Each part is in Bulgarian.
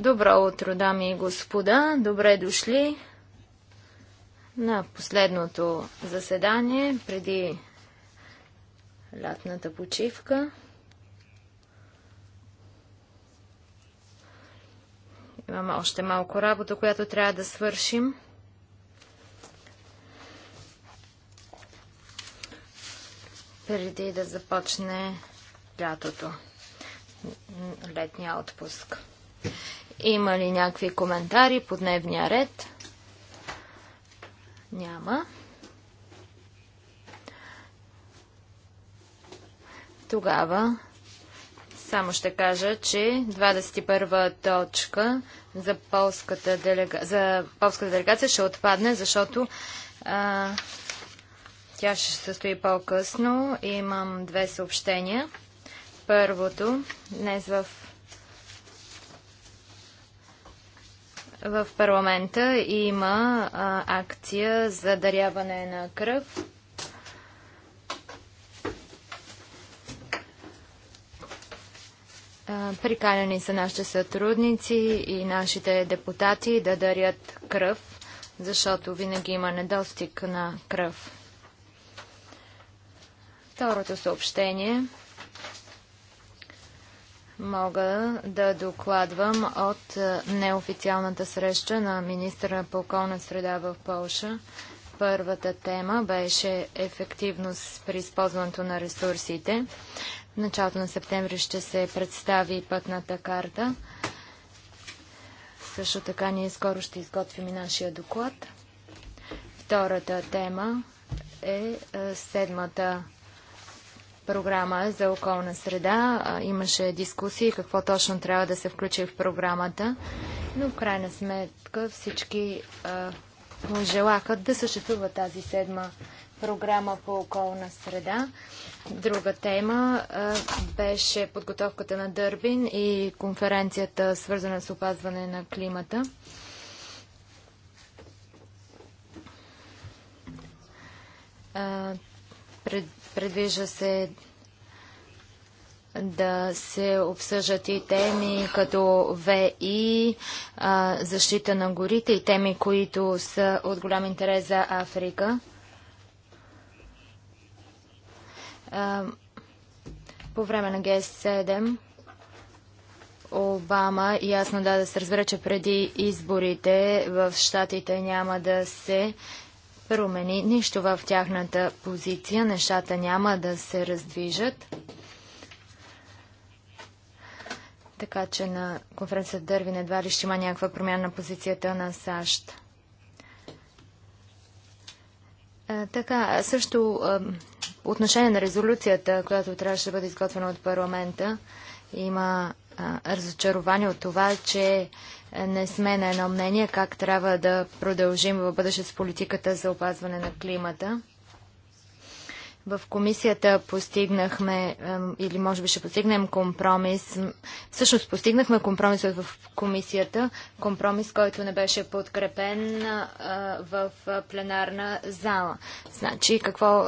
Добро утро, дами и господа. Добре дошли на последното заседание преди лятната почивка. Имаме още малко работа, която трябва да свършим. преди да започне лятото летния отпуск. Има ли някакви коментари по дневния ред? Няма. Тогава само ще кажа, че 21 точка за полската, делега... за полската делегация ще отпадне, защото а, тя ще се състои по-късно. Имам две съобщения първото. Днес в в парламента има а, акция за даряване на кръв. Приканени са нашите сътрудници и нашите депутати да дарят кръв, защото винаги има недостиг на кръв. Второто съобщение мога да докладвам от е, неофициалната среща на министра по околна среда в Полша. Първата тема беше ефективност при използването на ресурсите. В началото на септември ще се представи пътната карта. Също така ние скоро ще изготвим и нашия доклад. Втората тема е, е седмата програма за околна среда. Имаше дискусии какво точно трябва да се включи в програмата, но в крайна сметка всички а, желаха да съществува тази седма програма по околна среда. Друга тема а, беше подготовката на Дърбин и конференцията свързана с опазване на климата. А, пред Предвижда се да се обсъждат и теми като ВИ, защита на горите и теми, които са от голям интерес за Африка. По време на ГС-7 Обама ясно да, да се разбере, че преди изборите в Штатите няма да се промени нищо в тяхната позиция. Нещата няма да се раздвижат. Така че на конференцията в Дървин едва ли ще има някаква промяна на позицията на САЩ. така, също отношение на резолюцията, която трябваше да бъде изготвена от парламента, има разочаровани от това, че не сме на едно мнение как трябва да продължим в бъдеще с политиката за опазване на климата. В комисията постигнахме, или може би ще постигнем компромис. Всъщност постигнахме компромис в комисията, компромис, който не беше подкрепен в пленарна зала. Значи, какво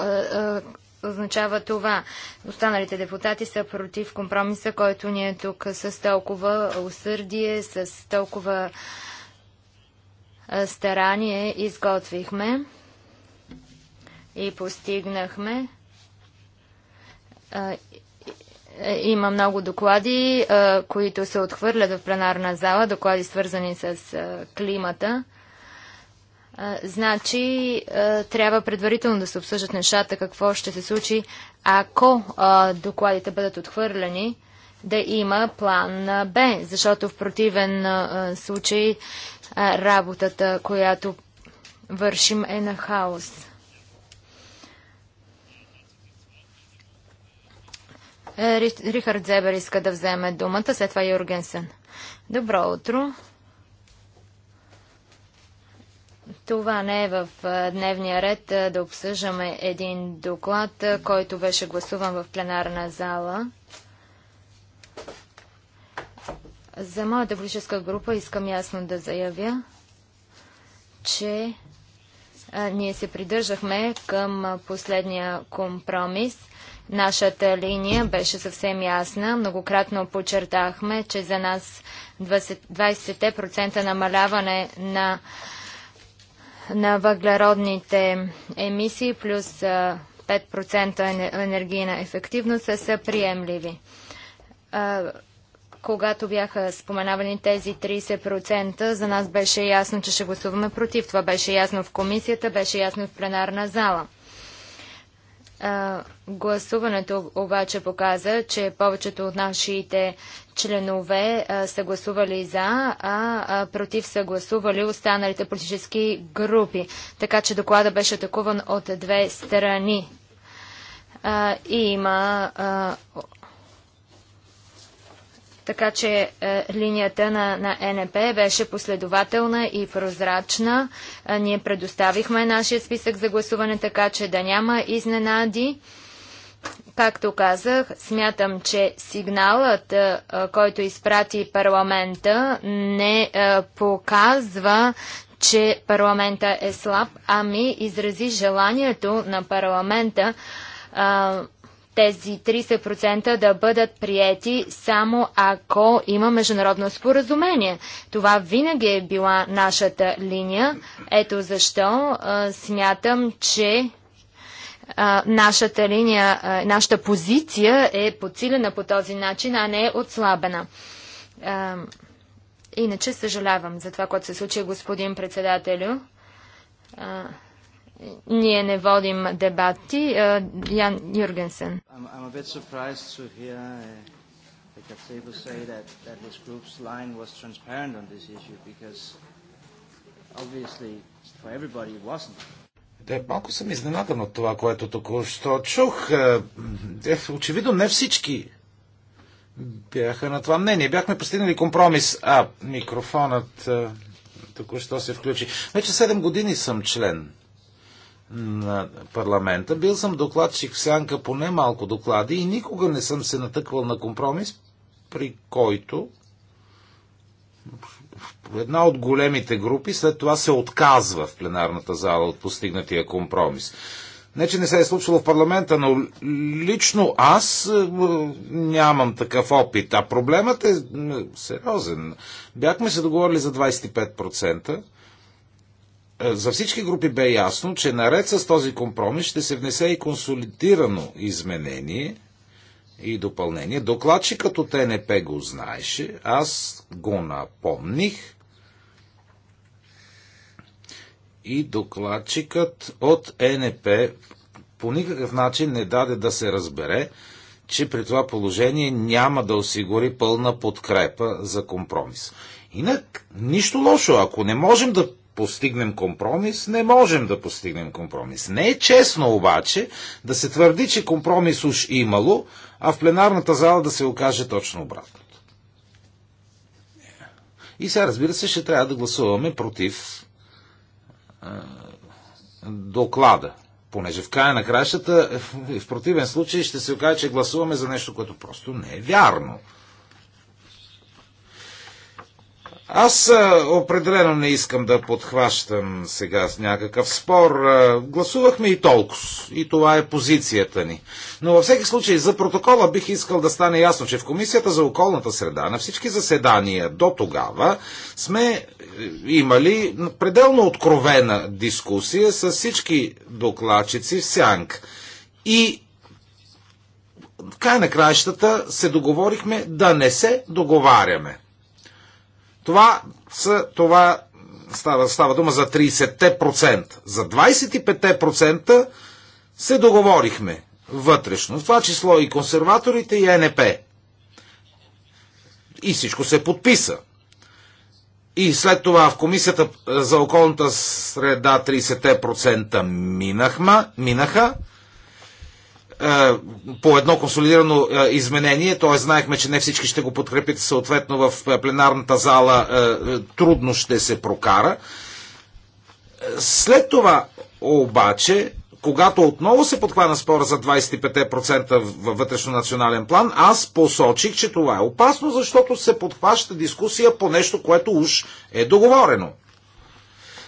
означава това. Останалите депутати са против компромиса, който ни е тук с толкова усърдие, с толкова старание изготвихме и постигнахме. Има много доклади, които се отхвърлят в пленарна зала, доклади свързани с климата. Значи, трябва предварително да се обсъждат нещата, какво ще се случи, ако докладите бъдат отхвърлени, да има план Б, защото в противен случай работата, която вършим е на хаос. Е, Рихард Зебер иска да вземе думата, след това Юргенсен. Добро утро! Това не е в дневния ред да обсъждаме един доклад, който беше гласуван в пленарна зала. За моята политическа група искам ясно да заявя, че ние се придържахме към последния компромис. Нашата линия беше съвсем ясна. Многократно подчертахме, че за нас 20%, 20 намаляване на на въглеродните емисии плюс 5% енергийна ефективност са приемливи. Когато бяха споменавани тези 30%, за нас беше ясно, че ще гласуваме против. Това беше ясно в комисията, беше ясно в пленарна зала. Гласуването обаче показа, че повечето от нашите членове са гласували за, а, против са гласували останалите политически групи. Така че доклада беше атакуван от две страни. и има. така че е, линията на, на НП беше последователна и прозрачна. Е, ние предоставихме нашия списък за гласуване, така че да няма изненади. Както казах, смятам, че сигналът, който изпрати парламента, не показва, че парламента е слаб, ами изрази желанието на парламента тези 30% да бъдат приети само ако има международно споразумение. Това винаги е била нашата линия. Ето защо а, смятам, че нашата линия, нашата позиция е подсилена по този начин, а не е отслабена. иначе съжалявам за това, което се случи, господин председателю. ние не водим дебати. Ян Юргенсен. Castillo uh, say obviously for everybody it wasn't. Те малко съм изненадан от това, което току-що чух. Е, е, очевидно не всички бяха на това мнение. Бяхме постигнали компромис. А, микрофонът е, току-що се включи. Вече 7 години съм член на парламента. Бил съм докладчик в сянка по немалко доклади и никога не съм се натъквал на компромис, при който една от големите групи след това се отказва в пленарната зала от постигнатия компромис. Не, че не се е случило в парламента, но лично аз е, нямам такъв опит. А проблемът е сериозен. Бяхме се договорили за 25%. Е, за всички групи бе ясно, че наред с този компромис ще се внесе и консолидирано изменение – и допълнение. Докладчикът от ТНП го знаеше, аз го напомних и докладчикът от НП по никакъв начин не даде да се разбере, че при това положение няма да осигури пълна подкрепа за компромис. Инак, нищо лошо. Ако не можем да постигнем компромис, не можем да постигнем компромис. Не е честно обаче да се твърди, че компромис уж имало, а в пленарната зала да се окаже точно обратното. И сега, разбира се, ще трябва да гласуваме против а, доклада, понеже в края на кращата, в противен случай ще се окаже, че гласуваме за нещо, което просто не е вярно. Аз определено не искам да подхващам сега с някакъв спор. Гласувахме и толкова. И това е позицията ни. Но във всеки случай за протокола бих искал да стане ясно, че в Комисията за околната среда на всички заседания до тогава сме е, имали пределно откровена дискусия с всички докладчици в Сянк. И в край на краищата се договорихме да не се договаряме. Това, са, това става, става дума за 30%. За 25% се договорихме вътрешно. В това число и консерваторите, и НП. И всичко се подписа. И след това в комисията за околната среда 30% минахма, минаха. Е, по едно консолидирано е, изменение, т.е. знаехме, че не всички ще го подкрепят, съответно в е, пленарната зала трудно ще се прокара. След това обаче, когато отново се подхвана спора за 25% във вътрешно-национален план, аз посочих, че това е опасно, защото се подхваща дискусия по нещо, което уж е договорено.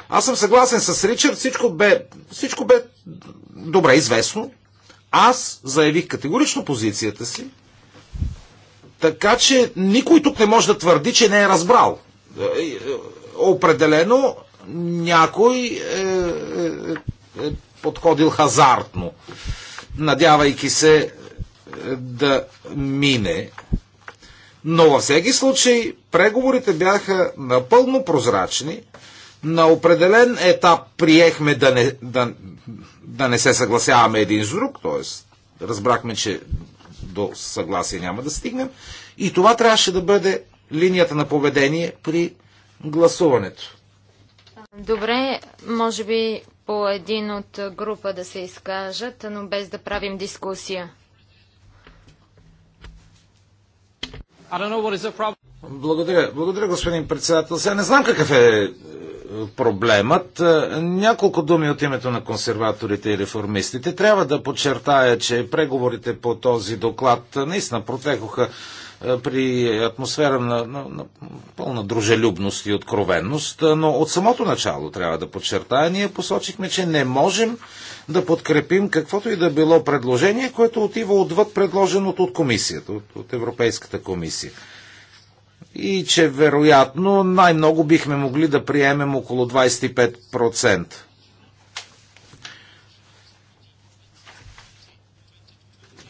Аз съм съгласен с Ричард, всичко бе, всичко бе добре известно, аз заявих категорично позицията си, така че никой тук не може да твърди, че не е разбрал. Е, е, определено някой е, е, е подходил хазартно, надявайки се е, да мине. Но във всеки случай преговорите бяха напълно прозрачни. На определен етап приехме да не, да, да не се съгласяваме един с друг, т.е. разбрахме, че до съгласие няма да стигнем. И това трябваше да бъде линията на поведение при гласуването. Добре, може би по един от група да се изкажат, но без да правим дискусия. Благодаря, благодаря, господин председател. Сега не знам какъв е проблемът. Е, няколко думи от името на консерваторите и реформистите. Трябва да подчертая, че преговорите по този доклад наистина протекоха е, при атмосфера на, на, на пълна дружелюбност и откровенност, е, но от самото начало трябва да подчертая, ние посочихме, че не можем да подкрепим каквото и да било предложение, което отива отвъд предложеното от комисията, от, от Европейската комисия и че вероятно най-много бихме могли да приемем около 25%.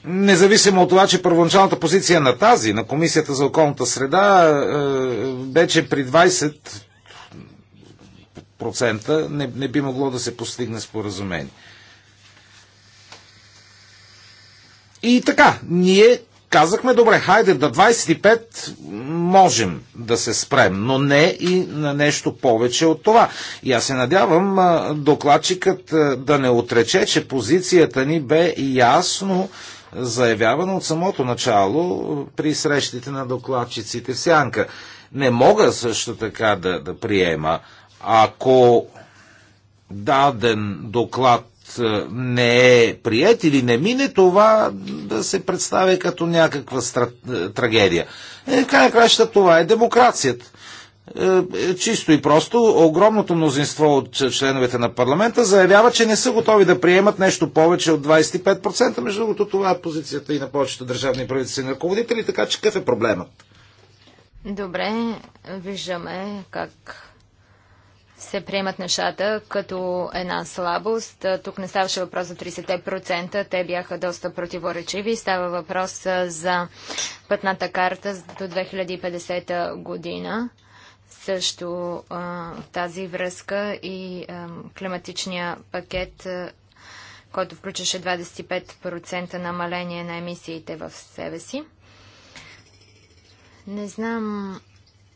Независимо от това, че първоначалната позиция на тази, на Комисията за околната среда, вече при 20% не, не би могло да се постигне споразумение. И така, ние казахме, добре, хайде да 25 можем да се спрем, но не и на нещо повече от това. И аз се надявам докладчикът да не отрече, че позицията ни бе ясно заявявана от самото начало при срещите на докладчиците в Сянка. Не мога също така да, да приема, ако даден доклад не е прият или не мине, това да се представя като някаква стра... Е, трагедия. Е, край на краща това е демокрацията. Е, е, чисто и просто, огромното мнозинство от членовете на парламента заявява, че не са готови да приемат нещо повече от 25%. Между другото, това е позицията и на повечето държавни правителствени ръководители, така че какъв е проблемът? Добре, виждаме как се приемат нещата като една слабост. Тук не ставаше въпрос за 30%, те бяха доста противоречиви. Става въпрос за пътната карта до 2050 година. Също в тази връзка и а, климатичния пакет, а, който включваше 25% намаление на емисиите в себе си. Не знам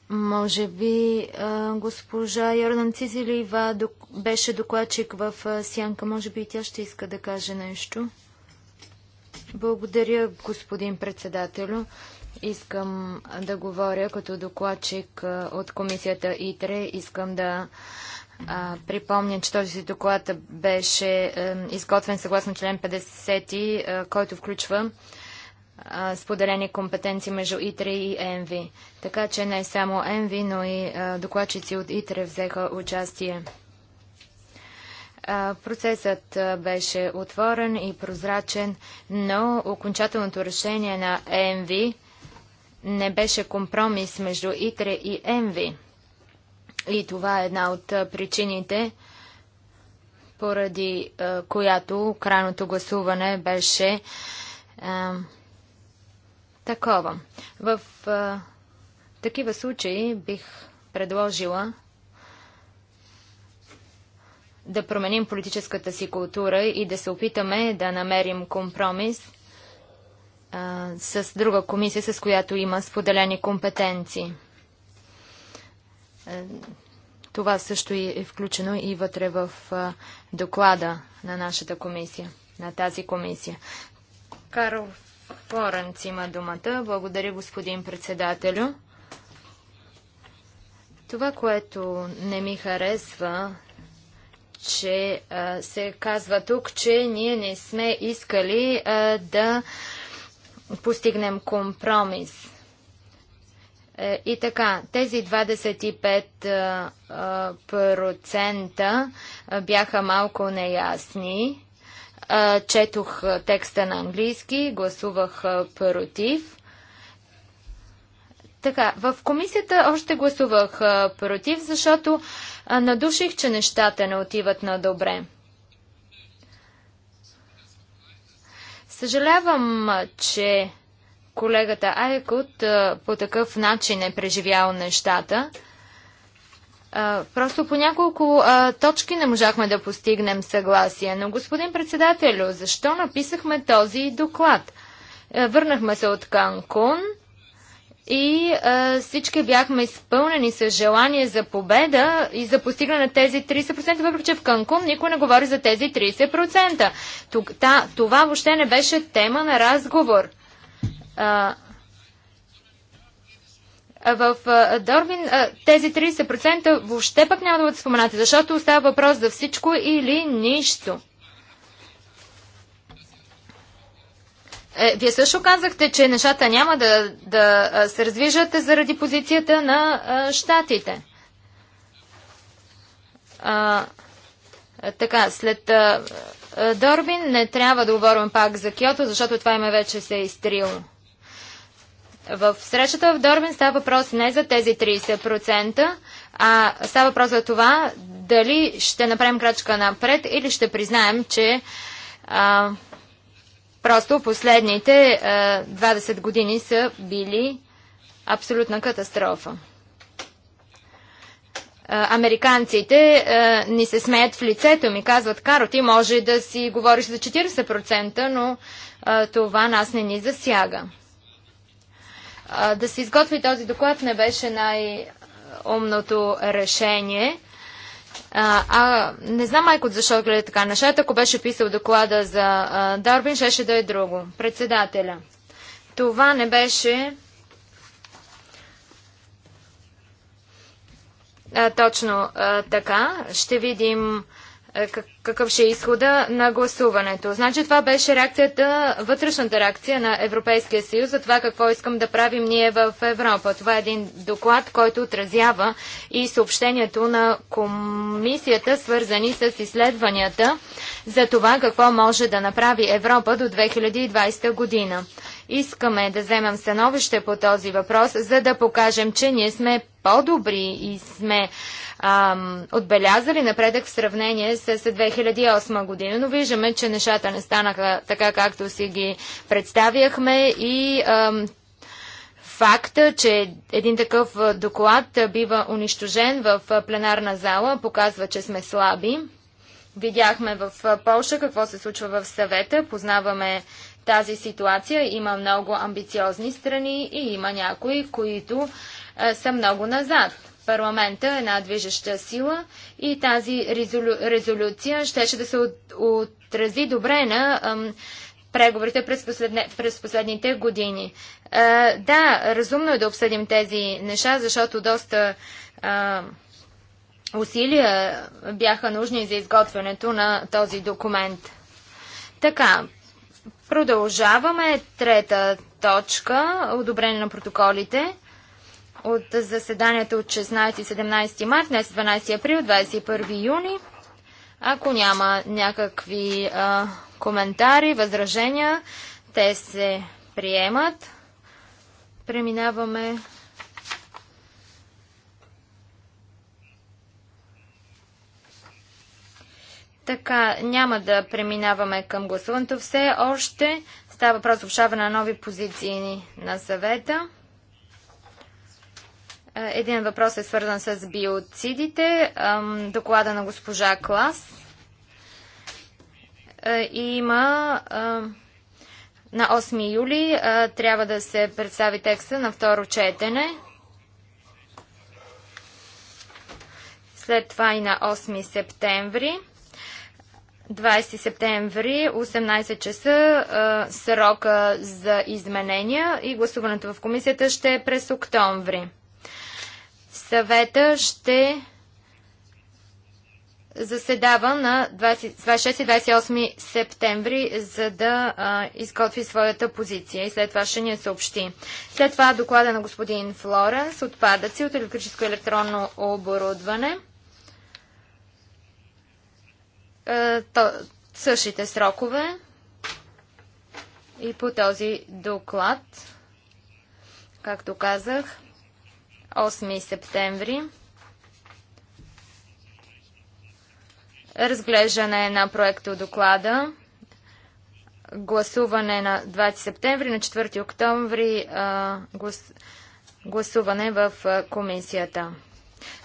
може би госпожа Йордан Цизилива беше докладчик в Сянка. Може би и тя ще иска да каже нещо. Благодаря, господин председателю. Искам да говоря като докладчик от комисията ИТРЕ. Искам да а, припомня, че този доклад беше изготвен съгласно член 50, е, който включва споделени компетенции между ИТРИ и ЕНВИ. Така че не само ЕНВИ, но и докладчици от ИТРЕ взеха участие. процесът беше отворен и прозрачен, но окончателното решение на ЕНВИ не беше компромис между ИТРИ и ЕНВИ. И това е една от причините, поради която крайното гласуване беше такова. В а, такива случаи бих предложила да променим политическата си култура и да се опитаме да намерим компромис а, с друга комисия, с която има споделени компетенции. Това също е включено и вътре в а, доклада на нашата комисия, на тази комисия. Карл Флоренц има думата. Благодаря, господин председателю. Това, което не ми харесва, че а, се казва тук, че ние не сме искали а, да постигнем компромис. Е, и така, тези 25% бяха малко неясни Четох текста на английски, гласувах против. Така, в комисията още гласувах против, защото надуших, че нещата не отиват на добре. Съжалявам, че колегата Айкот по такъв начин е преживял нещата просто по няколко а, точки не можахме да постигнем съгласие. Но, господин председателю, защо написахме този доклад? Е, върнахме се от Канкун и а, всички бяхме изпълнени с желание за победа и за постигане на тези 30%, въпреки че в Канкун никой не говори за тези 30%. Тук, та, това въобще не беше тема на разговор. А, в Дорвин тези 30% въобще пък няма да бъдат споменати, защото остава въпрос за всичко или нищо. Е, вие също казахте, че нещата няма да, да се развижат заради позицията на а, щатите. А, така, след а, Дорбин не трябва да говорим пак за Киото, защото това име вече се е изтрило. В срещата в Дорбин става въпрос не за тези 30%, а става въпрос за това дали ще направим крачка напред или ще признаем, че а, просто последните а, 20 години са били абсолютна катастрофа. американците а, ни се смеят в лицето, ми казват, Каро, ти може да си говориш за 40%, но а, това нас не ни засяга да се изготви този доклад не беше най-умното решение. А, а, не знам майко защо гледа така нещата. Ако беше писал доклада за а, Дарбин, щеше да е друго. Председателя. Това не беше а, точно а, така. Ще видим е, какъв ще е изхода на гласуването. Значи това беше реакцията, вътрешната реакция на Европейския съюз за това какво искам да правим ние в Европа. Това е един доклад, който отразява и съобщението на комисията, свързани с изследванията за това какво може да направи Европа до 2020 година. Искаме да вземем становище по този въпрос, за да покажем, че ние сме по-добри и сме отбелязали напредък в сравнение с 2008 година, но виждаме, че нещата не станаха така, както си ги представяхме и ам, факта, че един такъв доклад бива унищожен в пленарна зала, показва, че сме слаби. Видяхме в Полша какво се случва в съвета, познаваме тази ситуация. Има много амбициозни страни и има някои, които е, са много назад парламента е една движеща сила и тази резолю... резолюция щеше да се отрази добре на ам, преговорите през, последне... през последните години. А, е, да, разумно е да обсъдим тези неща, защото доста а, усилия бяха нужни за изготвянето на този документ. Така, продължаваме трета точка, одобрение на протоколите от заседанията от 16 и 17 март, днес 12 е април, 21 юни. Ако няма някакви а, коментари, възражения, те се приемат. Преминаваме Така, няма да преминаваме към гласуването все още. Става въпрос общаване на нови позиции на съвета. Е, един въпрос е свързан с биоцидите, доклада на госпожа Клас. И е, има на 8 юли е, трябва да се представи текста на второ четене. След това и на 8 септември. 20 септември, 18 часа, срока за изменения и гласуването в комисията ще е през октомври. Съвета ще заседава на 26 и 28 септември, за да а, изготви своята позиция и след това ще ни съобщи. След това доклада на господин Флоренс, отпадъци от електрическо електронно оборудване. А, то, същите срокове и по този доклад, както казах, 8 септември. Разглеждане на проекта доклада. Гласуване на 20 септември, на 4 октомври гласуване в комисията.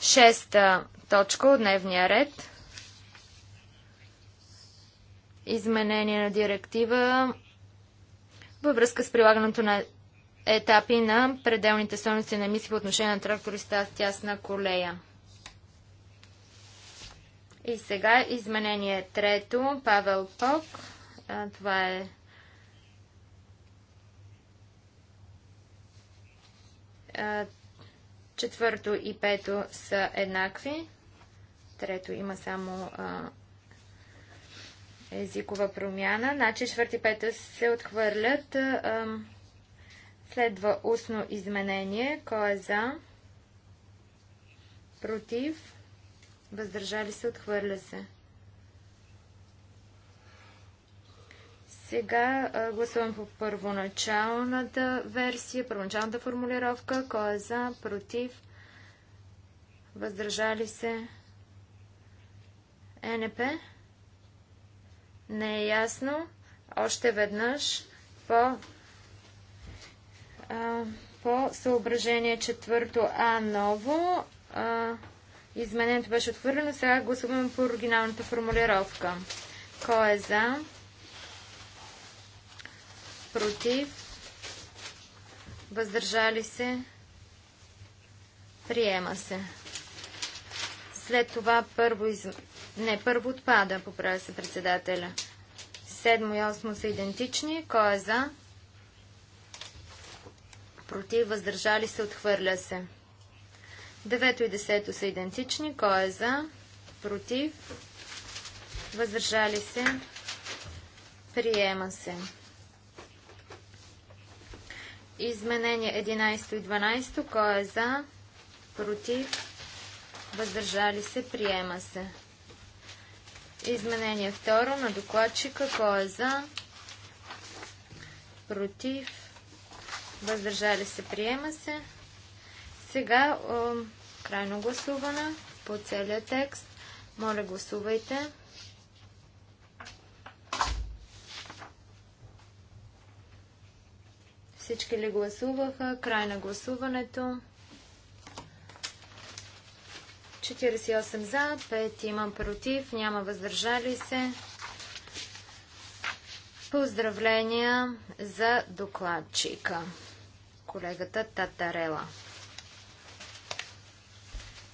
Шеста точка от дневния ред. Изменение на директива във връзка с прилагането на етапи на пределните стойности на емисии по отношение на трактори с тясна колея. И сега изменение трето. Павел Пок. Това е четвърто и пето са еднакви. Трето има само езикова промяна. Значи четвърти и пета се отхвърлят. А, Следва устно изменение. Кой е за? Против? Въздържали се? Отхвърля се. Сега гласувам по първоначалната версия, първоначалната формулировка. Кой е за? Против? Въздържали се? Е, НП? Не е ясно. Още веднъж по по съображение четвърто А ново, а, изменението беше отхвърлено. Сега гласуваме по оригиналната формулировка. Кой е за? Против? Въздържали се? Приема се. След това първо из... Не, първо отпада, поправя се председателя. Седмо и осмо са идентични. Кой е за? против, въздържали се, отхвърля се. 9 и 10 са идентични. Кой е за? Против? Въздържали се? Приема се. Изменение 11 и 12. Кой е за? Против? Въздържали се? Приема се. Изменение 2 на докладчика. Кой е за? Против? въздържали се, приема се. Сега крайно гласуване по целия текст. Моля, гласувайте. Всички ли гласуваха? Край на гласуването. 48 за, 5 имам против, няма въздържали се. Поздравления за докладчика колегата Татарела.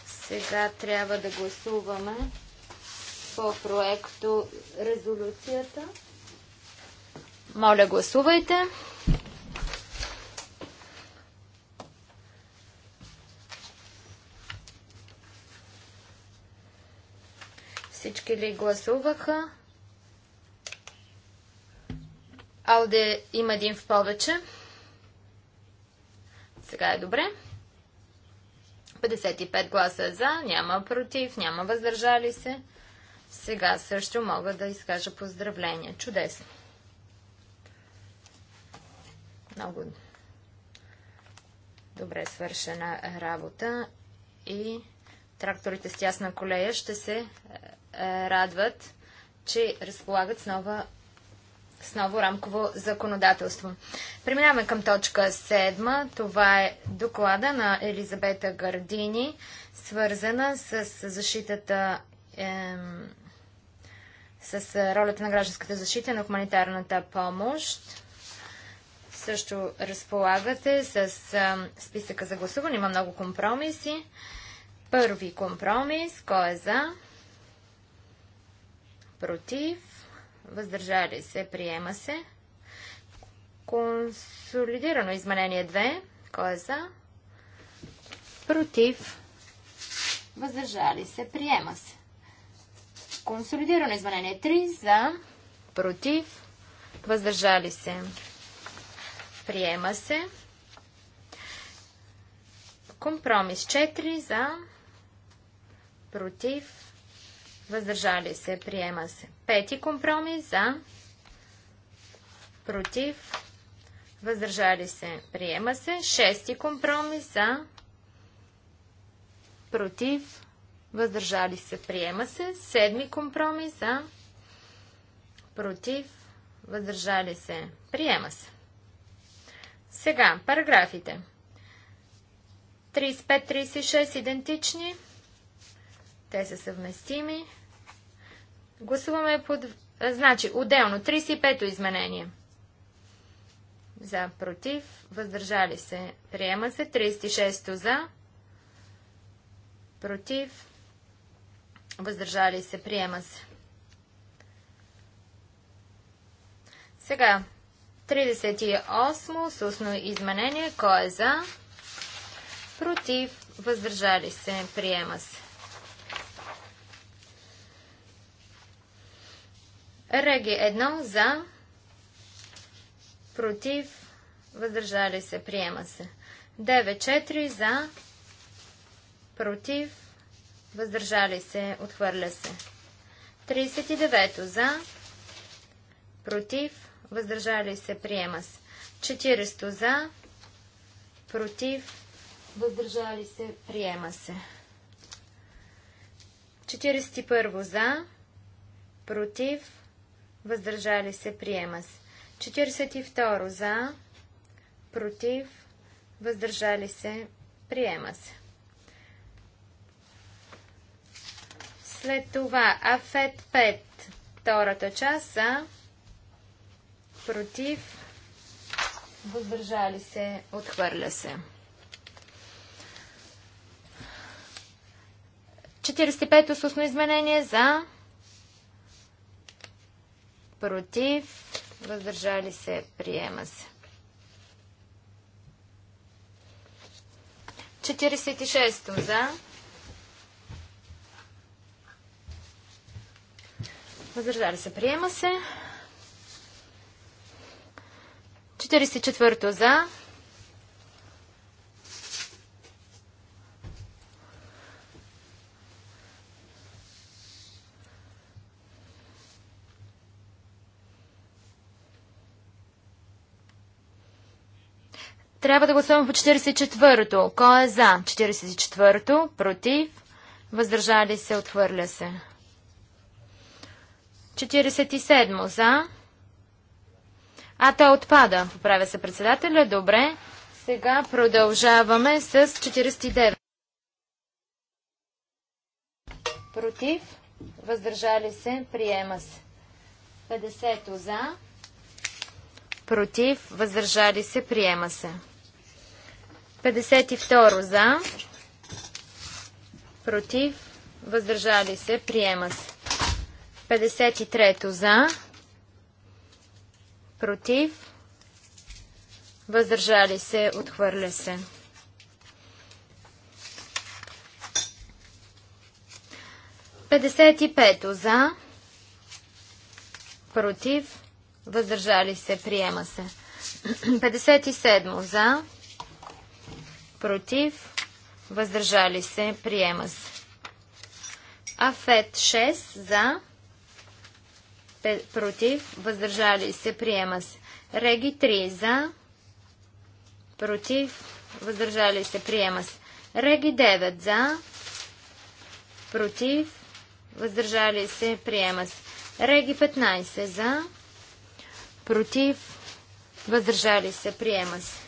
Сега трябва да гласуваме по проекто резолюцията. Моля, гласувайте. Всички ли гласуваха? Алде има един в повече. Сега е добре. 55 гласа за, няма против, няма въздържали се. Сега също мога да изкажа поздравления. Чудесно. Много добре свършена работа и тракторите с тясна колея ще се е, радват, че разполагат с нова с ново рамково законодателство. Преминаваме към точка 7. Това е доклада на Елизабета Гардини, свързана с защитата с ролята на гражданската защита на хуманитарната помощ. Също разполагате с списъка за гласуване. Има много компромиси. Първи компромис. Кой е за? Против? въздържали се, приема се. Консолидирано изменение 2, кой е за? Против, въздържали се, приема се. Консолидирано изменение 3, за? Против, въздържали се, приема се. Компромис 4 за, против, въздържали се, приема се. Пети компромис за, против, въздържали се, приема се. Шести компромис за, против, въздържали се, приема се. Седми компромис за, против, въздържали се, приема се. Сега, параграфите. 35-36 идентични. Те са съвместими. Гласуваме под... Значи, отделно. 35-то изменение. За, против, въздържали се. Приема се. 36-то за, против, въздържали се. Приема се. Сега, 38 с устно изменение. Кой е за? Против, въздържали се. Приема се. Реги 1 за, против, въздържали се, приема се. 9-4 за, против, въздържали се, отхвърля се. 39 за, против, въздържали се, приема се. 40 за, против, въздържали се, приема се. 41 за, против, въздържали се, приема се. 42 за, против, въздържали се, приема се. След това Афет 5, втората част са против, въздържали се, отхвърля се. 45 с изменение за против, въздържали се, приема се. 46 за. Въздържали се, приема се. 44 за. Трябва да гласуваме по 44-то. Кой е за? 44-то. Против. Въздържали се. отвърля се. 47 за. А то отпада. Поправя се председателя. Добре. Сега продължаваме с 49. Против. Въздържали се. Приема се. 50 за. Против. Въздържали се. Приема се. 52 за, против, въздържали се, приема се. 53 за, против, въздържали се, отхвърля се. Петдесет и пето за, против, въздържали се, приема се. 57 за, против, въздържали се, приема се. Афет 6 за, против, въздържали се, приема се. Реги 3 за, против, въздържали се, приема се. Реги 9 за, против, въздържали се, приема се. Реги 15 за, против, въздържали се, приема се.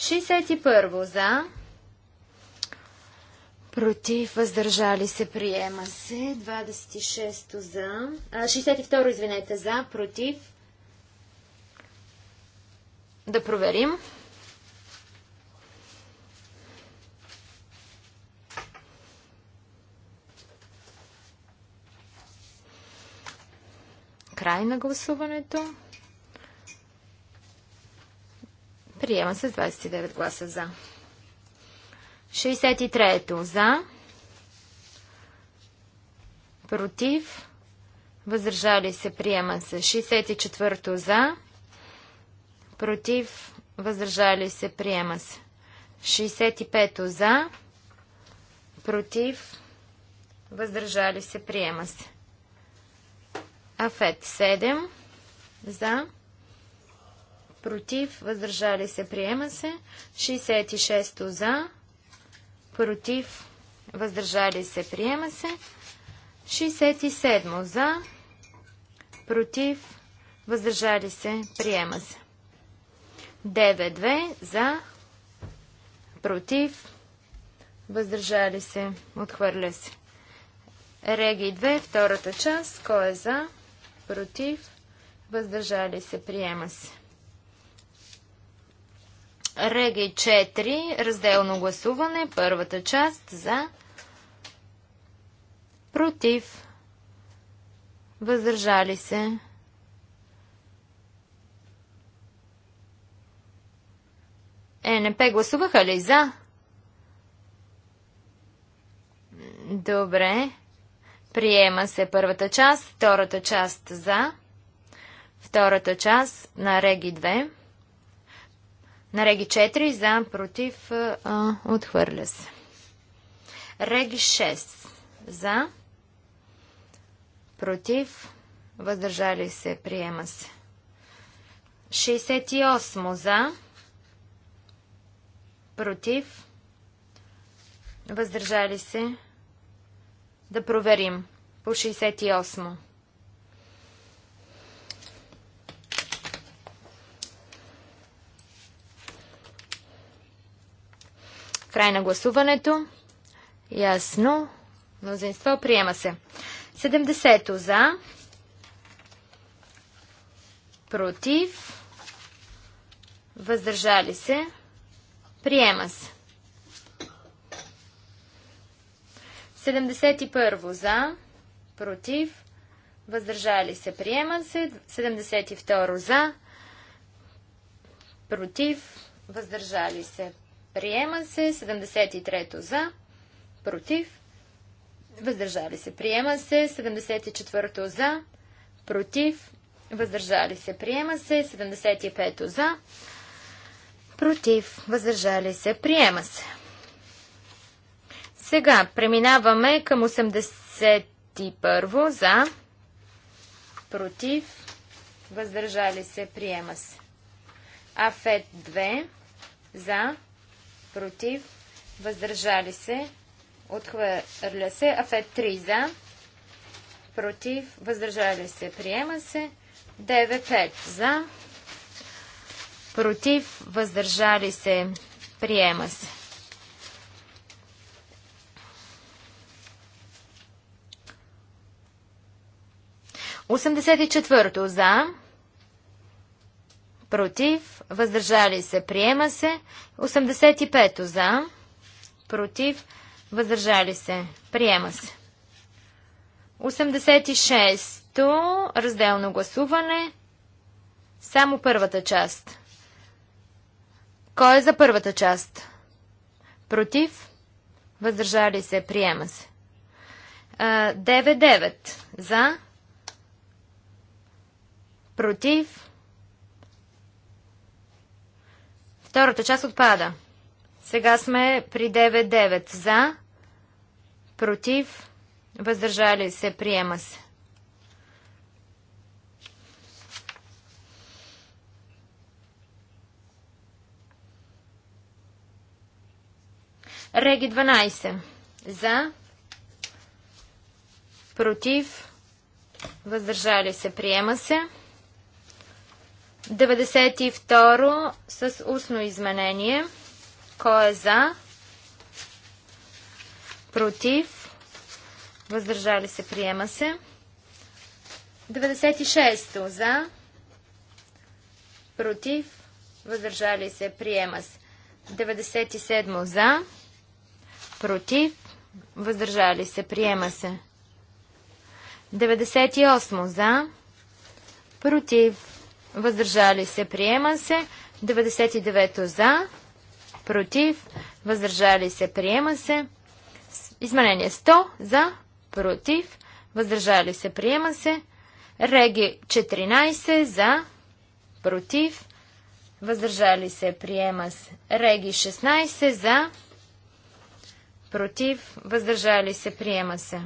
61 за. Против, въздържали се, приема се. 26 за. А, 62 извинете, за, против. Да проверим. Край на гласуването. Приема се с 29 гласа за. 63-то за. Против. Въздържали се. Приема се. 64-то за. Против. Въздържали се. Приема се. 65-то за. Против. Въздържали се. Приема се. Афет 7 за против, въздържали се, приема се. 66 за, против, въздържали се, приема се. 67 за, против, въздържали се, приема се. 9-2 за, против, въздържали се, отхвърля се. Реги 2, втората част, кой е за, против, въздържали се, приема се. Реги 4, разделно гласуване, първата част за, против, въздържали се. ЕНП гласуваха ли за? Добре. Приема се първата част, втората част за, втората част на Реги 2. На Реги 4 за, против, а, отхвърля се. Реги 6 за, против, въздържали се, приема се. 68 за, против, въздържали се. Да проверим. По 68. Край на гласуването. Ясно. Мнозинство приема се. 70 за. Против. Въздържали се. Приема се. 71 за. Против. Въздържали се. Приема се. 72 за. Против. Въздържали се. Приема се. 73-то за. Против. Въздържали се. Приема се. 74-то за. Против. Въздържали се. Приема се. 75-то за. Против. Въздържали се. Приема се. Сега преминаваме към 81 за. Против. Въздържали се. Приема се. Афет 2 за против, въздържали се, отхвърля се. Афет 3 за, против, въздържали се, приема се. 9-5 за, против, въздържали се, приема се. Осемдесет и четвърто за, против, въздържали се, приема се. 85 за, против, въздържали се, приема се. 86-то, разделно гласуване, само първата част. Кой е за първата част? Против, въздържали се, приема се. 9-9 за, против, Втората част отпада. Сега сме при 9-9 за, против, въздържали се, приема се. Реги 12. За. Против. Въздържали се. Приема се. 92 с устно изменение. Кой е за? Против? Въздържали се, приема се. 96 за? Против? Въздържали се, приема се. 97 за? Против? Въздържали се, приема се. 98 за? Против? въздържали се, приема се. 99 за, против, въздържали се, приема се. Изменение 100 за, против, въздържали се, приема се. Реги 14 за, против, въздържали се, приема се. Реги 16 за, против, въздържали се, приема се.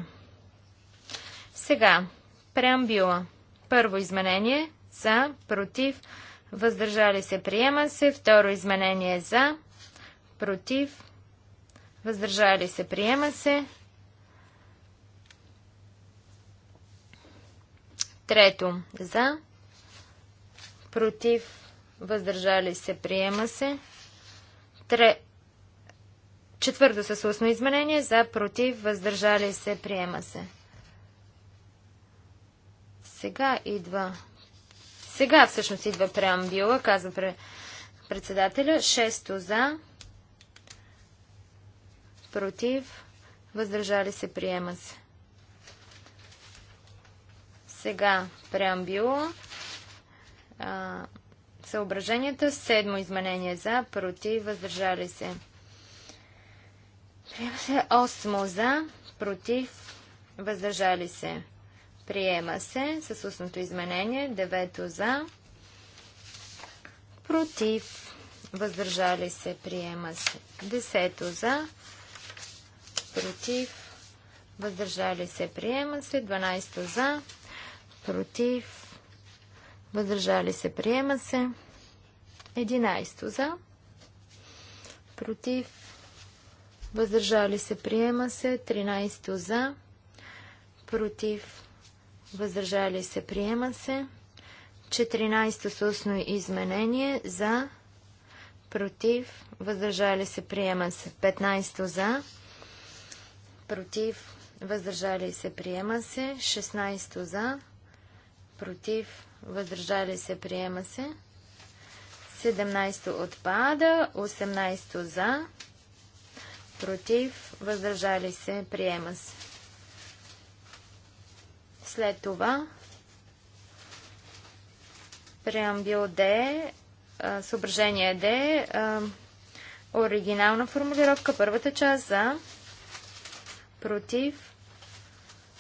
Сега, преамбюла. Първо изменение за, против, въздържали се, приема се. Второ изменение е за, против, въздържали се, приема се. Трето е за, против, въздържали се, приема се. Тре... Четвърто с устно изменение е за, против, въздържали се, приема се. Сега идва сега всъщност идва преамбюла, казва председателя. Шесто за, против, въздържали се, приема се. Сега преамбюла. А, съображенията. Седмо изменение за, против, въздържали се. Приема се. Осмо за, против, въздържали се. Приема се с устното изменение. Девето за. Против. Въздържали се. Приема се. Десето за. Против. Въздържали се. Приема се. Дванайсто за. Против. Въздържали се. Приема се. Единайсто за. Против. Въздържали се. Приема се. Тринайсто за. Против въздържали се, приема се. 14 то устно изменение за, против, въздържали се, приема се. 15 за, против, въздържали се, приема се. 16 за, против, въздържали се, приема се. 17 отпада, 18 за, против, въздържали се, приема се. След това преамбил Д, съображение Д, оригинална формулировка, първата част за, против,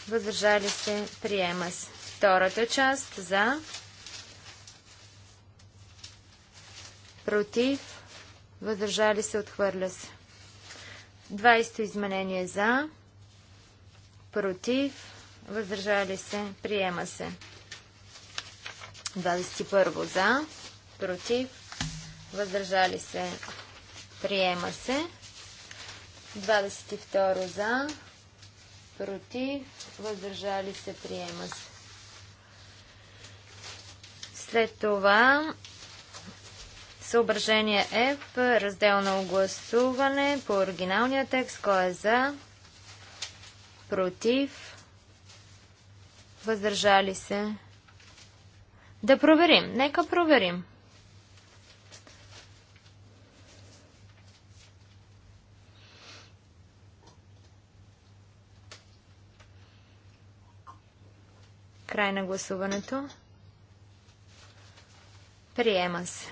въздържали се, приема се. Втората част за, против, въздържали се, отхвърля се. 20 изменение за, против, въздържали се, приема се. 21 за, против, въздържали се, приема се. 22 за, против, въздържали се, приема се. След това съображение F, разделно огласуване. по оригиналния текст, кой е за, против, въздържали се. Да проверим. Нека проверим. Край на гласуването. Приема се.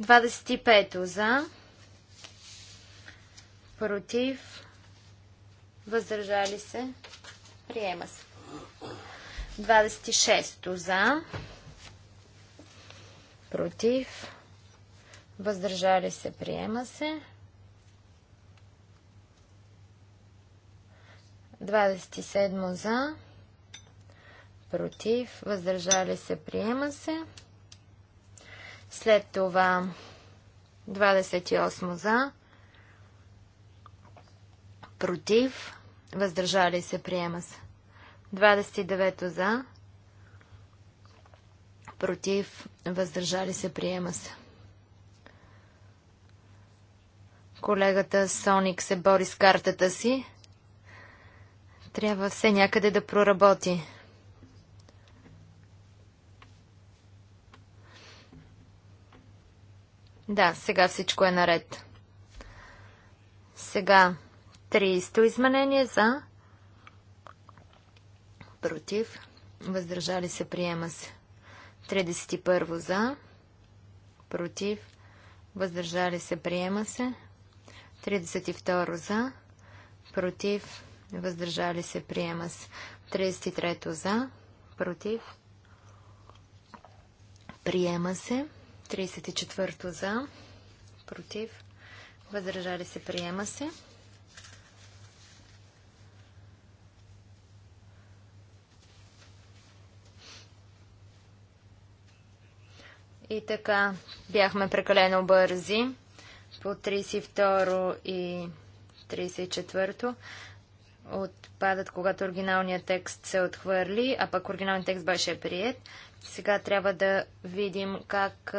Двадесет и пето за против, въздържали се, приема се. 26 за, против, въздържали се, приема се. 27 за, против, въздържали се, приема се. След това 28 за, против, въздържали се, приема се. 29 за, против, въздържали се, приема се. Колегата Соник се бори с картата си. Трябва все някъде да проработи. Да, сега всичко е наред. Сега 30 изменение за против, въздържали се, приема се. 31 за против, въздържали се, приема се. 32 за против, въздържали се, приема се. 33 за против, приема се. 34 за против, въздържали се, приема се. И така, бяхме прекалено бързи по 32 и 34 отпадат, когато оригиналният текст се отхвърли, а пък оригиналният текст беше прият. Сега трябва да видим как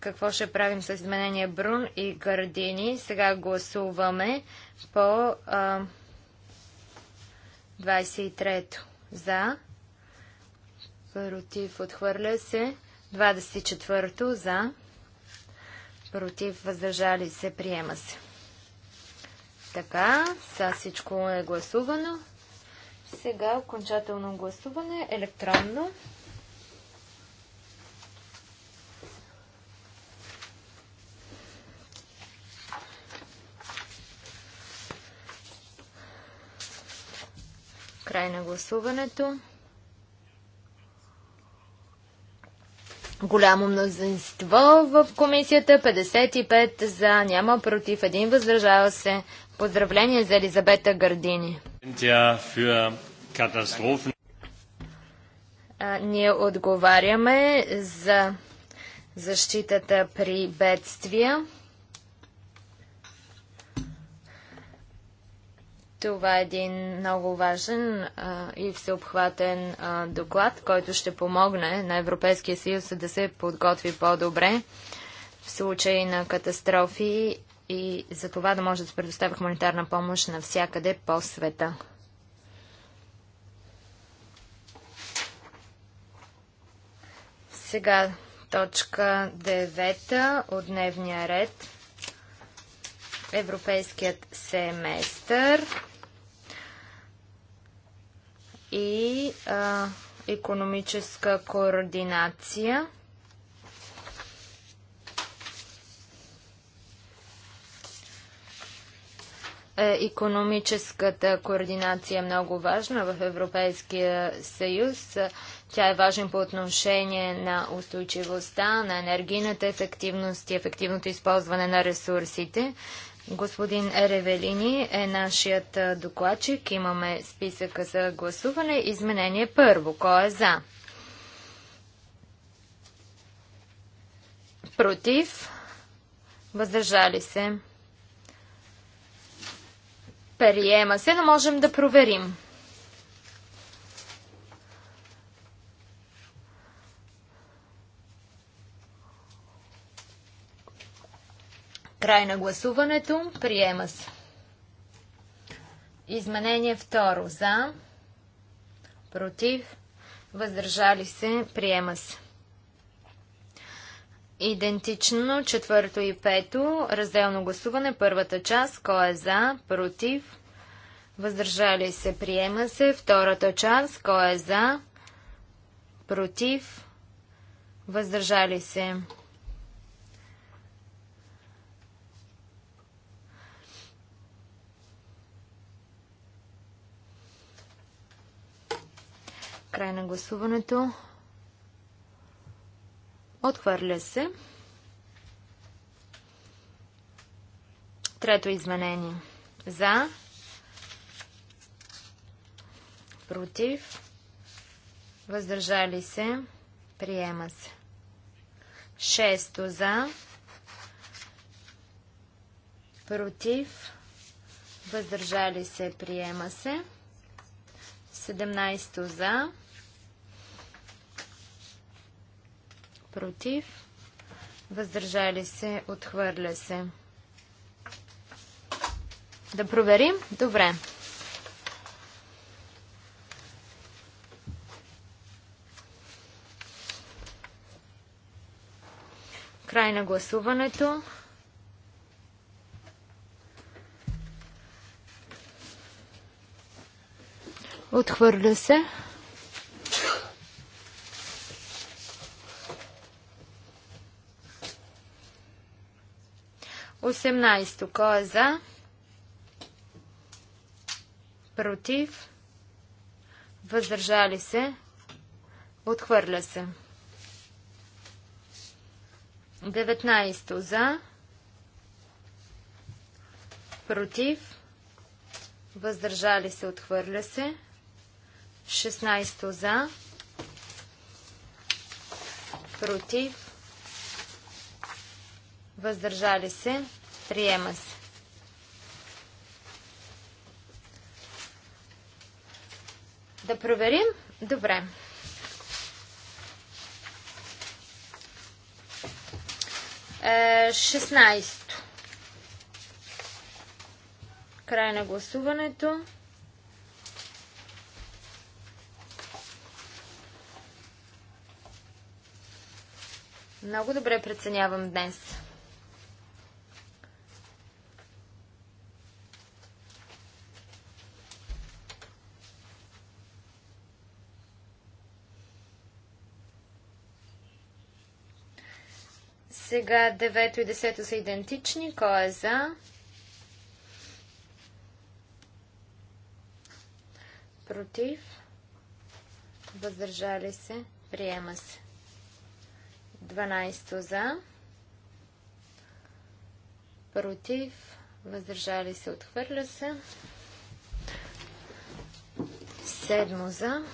какво ще правим с изменение Брун и Гардини. Сега гласуваме по а, 23-то. За против, отхвърля се. 24-то за, против, въздържали се, приема се. Така, сега всичко е гласувано. Сега окончателно гласуване електронно. Край на гласуването. голямо мнозинство в комисията, 55 за, няма против, един въздържава се. Поздравление за Елизабета Гардини. ние отговаряме за защитата при бедствия. Това е един много важен а, и всеобхватен а, доклад, който ще помогне на Европейския съюз да се подготви по-добре в случай на катастрофи и за това да може да се предоставя хуманитарна помощ навсякъде по света. Сега точка 9 от дневния ред. Европейският семестър и а, економическа координация. Е, економическата координация е много важна в Европейския съюз. Тя е важен по отношение на устойчивостта, на енергийната ефективност и ефективното използване на ресурсите. Господин Ревелини е нашият докладчик. Имаме списъка за гласуване. Изменение първо. Кой е за? Против? Въздържали се? Приема се, но можем да проверим. Край на гласуването. Приема се. Изменение второ. За. Против. Въздържали се. Приема се. Идентично четвърто и пето. Разделно гласуване. Първата част. Кой е за? Против. Въздържали се. Приема се. Втората част. Кой е за? Против. Въздържали се. Край на гласуването. Отхвърля се. Трето изменение. За. Против. Въздържали се. Приема се. Шесто за. Против. Въздържали се. Приема се. 17 за. против, въздържали се, отхвърля се. Да проверим? Добре. Край на гласуването. Отхвърля се. 18. Кой е за? Против? Въздържали се? Отхвърля се. 19. За? Против? Въздържали се? Отхвърля се. 16. За? Против? Въздържали се? Приема се. Да проверим? Добре. Е, 16. Край на гласуването. Много добре преценявам днес. Сега 9 и 10 са идентични. Кой е за? Против? Въздържали се? Приема се. 12 за. Против? Въздържали се? Отхвърля се. 7 за.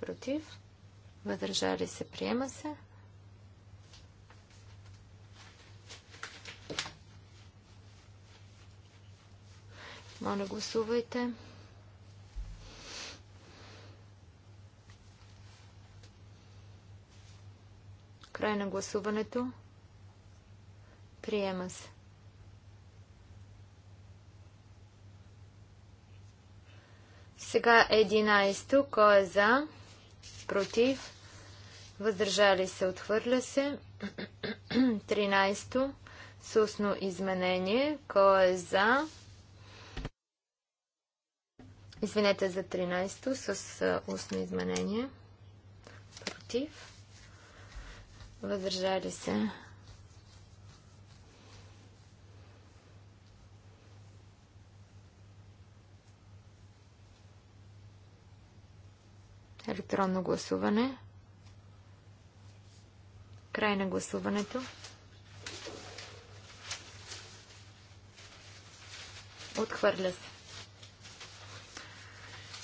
Против? Въздържали се. Приема се. Моля, гласувайте. Край на гласуването. Приема се. Сега 11. Кой е за? Против? въздържали се, отхвърля се. 13. Сусно изменение. Кой е за? Извинете за 13 то с устно изменение. Против. Въздържали се. Електронно гласуване. Край на гласуването. Отхвърля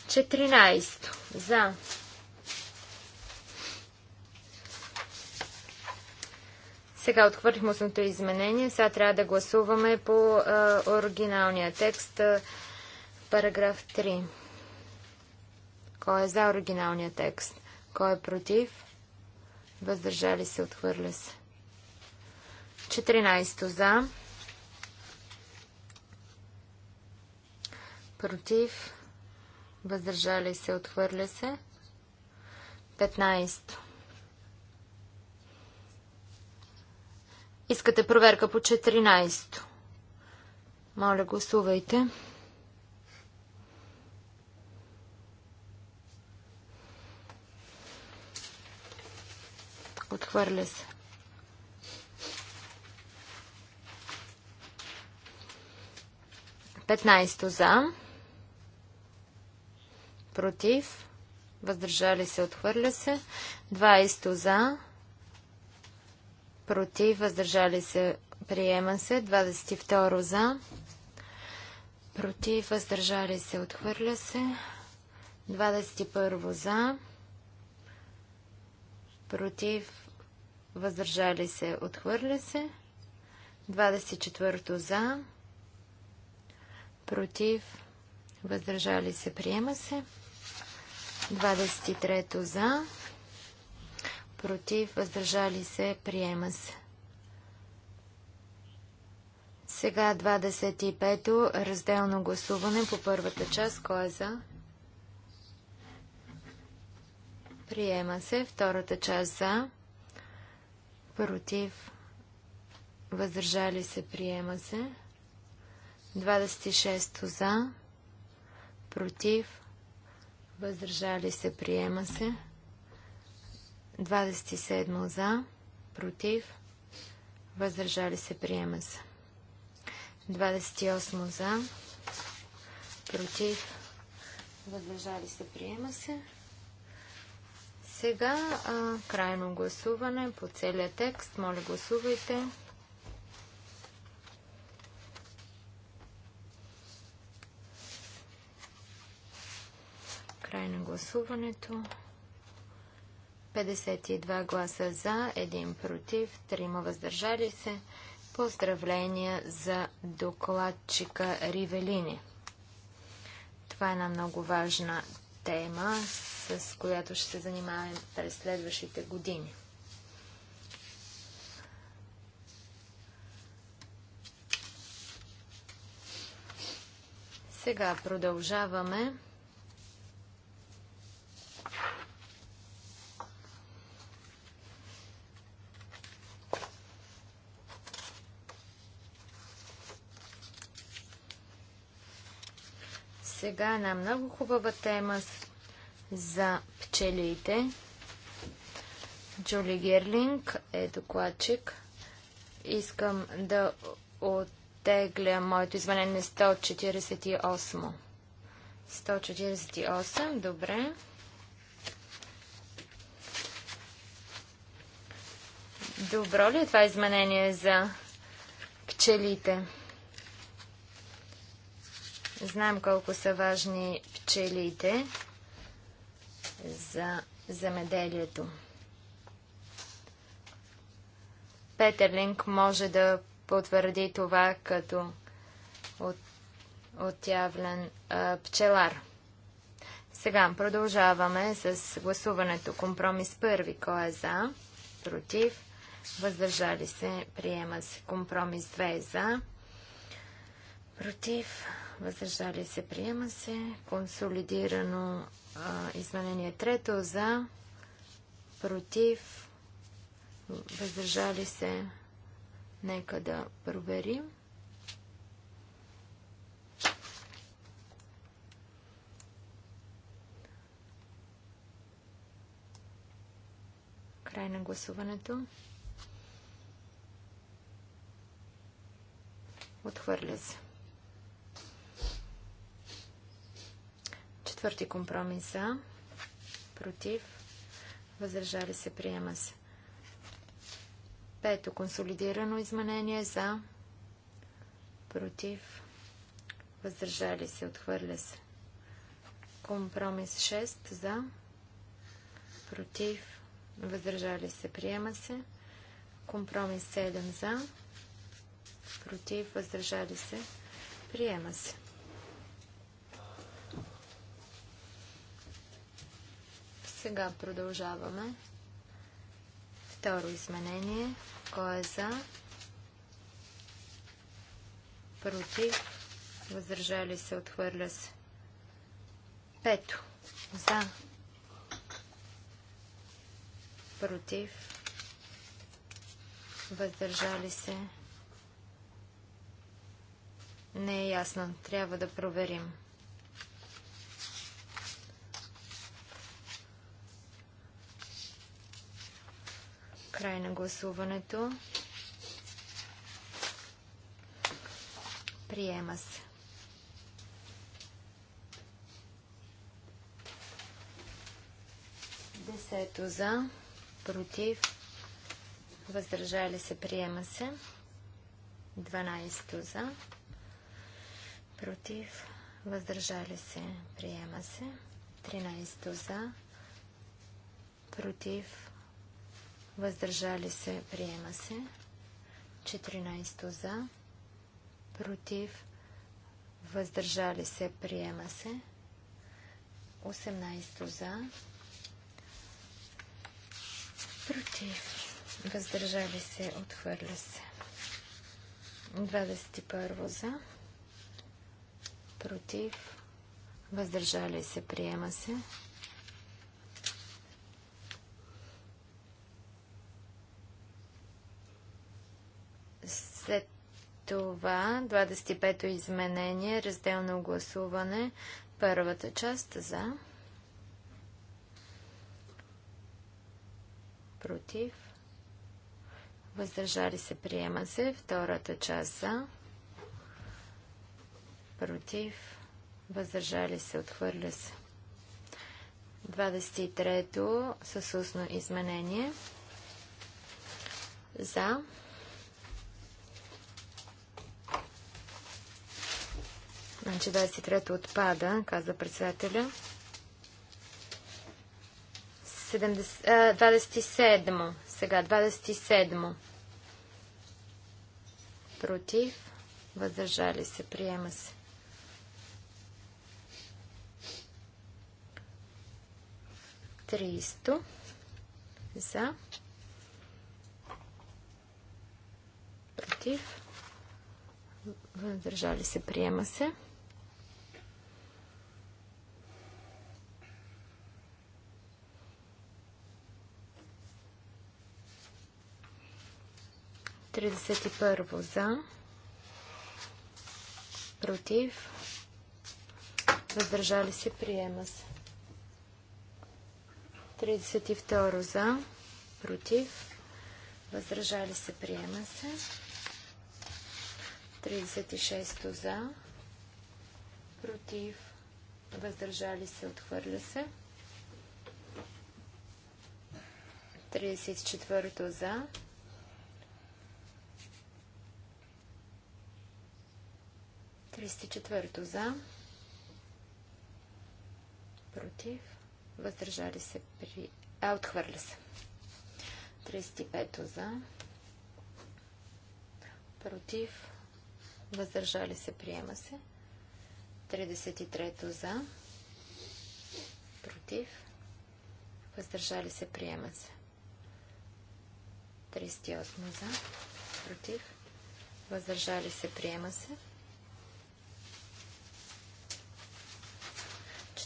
се. 14. За. Сега отхвърлихме основното изменение. Сега трябва да гласуваме по а, оригиналния текст, а, параграф 3. Кой е за оригиналния текст? Кой е против? въздържали се, отхвърля се. 14 за, против, въздържали се, отхвърля се. 15. Искате проверка по 14. Моля, гласувайте. Отхвърля се. Петнайсто за. Против. Въздържали се. Отхвърля се. 20 за. Против. Въздържали се. Приема се. 22 за. Против. Въздържали се. Отхвърля се. 21 за. Против въздържали се, отхвърля се. 24 за, против, въздържали се, приема се. 23 за, против, въздържали се, приема се. Сега 25-то разделно гласуване по първата част. Кой е за? Приема се. Втората част за против, въздържали се, приема се. 26 за, против, въздържали се, приема се. 27 за, против, въздържали се, приема се. 28 за, против, въздържали се, приема се сега а, крайно гласуване по целия текст. Моля, гласувайте. Край на гласуването. 52 гласа за, 1 против, 3 въздържали се. Поздравления за докладчика Ривелини. Това е една много важна тема, с която ще се занимаваме през следващите години. Сега продължаваме Сега една много хубава тема за пчелите. Джули Герлинг е докладчик. Искам да оттегля моето изменение 148. 148, добре. Добро ли е това изменение за пчелите? Знаем колко са важни пчелите за земеделието. Петерлинг може да потвърди това като от, отявлен а, пчелар. Сега продължаваме с гласуването. Компромис първи. Кой е за? Против? Въздържали се? Приема се. Компромис 2 е за? Против? въздържали се, приема се. Консолидирано а, изменение трето за, против, въздържали се. Нека да проверим. Край на гласуването. Отхвърля се. Четвърти компромис за, против, въздържали се, приема се. Пето консолидирано изменение за, против, въздържали се, отхвърля се. Компромис 6 за, против, въздържали се, приема се. Компромис 7 за, против, въздържали се, приема се. Сега продължаваме. Второ изменение. кое е за? Против. Въздържали се. Отхвърля се. Пето. За. Против. Въздържали се. Не е ясно. Трябва да проверим. Край на гласуването. Приема се. Десето за, против, въздържали се, приема се. 12 за, против, въздържали се, приема се. 13 за, против, въздържали се, приема се. 14 за, против, въздържали се, приема се. 18 за, против, въздържали се, отхвърля се. 21 за, против, въздържали се, приема се. След това 25-то изменение, разделно гласуване, първата част за, против, въздържали се, приема се, втората част за, против, въздържали се, отхвърля се. 23-то с устно изменение за, Значи 23-то отпада, каза председателя. 27 27 Сега 27 Против. Въздържали се. Приема се. Тристо. За. Против. Въздържали се. Приема се. 31 за, против, въздържали се, приема се. 32 за, против, въздържали се, приема се. 36 за, против, въздържали се, отхвърля се. 34 за, 34 за. Против. Въздържали се при... А, отхвърля се. 35 за. Против. Въздържали се. Приема се. 33 за. Против. Въздържали се. Приема се. 38 за. Против. Въздържали се. Приема се.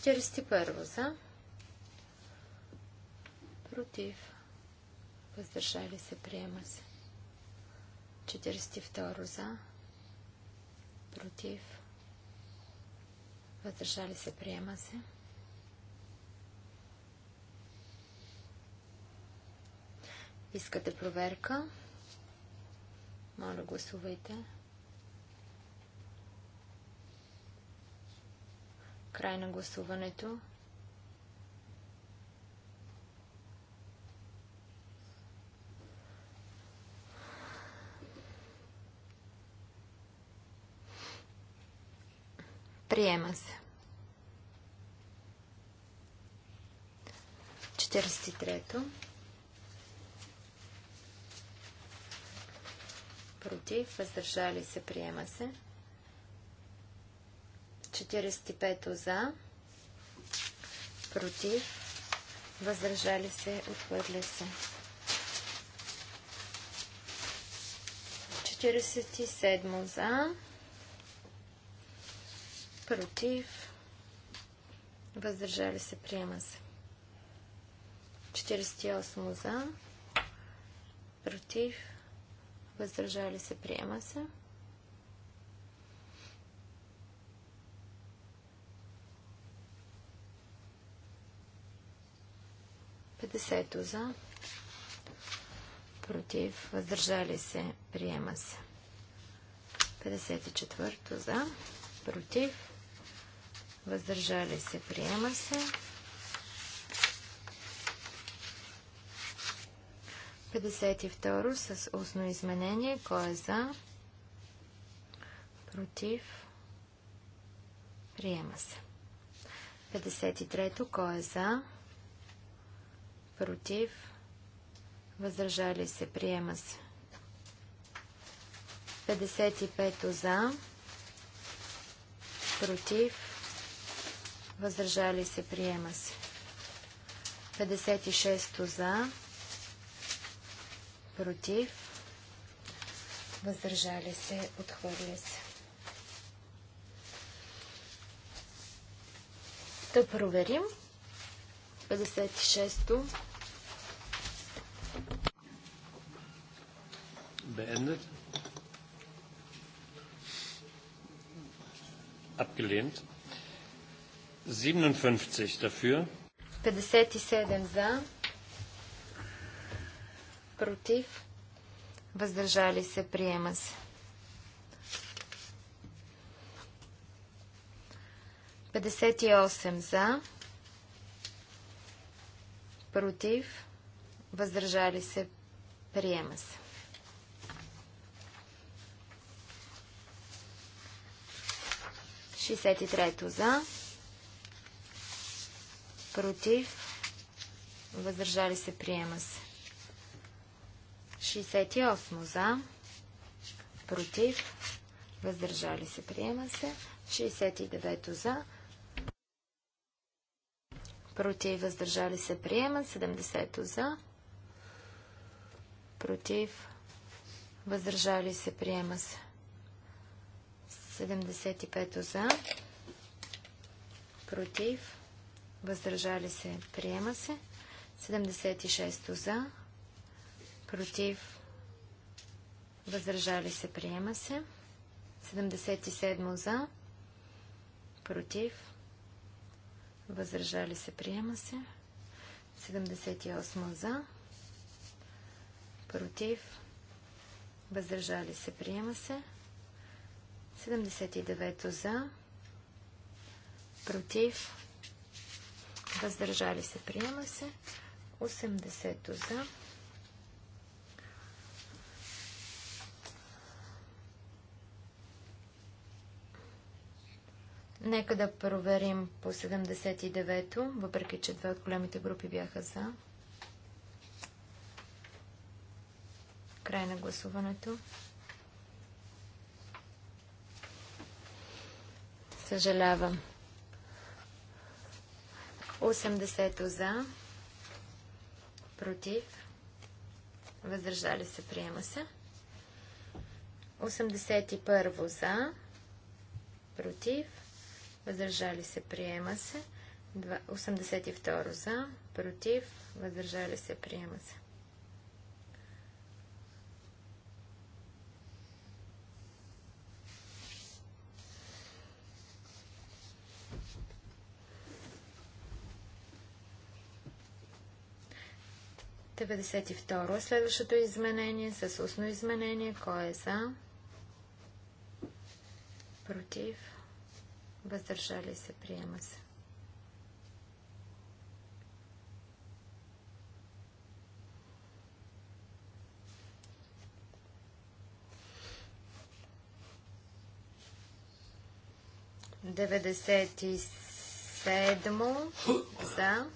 41 за. Против. Въздържали се. Приема се. 42 за. Против. Въздържали се. Приема се. Искате проверка? Моля, гласувайте. Край на гласуването. Приема се. 43-то. Против, въздържали се, приема се. 45 за, против, въздържали се, отхвърля се. 47 за, против, въздържали се, приема се. 48 за, против, въздържали се, приема се. 10 за, против, въздържали се, приема се. 54 за, против, въздържали се, приема се. 52 с устно изменение. Кой е за? Против? Приема се. 53 кой е за? против, въздържали се, приема се. 55 за, против, въздържали се, приема се. 56 за, против, въздържали се, отхвърля се. Да проверим. 56-то. Beendet. Abgelehnt. 57 dafür. 57 за. Против. Въздържали се. Приема се. 58 за против, въздържали се, приема се. Шестдесет и трето за, против, въздържали се, приема се. 68 за, против, въздържали се, приема се. 69 за, против, въздържали се, приема. 70 за, против, въздържали се, приема се. 75 за, против, въздържали се, приема се. 76 за, против, въздържали се, приема се. 77 за, против, Въздържали се. Приема се. 78 за. Против. Въздържали се. Приема се. 79 за. Против. Въздържали се. Приема се. 80 за Нека да проверим по 79-то, въпреки че две от големите групи бяха за. Край на гласуването. Съжалявам. 80-то за. Против. Въздържали се, приема се. 81 за. Против въздържали се, приема се. 82 за, против, въздържали се, приема се. Деветдесет е Следващото изменение с устно изменение. Кой е за? Против въздържали се, приема се. Деведесет и седмо за.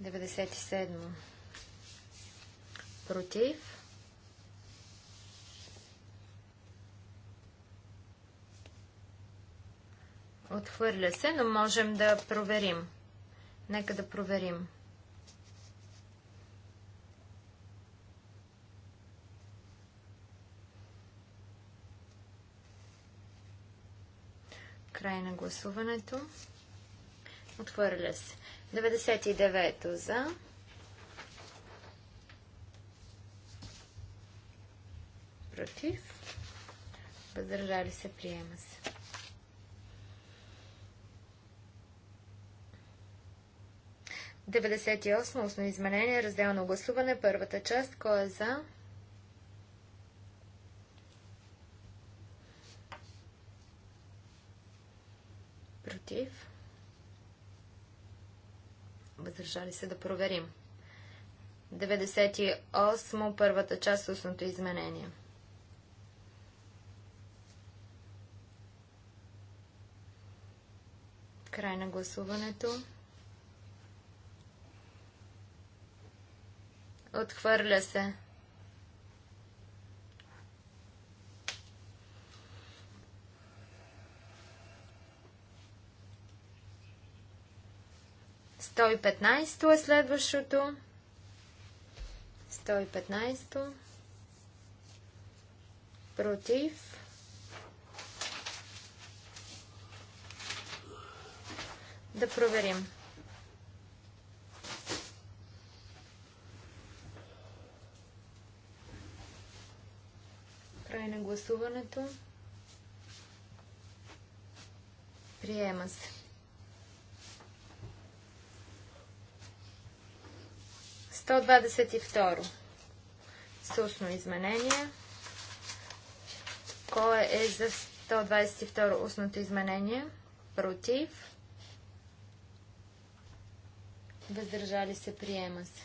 Деведесет и седмо против. Отхвърля се, но можем да проверим. Нека да проверим. Край на гласуването. Отхвърля се. 99-то за. Против. Въздържали се, приема се. 98. Устно изменение. Разделно гласуване. Първата част. Кой е за? Против. Въздържали се да проверим. 98. Първата част. Устното изменение. Край на гласуването. Отхвърля се. Сто и петнайсто е следващото. Сто и петнайсто. Против. Да проверим. на гласуването. Приема се. 122. Сусно изменение. Кое е за 122 устното изменение? Против. Въздържали се, приема се.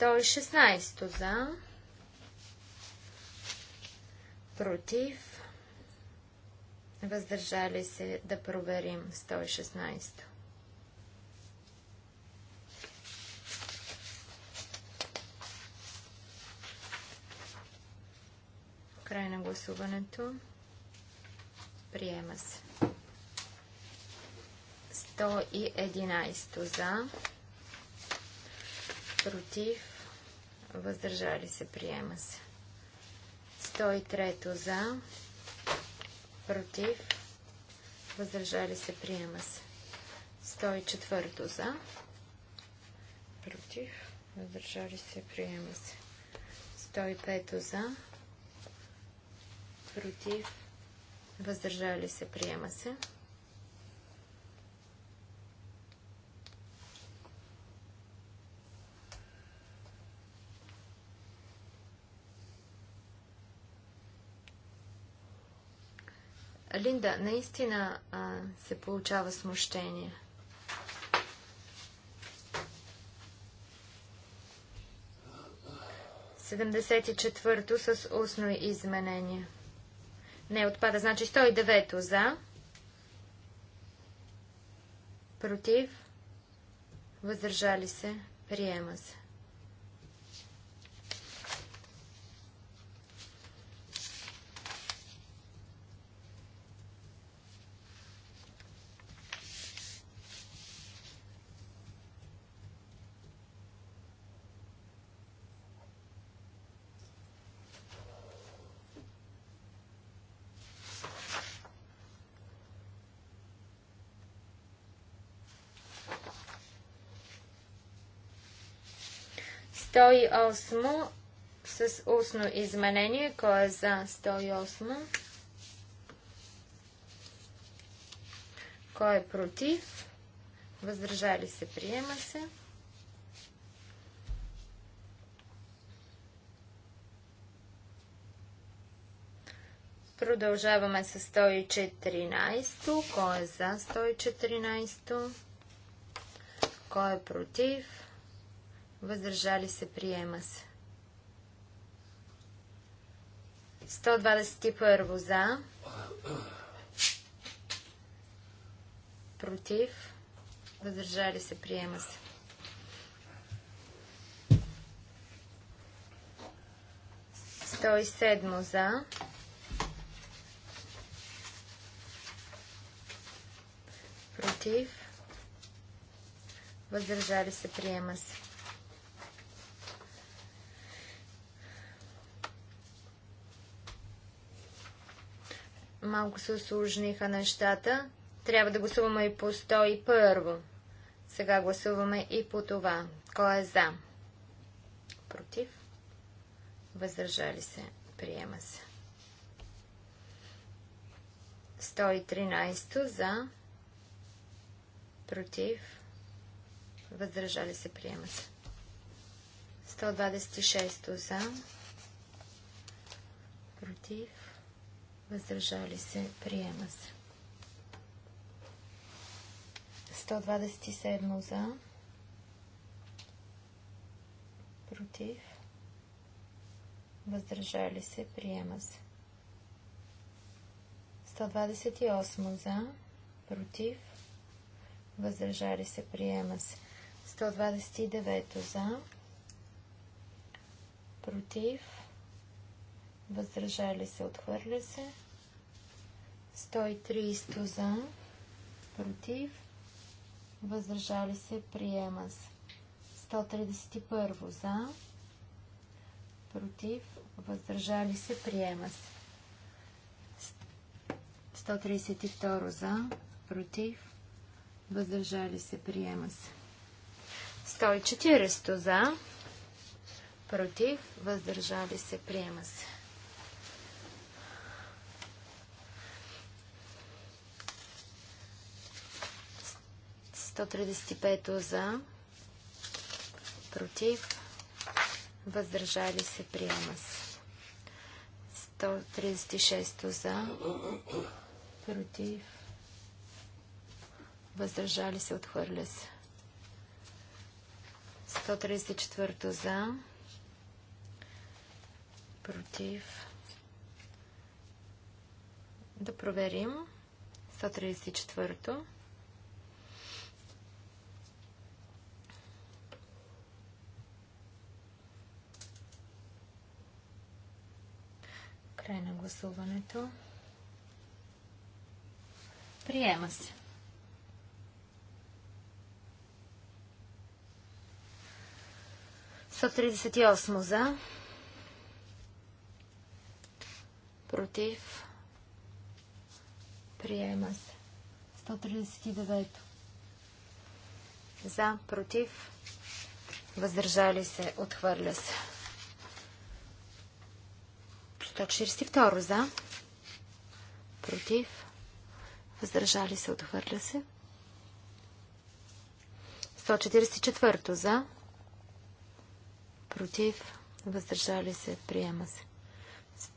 116 за, против, въздържали се да проверим 116. Край на гласуването. Приема се. 111 за против, въздържали се, приема се. 103 за, против, въздържали се, приема се. 104 за, против, въздържали се, приема се. 105 за, против, въздържали се, приема се. Линда, наистина а, се получава смущение. Седемдесет и четвърто с устно изменение. Не отпада, значи 109 за. Против. Въздържали се. Приема се. 108 с устно изменение. Кой е за 108? Кой е против? Въздържали се, приема се. Продължаваме с 114. Кой е за 114? Кой е против? въздържали се, приема се. 121 за, против, въздържали се, приема се. Сто и седмо за. Против. Въздържали се, приема се. малко се осложниха нещата. Трябва да гласуваме и по 101. Сега гласуваме и по това. Кой е за? Против? Въздържали се. Приема се. 113 за. Против? Въздържали се. Приема се. 126 за. Против? въздържали се, приема се. 127 за, против, въздържали се, приема се. 128 за, против, въздържали се, приема се. 129 за, против, въздържали се, отхвърля се. 130 за, против, въздържали се, приема се. 131 за, против, въздържали се, приема се. 132 за, против, въздържали се, приема се. 140 за, против, въздържали се, приема се. 135 за, против, въздържали се, приема се. 136 за, против, въздържали се, отхвърля се. 134 за, против. Да проверим. 134 Край на гласуването. Приема се. Сто тридесет и осмо за. Против. Приема се. 139. За, против, въздържали се, отхвърля се. 142 за. Против. Въздържали се. Отхвърля се. 144 за. Против. Въздържали се. Приема се.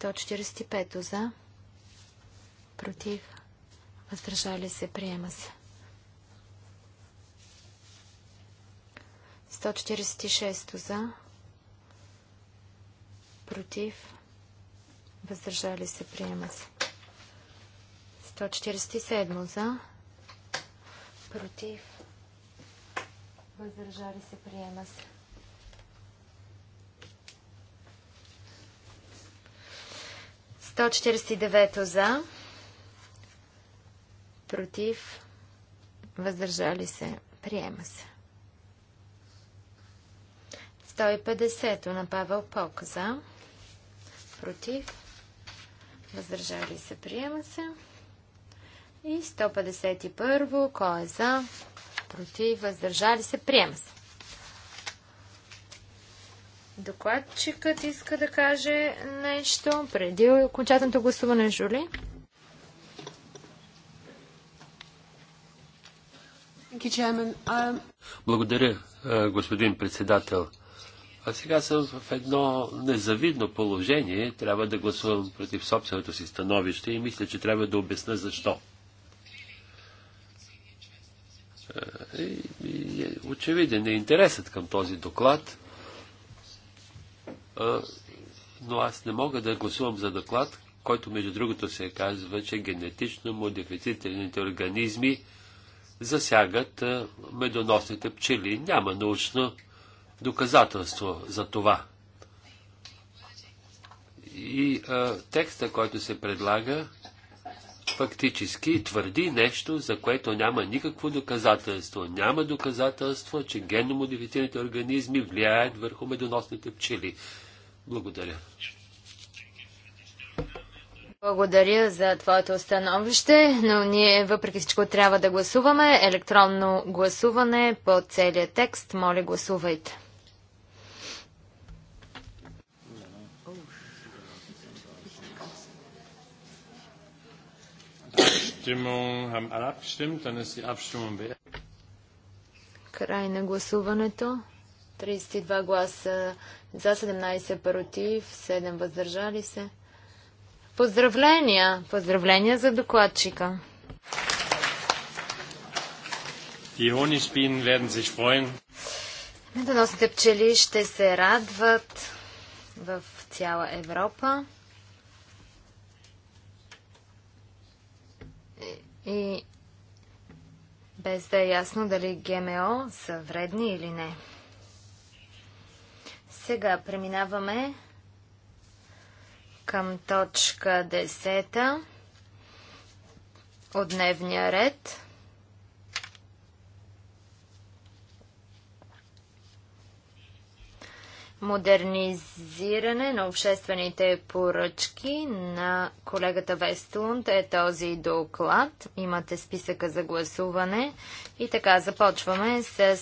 145 за. Против. Въздържали се. Приема се. 146 за. Против въздържали се, приема се. 147 за, против, въздържали се, приема се. Сто за, против, въздържали се, приема се. 150 на Павел Пок за, против, въздържали се, приема се. И 151, кой е за, против, въздържали се, приема се. Докладчикът иска да каже нещо преди окончателното гласуване, Жули. Um, Благодаря, господин председател. А сега съм в едно незавидно положение. Трябва да гласувам против собственото си становище и мисля, че трябва да обясна защо. Е, и, и, е очевиден е интересът към този доклад, а, но аз не мога да гласувам за доклад, който между другото се казва, че генетично модифицираните организми засягат а, медоносните пчели. Няма научно доказателство за това. И а, текста, който се предлага, фактически твърди нещо, за което няма никакво доказателство. Няма доказателство, че генномодифицираните организми влияят върху медоносните пчели. Благодаря. Благодаря за твоето становище, но ние въпреки всичко трябва да гласуваме. Електронно гласуване по целия текст. Моля, гласувайте. Abstimmung. Haben alle abgestimmt? Dann ist die Abstimmung beendet. Край на гласуването. 32 гласа за, 17 против, 7 въздържали се. Поздравления! Поздравления за докладчика! Die Медоносните пчели ще се радват в цяла Европа. И без да е ясно дали ГМО са вредни или не. Сега преминаваме към точка 10 от дневния ред. модернизиране на обществените поръчки на колегата Вестунд е този доклад. Имате списъка за гласуване. И така, започваме с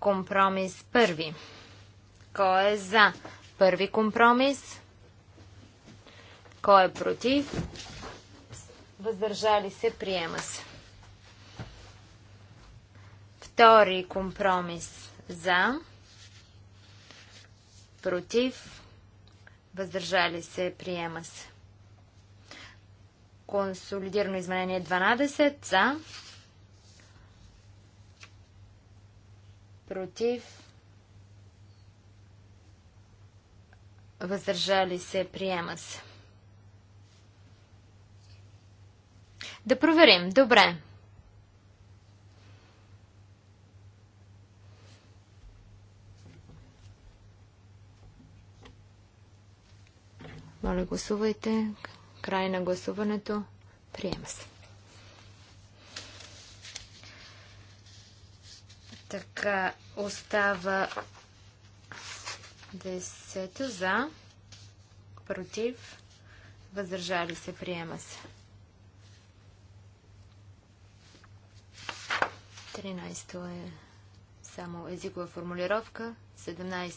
компромис първи. Кой е за първи компромис? Кой е против? Въздържали се, приема се. Втори компромис за против, въздържали се, приема се. Консолидирано изменение 12 за, против, въздържали се, приема се. Да проверим. Добре. Моля, гласувайте. Край на гласуването. Приема се. Така, остава 10 за, против, въздържали се, приема се. 13 е само езикова формулировка, 17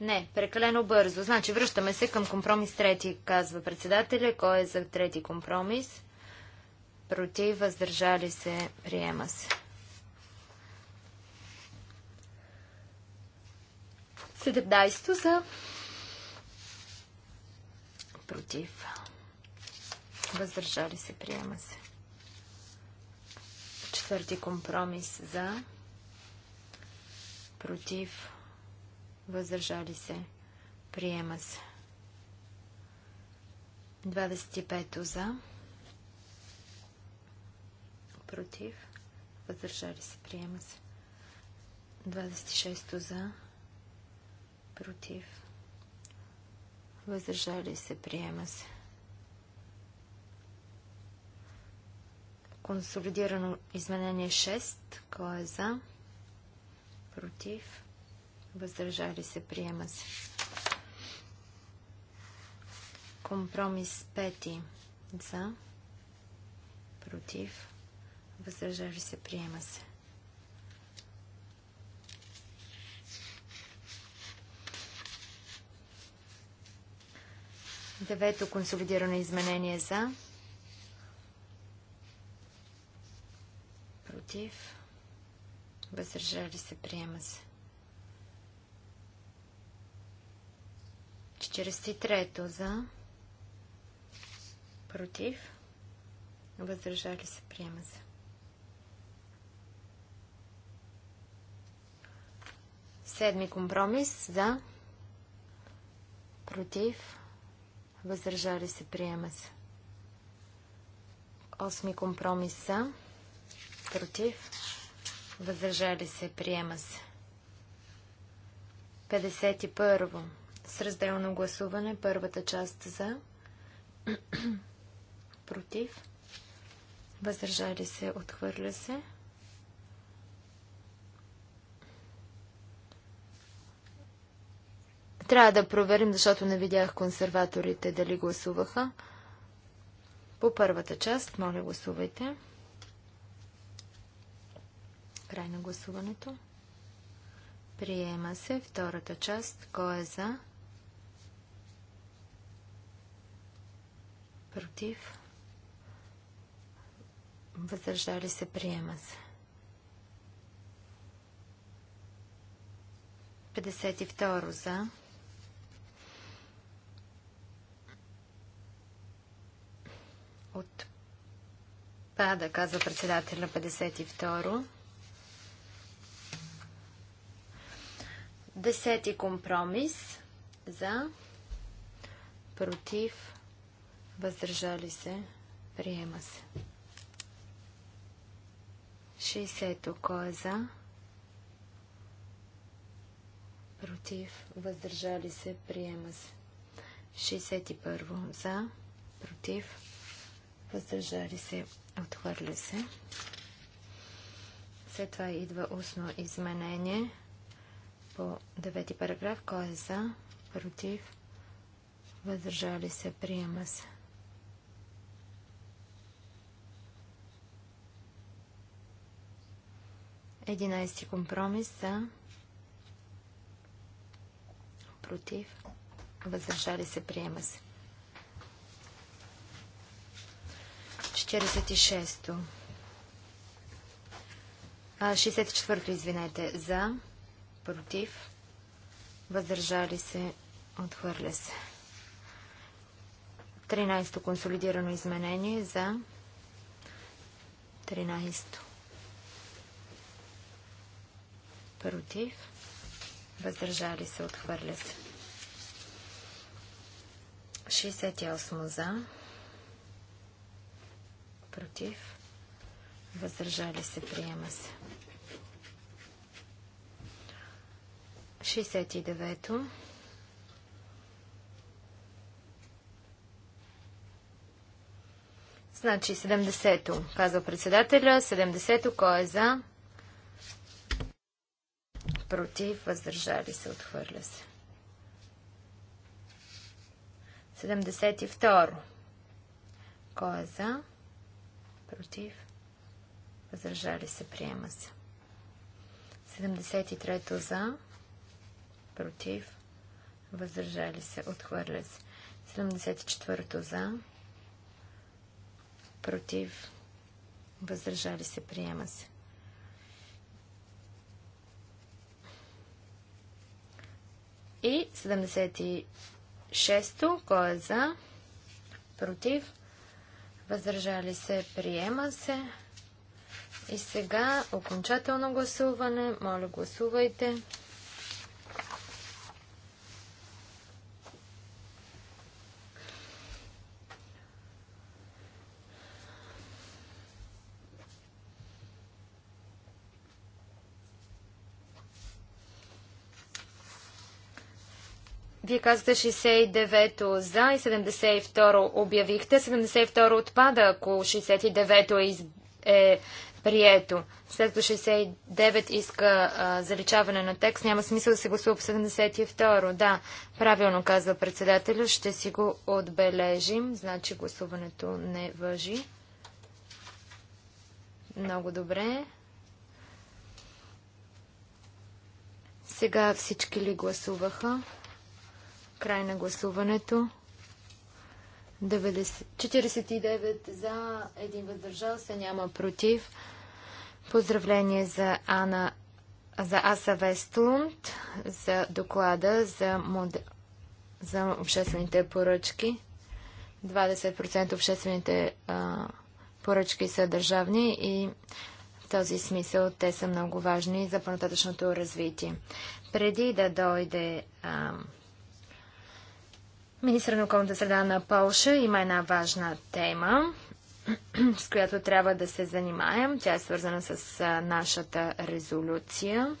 не, прекалено бързо. Значи връщаме се към компромис трети, казва председателя. Кой е за трети компромис? Против, въздържали се, приема се. 17 за против. Въздържали се, приема се. Четвърти компромис за против въздържали се, приема се. 25 за, против, въздържали се, приема се. 26 за, против, въздържали се, приема се. Консолидирано изменение 6, кой е за, против, въздържали се, приема се. Компромис пети за, против, въздържали се, приема се. Девето консолидирано изменение за, против, въздържали се, приема се. 43 за, против, въздържали се, приема се. Седми компромис за, против, въздържали се, приема се. Осми компромис за, против, въздържали се, приема се. 51 с разделно гласуване. Първата част за, против, въздържали се, отхвърля се. Трябва да проверим, защото не видях консерваторите дали гласуваха. По първата част, моля гласувайте. Край на гласуването. Приема се втората част. Кой е за? против, въздържали се, приема се. 52 за. От. Пада, казва председател на 52. Десети компромис за против въздържали се, приема се. 60-то, кой е за? Против, въздържали се, приема се. 61-во, за, против, въздържали се, отхвърля се. След това идва устно изменение по 9 параграф, кой е за, против, въздържали се, приема се. 11 компромис за против, въздържали се, приема се. 46-то. 64-то, извинете, за, против, въздържали се, отхвърля се. 13-то консолидирано изменение за 13-то. против, въздържали се, отхвърля се. 68 за, против, въздържали се, приема се. 69-то. Значи 70-то, казва председателя. 70-то, кой е за? против, въздържали се, отхвърля се. 72. Кой е за? Против. Въздържали се. Приема се. 73. За. Против. Въздържали се. Отхвърля се. 74. За. Против. Въздържали се. Приема се. И 76-то, кой е за? Против? Въздържали се? Приема се. И сега окончателно гласуване. Моля, гласувайте. Гласувайте. Вие казахте 69-то за и 72-ро обявихте. 72-ро отпада, ако 69-то е, е прието. След като 69 иска а, заличаване на текст, няма смисъл да се гласува по 72-ро. Да, правилно казва председателя, ще си го отбележим. Значи гласуването не въжи. Много добре. Сега всички ли гласуваха? Край на гласуването. 49 за, един въздържал се, няма против. Поздравление за Ана, за Аса Вестлунд, за доклада за, мод... за обществените поръчки. 20% обществените а, поръчки са държавни и в този смисъл те са много важни за понататъчното развитие. Преди да дойде а, Министра на околната среда на Полша има една важна тема, с която трябва да се занимаем. Тя е свързана с нашата резолюция.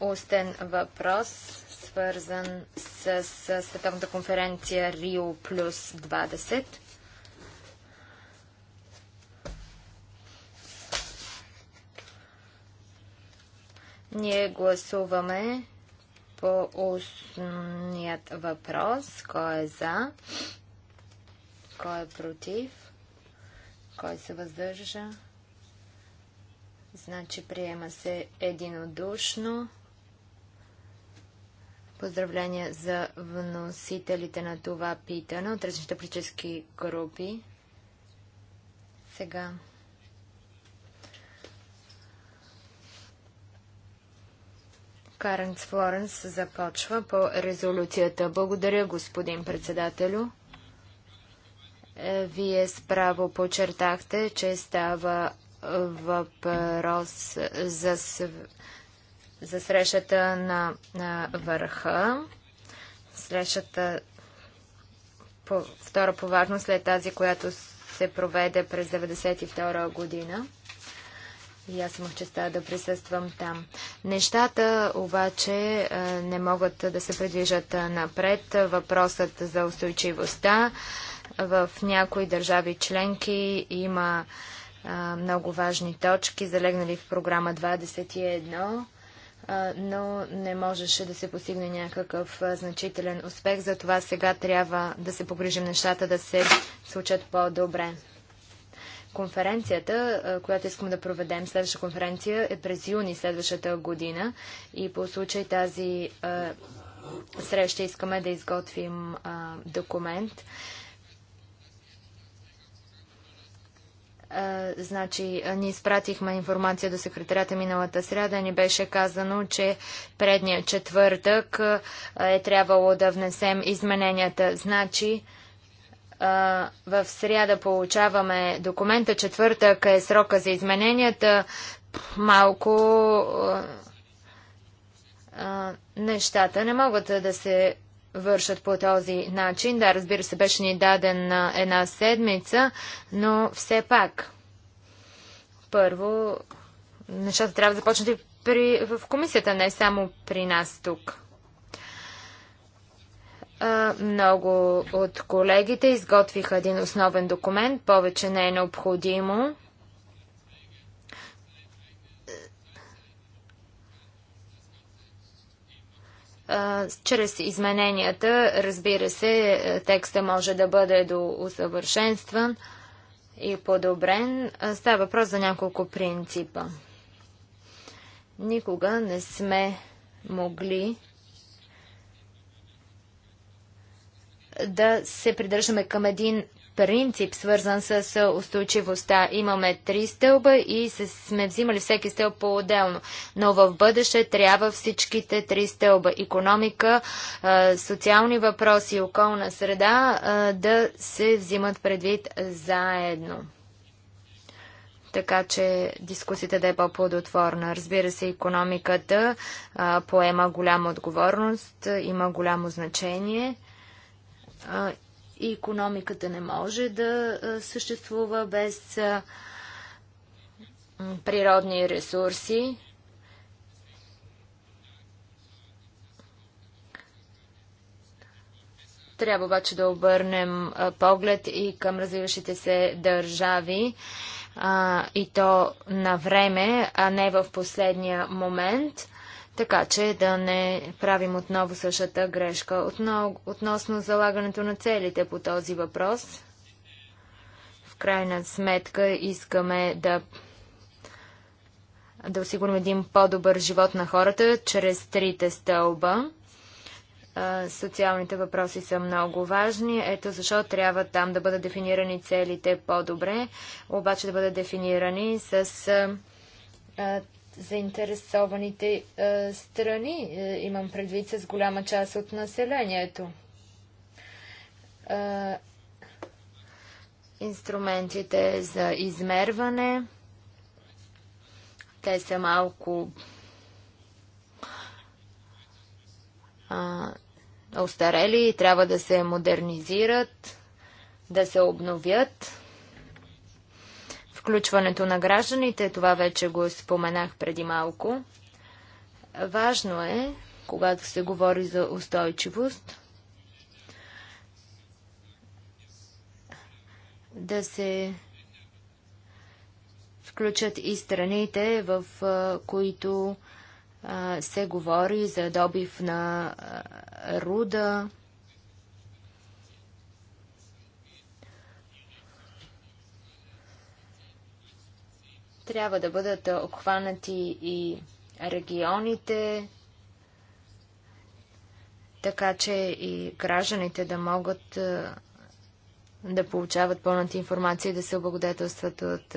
Устен въпрос, свързан с Световната конференция Рио плюс 20. Ние гласуваме по устният въпрос. Кой е за? Кой е против? Кой се въздържа? Значи приема се единодушно. Поздравления за вносителите на това питане от различните политически групи. Сега Каренц Флоренс започва по резолюцията. Благодаря, господин председателю. Е, вие справо почертахте, че става е, въпрос за, за срещата на, на върха. Срещата по, втора по важност след тази, която се проведе през 1992 година. И аз имах честа да присъствам там. Нещата обаче не могат да се предвижат напред. Въпросът за устойчивостта в някои държави членки има много важни точки, залегнали в програма 21 но не можеше да се постигне някакъв значителен успех. Затова сега трябва да се погрижим нещата да се случат по-добре. Конференцията, която искам да проведем, следваща конференция е през юни следващата година и по случай тази среща искаме да изготвим документ. значи, ни изпратихме информация до секретарята миналата сряда. Ни беше казано, че предния четвъртък е трябвало да внесем измененията. Значи, в сряда получаваме документа, четвъртък е срока за измененията. Малко нещата не могат да се вършат по този начин. Да, разбира се, беше ни даден на една седмица, но все пак. Първо, нещата трябва да започнат и в комисията, не само при нас тук. Много от колегите изготвиха един основен документ, повече не е необходимо. чрез измененията, разбира се, текста може да бъде до усъвършенстван и подобрен. Става въпрос за няколко принципа. Никога не сме могли да се придържаме към един принцип, свързан с устойчивостта. Имаме три стълба и сме взимали всеки стълб по-отделно. Но в бъдеще трябва всичките три стълба економика, социални въпроси и околна среда да се взимат предвид заедно. Така че дискусията да е по-плодотворна. Разбира се, економиката поема голяма отговорност, има голямо значение – и економиката не може да съществува без природни ресурси. Трябва обаче да обърнем поглед и към развиващите се държави и то на време, а не в последния момент така че да не правим отново същата грешка. относно залагането на целите по този въпрос, в крайна сметка искаме да да осигурим един по-добър живот на хората чрез трите стълба. Социалните въпроси са много важни. Ето защо трябва там да бъдат дефинирани целите по-добре, обаче да бъдат дефинирани с заинтересованите е, страни, е, имам предвид с голяма част от населението. Е, инструментите за измерване, те са малко остарели и трябва да се модернизират, да се обновят. Включването на гражданите, това вече го споменах преди малко. Важно е, когато се говори за устойчивост, да се включат и страните, в които се говори за добив на руда, Трябва да бъдат обхванати и регионите, така че и гражданите да могат да получават пълната информация и да се облагодетелстват от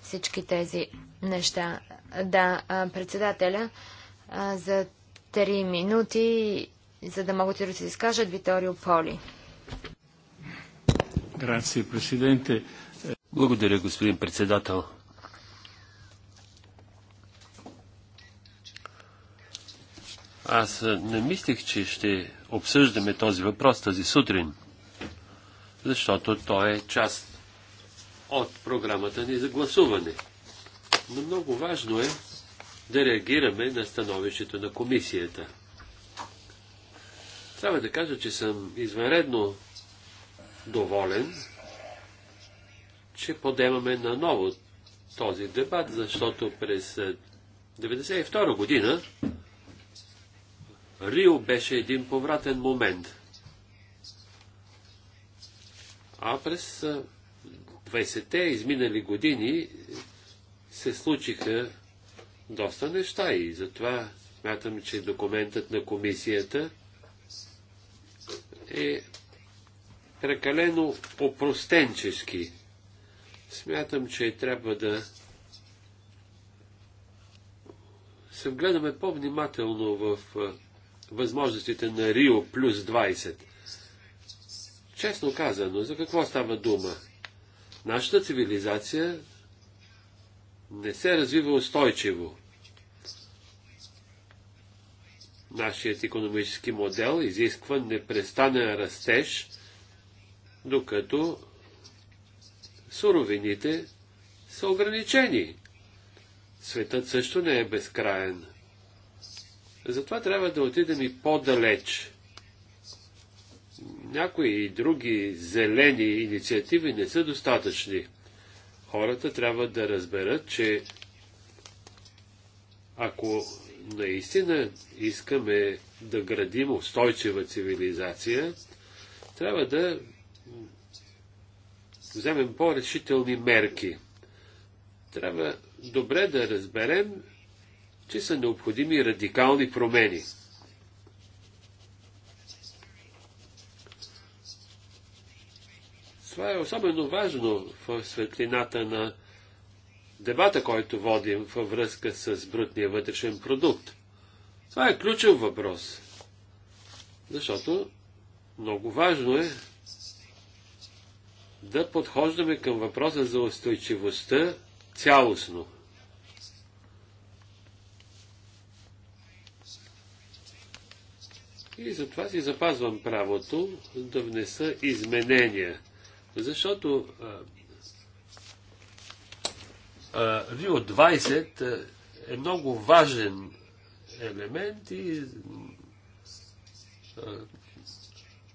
всички тези неща. Да, председателя, за 3 минути, за да могат и да се изкажат Виторио Поли. Благодаря, господин председател. Аз не мислих, че ще обсъждаме този въпрос тази сутрин, защото той е част от програмата ни за гласуване. Но много важно е да реагираме на становището на комисията. Трябва да кажа, че съм извънредно доволен, че подемаме наново този дебат, защото през 1992 година Рио беше един повратен момент. А през 20-те изминали години се случиха доста неща и затова смятам, че документът на комисията е прекалено опростенчески. Смятам, че трябва да се вгледаме по-внимателно в възможностите на Рио плюс 20. Честно казано, за какво става дума? Нашата цивилизация не се развива устойчиво. Нашият економически модел изисква непрестанен растеж, докато суровините са ограничени. Светът също не е безкраен. Затова трябва да отидем и по-далеч. Някои и други зелени инициативи не са достатъчни. Хората трябва да разберат, че ако наистина искаме да градим устойчива цивилизация, трябва да вземем по-решителни мерки. Трябва добре да разберем че са необходими радикални промени. Това е особено важно в светлината на дебата, който водим във връзка с брутния вътрешен продукт. Това е ключов въпрос, защото много важно е да подхождаме към въпроса за устойчивостта цялостно. И затова си запазвам правото да внеса изменения. Защото Рио 20 е много важен елемент и а,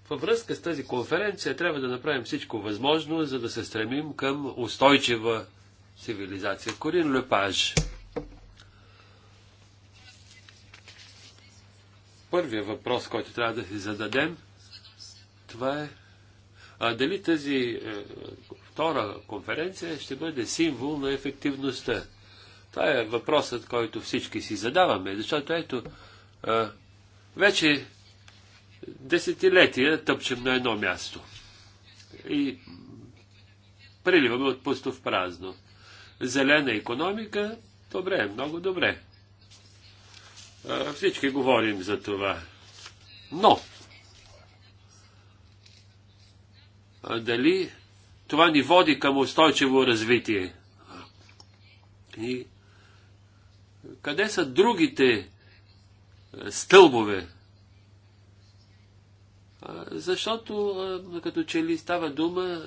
във връзка с тази конференция трябва да направим всичко възможно, за да се стремим към устойчива цивилизация. Корин Лепаж. първия въпрос, който трябва да си зададем, това е а, дали тази е, втора конференция ще бъде символ на ефективността. Това е въпросът, който всички си задаваме, защото ето, а, вече десетилетия тъпчем на едно място. И приливаме от пусто в празно. Зелена економика, добре, много добре. Всички говорим за това. Но, дали това ни води към устойчиво развитие? И къде са другите стълбове? Защото, като че ли става дума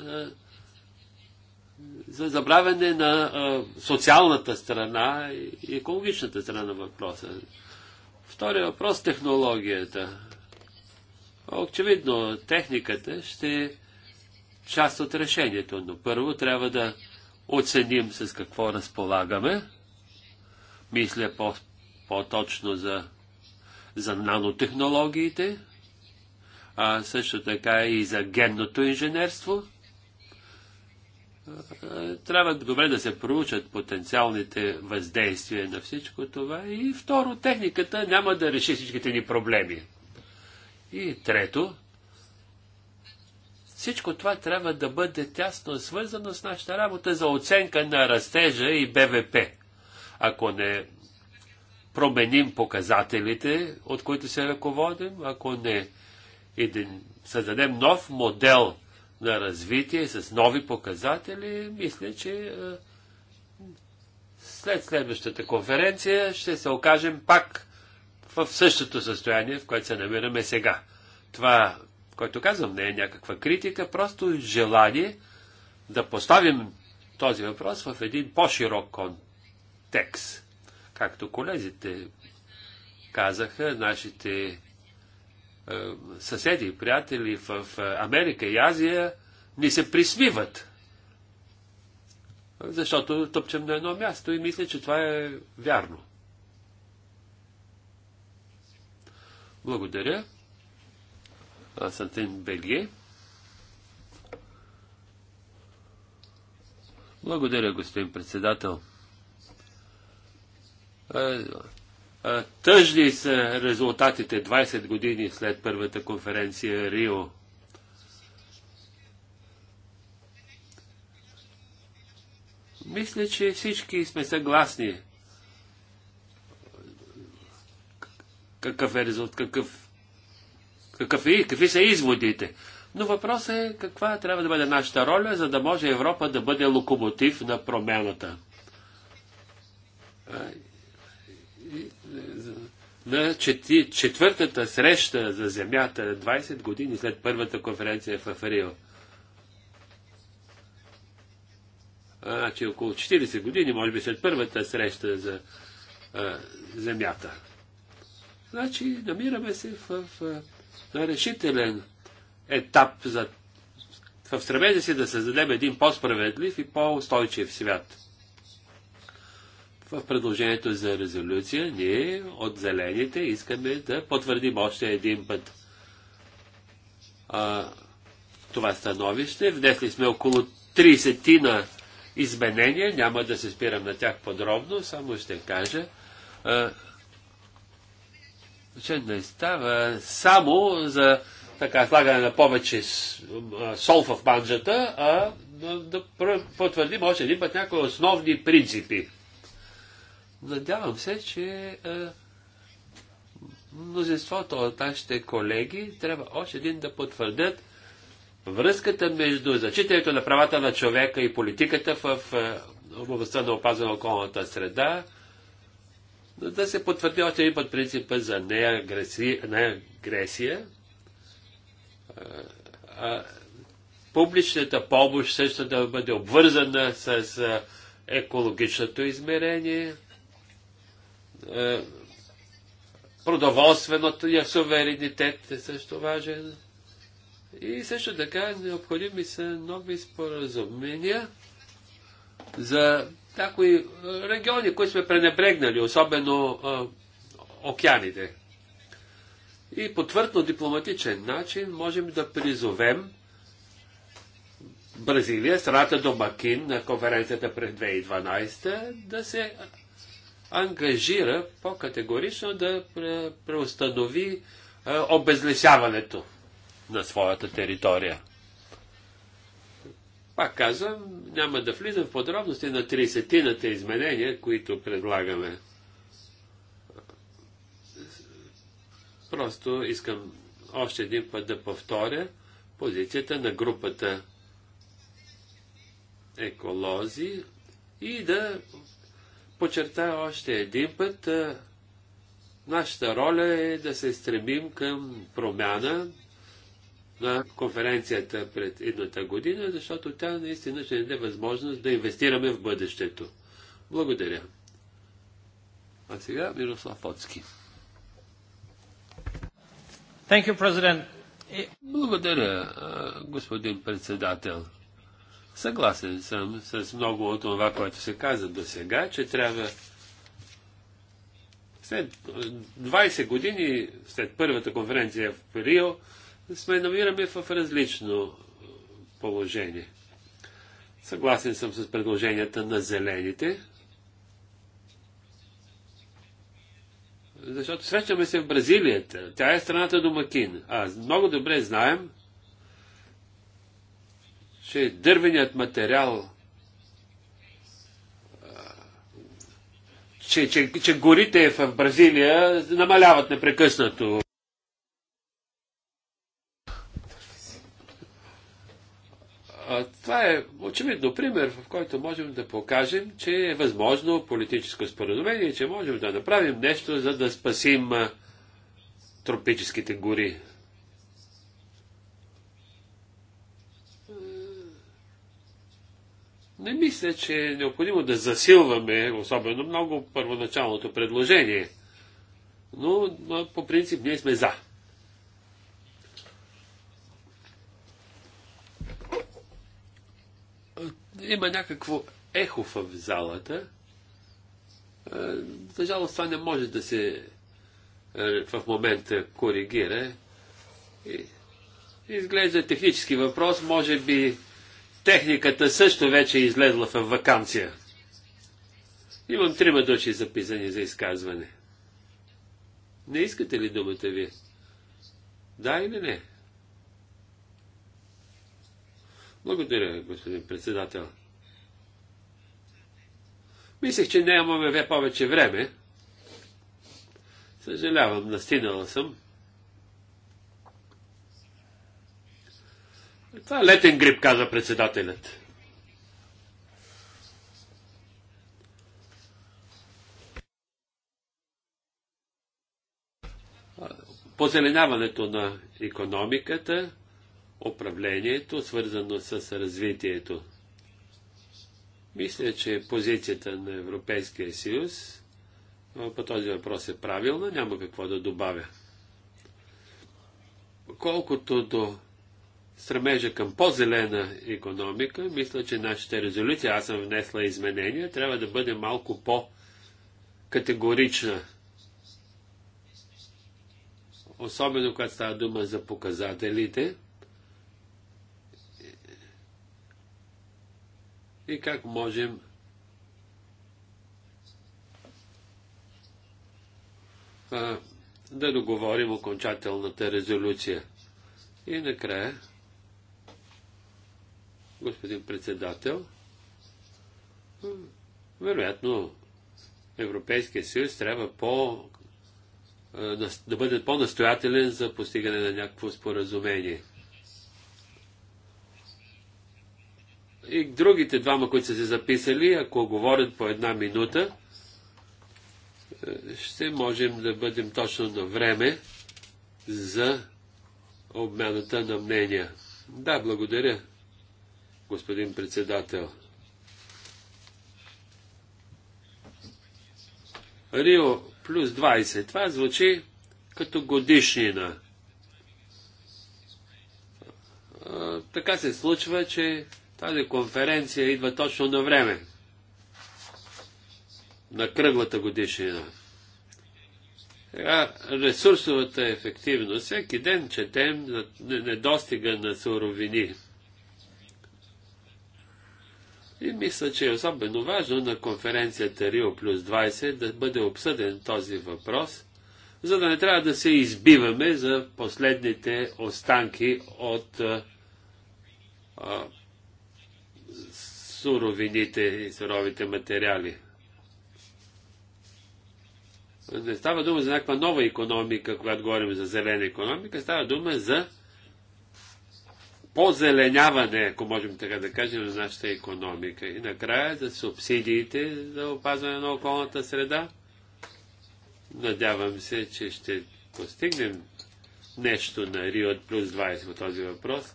за забравяне на социалната страна и екологичната страна на въпроса. Втория въпрос – технологията. Очевидно, техниката ще е част от решението, но първо трябва да оценим с какво разполагаме. Мисля по- по-точно за, за нанотехнологиите, а също така и за генното инженерство – трябва добре да се проучат потенциалните въздействия на всичко това. И второ, техниката няма да реши всичките ни проблеми. И трето, всичко това трябва да бъде тясно свързано с нашата работа за оценка на растежа и БВП. Ако не променим показателите, от които се ръководим, ако не един, създадем нов модел на развитие с нови показатели, мисля, че е, след следващата конференция ще се окажем пак в същото състояние, в което се намираме сега. Това, което казвам, не е някаква критика, просто желание да поставим този въпрос в един по-широк контекст. Както колезите казаха, нашите е, съседи, приятели в Америка и Азия ни се присмиват. Защото тъпчем на едно място и мисля, че това е вярно. Благодаря. Тин беги. Благодаря, господин председател. Е, Тъжни са резултатите 20 години след първата конференция Рио. Мисля, че всички сме съгласни. Какъв е резултат, какъв, какъв е, какви са изводите. Но въпросът е каква трябва да бъде нашата роля, за да може Европа да бъде локомотив на промяната на четвъртата среща за земята 20 години след първата конференция в Рио. Значи около 40 години, може би след първата среща за а, земята. Значи намираме се в, в на решителен етап за в стремежа си да създадем един по-справедлив и по-устойчив свят. В предложението за резолюция ние от зелените искаме да потвърдим още един път а, това становище. Внесли сме около 30 на изменения, няма да се спирам на тях подробно, само ще кажа, а, че не става само за така слагане на повече сол в банджата, а да потвърдим още един път някои основни принципи. Надявам се, че а, е, мнозинството от нашите колеги трябва още един да потвърдят връзката между зачитането на правата на човека и политиката в е, областта на опазване на околната среда, да се потвърди още един път принципа за неагресия, А, е, а, публичната помощ също да бъде обвързана с екологичното измерение – е, продоволственото суверенитет е също важен. И също така необходими са нови споразумения за някои е, региони, които сме пренебрегнали, особено а, е, океаните. И по твърдно дипломатичен начин можем да призовем Бразилия, страната домакин на конференцията през 2012, да се ангажира по-категорично да преустанови е, обезлесяването на своята територия. Пак казвам, няма да влизам в подробности на 30-тината изменения, които предлагаме. Просто искам още един път да повторя позицията на групата еколози и да подчертая още един път, нашата роля е да се стремим към промяна на конференцията пред едната година, защото тя наистина ще даде възможност да инвестираме в бъдещето. Благодаря. А сега Мирослав Оцки. Благодаря, господин председател. Съгласен съм с много от това, което се каза до сега, че трябва след 20 години, след първата конференция в Рио, сме намираме в различно положение. Съгласен съм с предложенията на зелените, защото срещаме се в Бразилията. Тя е страната домакин. А много добре знаем, че дървеният материал, че, че, че горите в Бразилия намаляват непрекъснато. това е очевидно пример, в който можем да покажем, че е възможно политическо споразумение, че можем да направим нещо, за да спасим тропическите гори. Не мисля, че е необходимо да засилваме особено много първоначалното предложение. Но по принцип ние сме за. Има някакво ехо в залата. За жалост това не може да се в момента коригира. Изглежда технически въпрос, може би Техниката също вече е излезла в вакансия. Имам трима души записани за изказване. Не искате ли думата ви? Да или не? Благодаря, господин председател. Мислех, че нямаме повече време. Съжалявам, настинала съм. Това е летен грип, каза председателят. позеленяването на економиката, управлението, свързано с развитието. Мисля, че позицията на Европейския съюз по този въпрос е правилна, няма какво да добавя. Колкото до стремежа към по-зелена економика, мисля, че нашата резолюция, аз съм внесла изменения, трябва да бъде малко по-категорична. Особено, когато става дума за показателите и как можем а, да договорим окончателната резолюция. И накрая господин председател. Вероятно, Европейския съюз трябва по, е, да бъде по-настоятелен за постигане на някакво споразумение. И другите двама, които са се записали, ако говорят по една минута, е, ще можем да бъдем точно на време за обмяната на мнения. Да, благодаря господин председател. Рио плюс 20. Това звучи като годишнина. така се случва, че тази конференция идва точно на време. На кръглата годишнина. Сега, ресурсовата ефективност. Всеки ден четем за недостига на суровини. И мисля, че е особено важно на конференцията Рио плюс 20 да бъде обсъден този въпрос, за да не трябва да се избиваме за последните останки от а, а, суровините и суровите материали. Не става дума за някаква нова економика, когато говорим за зелена економика, става дума за озеленяване, ако можем така да кажем, на нашата економика. И накрая за субсидиите за опазване на околната среда. Надявам се, че ще постигнем нещо на Рио плюс 20 по този въпрос.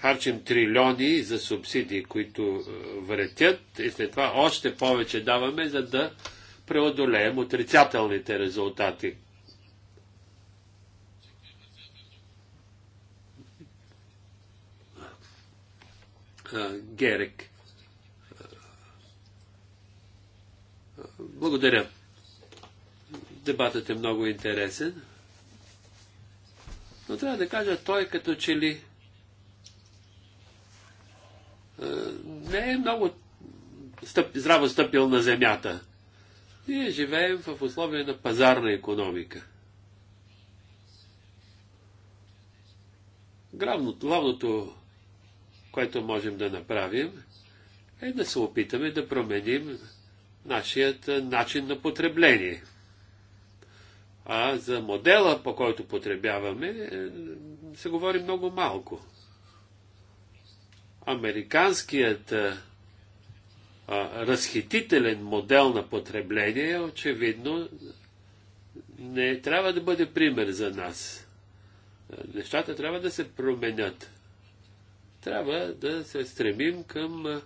Харчим трилиони за субсидии, които е, вретят и след това още повече даваме, за да преодолеем отрицателните резултати, Герек. Благодаря. Дебатът е много интересен. Но трябва да кажа, той като че ли не е много стъп, здраво стъпил на земята. Ние живеем в условия на пазарна економика. Главното, главното което можем да направим, е да се опитаме да променим нашият начин на потребление. А за модела, по който потребяваме, е, се говори много малко. Американският а, разхитителен модел на потребление очевидно не трябва да бъде пример за нас. Нещата трябва да се променят трябва да се стремим към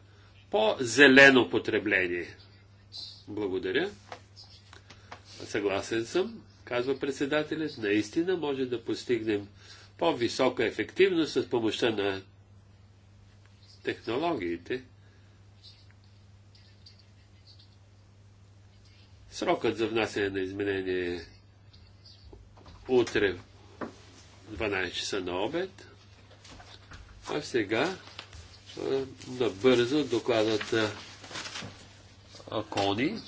по-зелено потребление. Благодаря. Съгласен съм, казва председателят. Наистина може да постигнем по-висока ефективност с помощта на технологиите. Срокът за внасяне на изменение е утре 12 часа на обед. А сега набързо докладът Кони,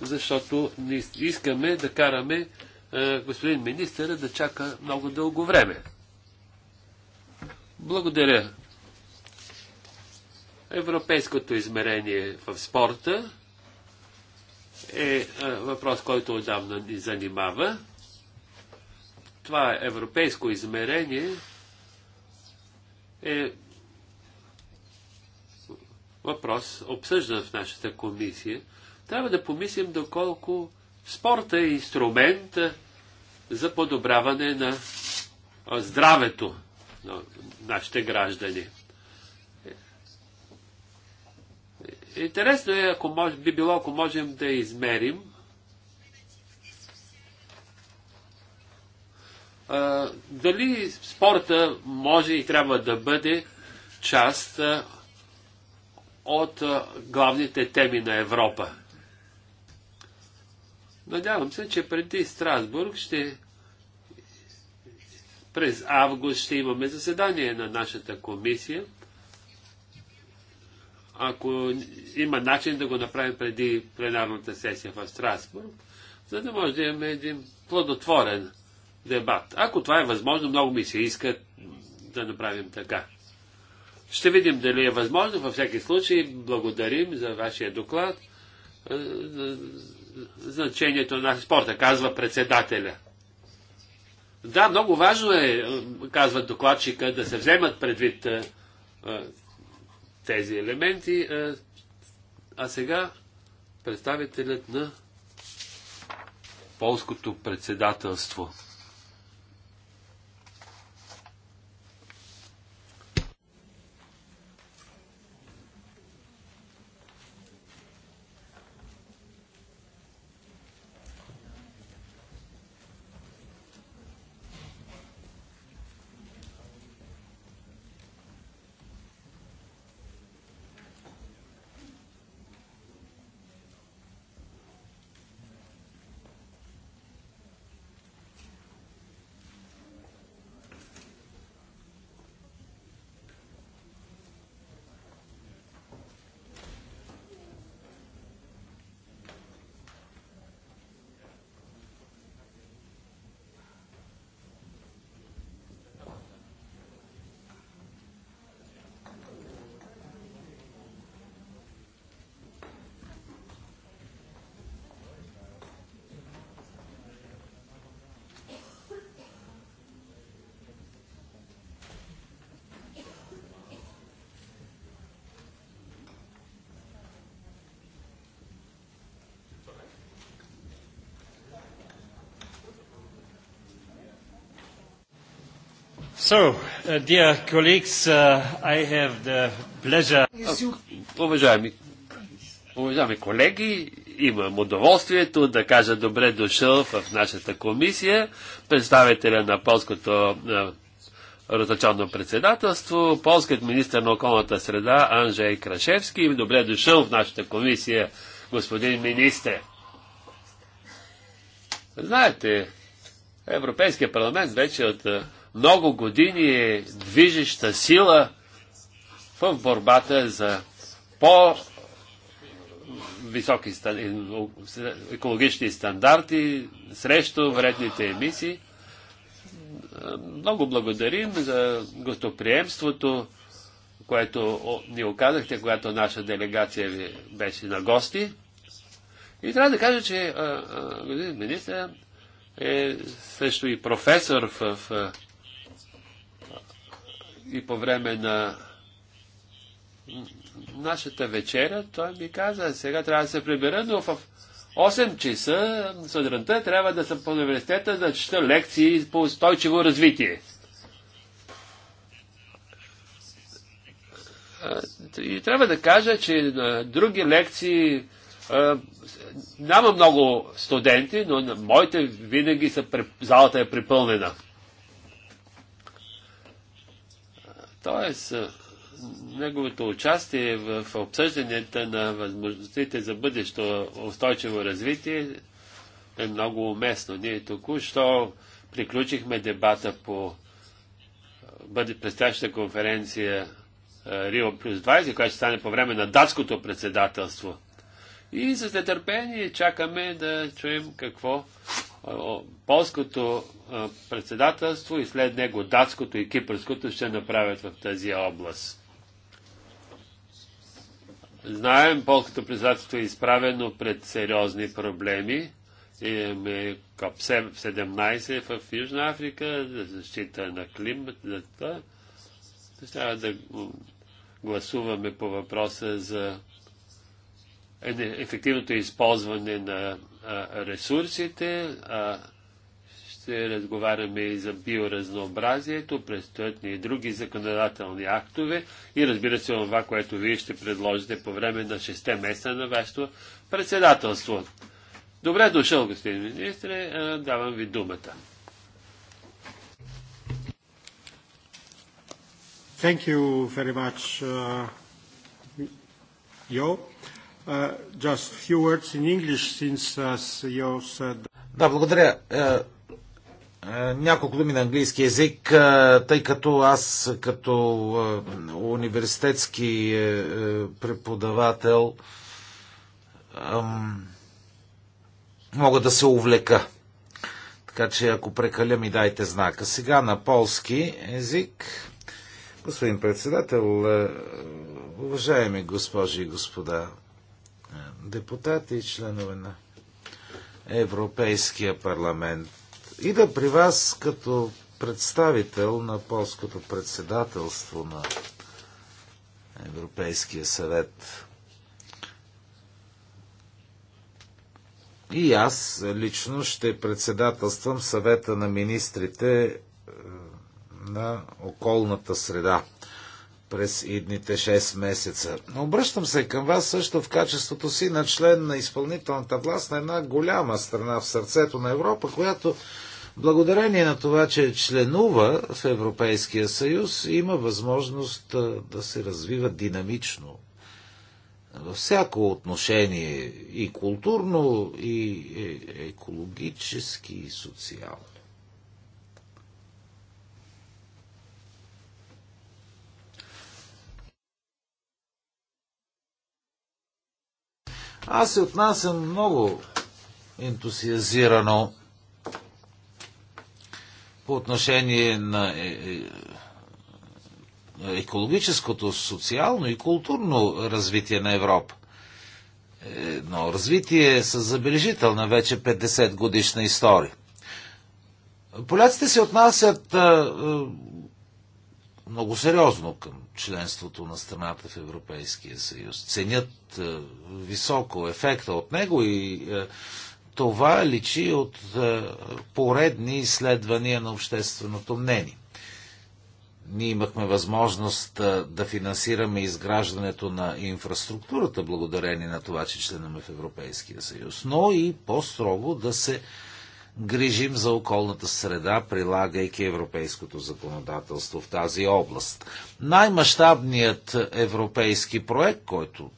защото не искаме да караме господин министъра да чака много дълго време. Благодаря. Европейското измерение в спорта е въпрос, който отдавна ни занимава. Това е европейско измерение е въпрос, обсъждан в нашата комисия. Трябва да помислим доколко спорта е инструмент за подобряване на здравето на нашите граждани. Интересно е, ако може, би било, ако можем да измерим дали спорта може и трябва да бъде част а, от а, главните теми на Европа. Надявам се, че преди Страсбург ще през август ще имаме заседание на нашата комисия. Ако има начин да го направим преди пленарната сесия в Страсбург, за да може да имаме един плодотворен дебат. Ако това е възможно, много ми се иска да направим така. Ще видим дали е възможно. Във всеки случай, благодарим за вашия доклад. Е, е, значението на спорта, казва председателя. Да, много важно е, е казва докладчика, да се вземат предвид тези елементи. А сега представителят на полското председателство. So, uh, dear colleagues, uh, I have the pleasure... Уважаеми, уважаеми колеги, имам удоволствието да кажа добре дошъл в нашата комисия, представителя на полското ротационно председателство, полският министр на околната среда Анжей Крашевски. Добре дошъл в нашата комисия, господин министр. Знаете, Европейския парламент вече от много години е движеща сила в борбата за по високи екологични стандарти срещу вредните емисии. Много благодарим за гостоприемството, което ни оказахте, когато наша делегация ви беше на гости. И трябва да кажа, че господин министър е също и професор в, в и по време на нашата вечеря, той ми каза, сега трябва да се прибера, но в 8 часа сутринта трябва да съм по университета да чета лекции по устойчиво развитие. И трябва да кажа, че на други лекции няма много студенти, но на моите винаги са, залата е припълнена. Тоест, неговото участие в обсъжданията на възможностите за бъдещо устойчиво развитие е много уместно. Ние току-що приключихме дебата по предстоящата конференция Рио плюс 20, която ще стане по време на датското председателство. И с нетърпение чакаме да чуем какво полското председателство и след него датското и кипърското ще направят в тази област. Знаем, полското председателство е изправено пред сериозни проблеми. Имаме коп 17 в Южна Африка за защита на климата. Трябва да гласуваме по въпроса за ефективното използване на ресурсите, ще разговаряме и за биоразнообразието, предстоят ни и други законодателни актове и разбира се това, което вие ще предложите по време на 6 месеца на вашето председателство. Добре дошъл, господин министре, давам ви думата. Thank you very much, uh, Joe. Uh, just few words in English since uh, you said... Да, благодаря. Е, е, няколко думи на английски язик, е, тъй като аз като университетски преподавател мога да се увлека. Така че ако прекаля ми дайте знака. Сега на полски език. Господин председател, уважаеми госпожи и господа, депутати и членове на Европейския парламент. И да при вас като представител на полското председателство на Европейския съвет. И аз лично ще председателствам съвета на министрите е, на околната среда през идните 6 месеца. Обръщам се към вас също в качеството си на член на изпълнителната власт на една голяма страна в сърцето на Европа, която благодарение на това, че членува в Европейския съюз, има възможност да се развива динамично във всяко отношение и културно, и е, екологически, и социално. Аз се отнасям много ентусиазирано по отношение е, е, на екологическото, социално и културно развитие на Европа. Едно развитие с забележителна вече 50 годишна история. Поляците се отнасят е, много сериозно към членството на страната в Европейския съюз. Ценят е, високо ефекта от него и е, това личи от е, поредни изследвания на общественото мнение. Ние имахме възможност да финансираме изграждането на инфраструктурата благодарение на това, че членаме в Европейския съюз, но и по-строго да се грижим за околната среда, прилагайки европейското законодателство в тази област. Най-мащабният европейски проект, който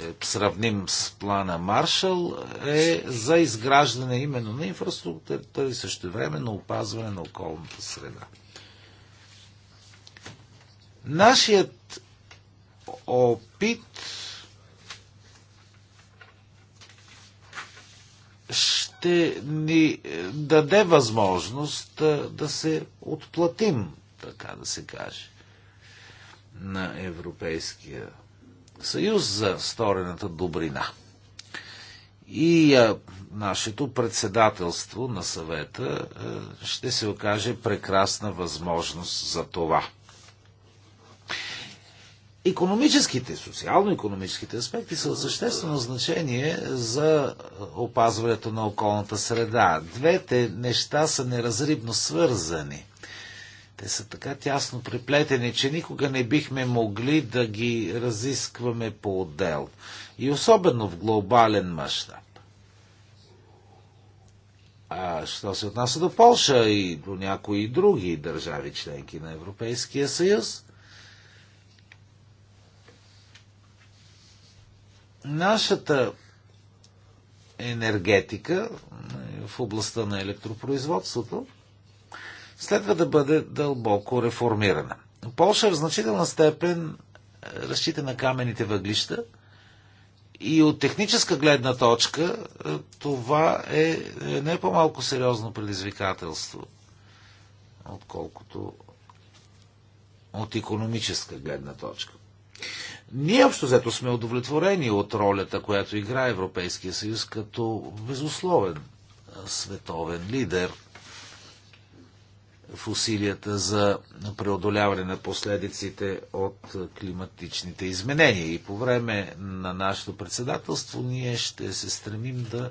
е сравним с плана Маршал, е за изграждане именно на инфраструктурата и също време на опазване на околната среда. Нашият опит ще ще ни е, даде възможност е, да се отплатим, така да се каже, на Европейския съюз за сторената добрина. И а, е, нашето председателство на съвета а, ще се окаже прекрасна възможност за това. Економическите, социално-економическите аспекти са от съществено значение за опазването на околната среда. Двете неща са неразривно свързани. Те са така тясно приплетени, че никога не бихме могли да ги разискваме по-отдел. И особено в глобален мащаб. А що се отнася до Полша и до някои други държави членки на Европейския съюз – Нашата енергетика в областта на електропроизводството следва да бъде дълбоко реформирана. Полша е в значителна степен е, разчита на камените въглища и от техническа гледна точка е, това е не по-малко сериозно предизвикателство, отколкото от економическа гледна точка. Ние общо взето сме удовлетворени от ролята, която играе Европейския съюз като безусловен световен лидер в усилията за преодоляване на последиците от климатичните изменения. И по време на нашето председателство ние ще се стремим да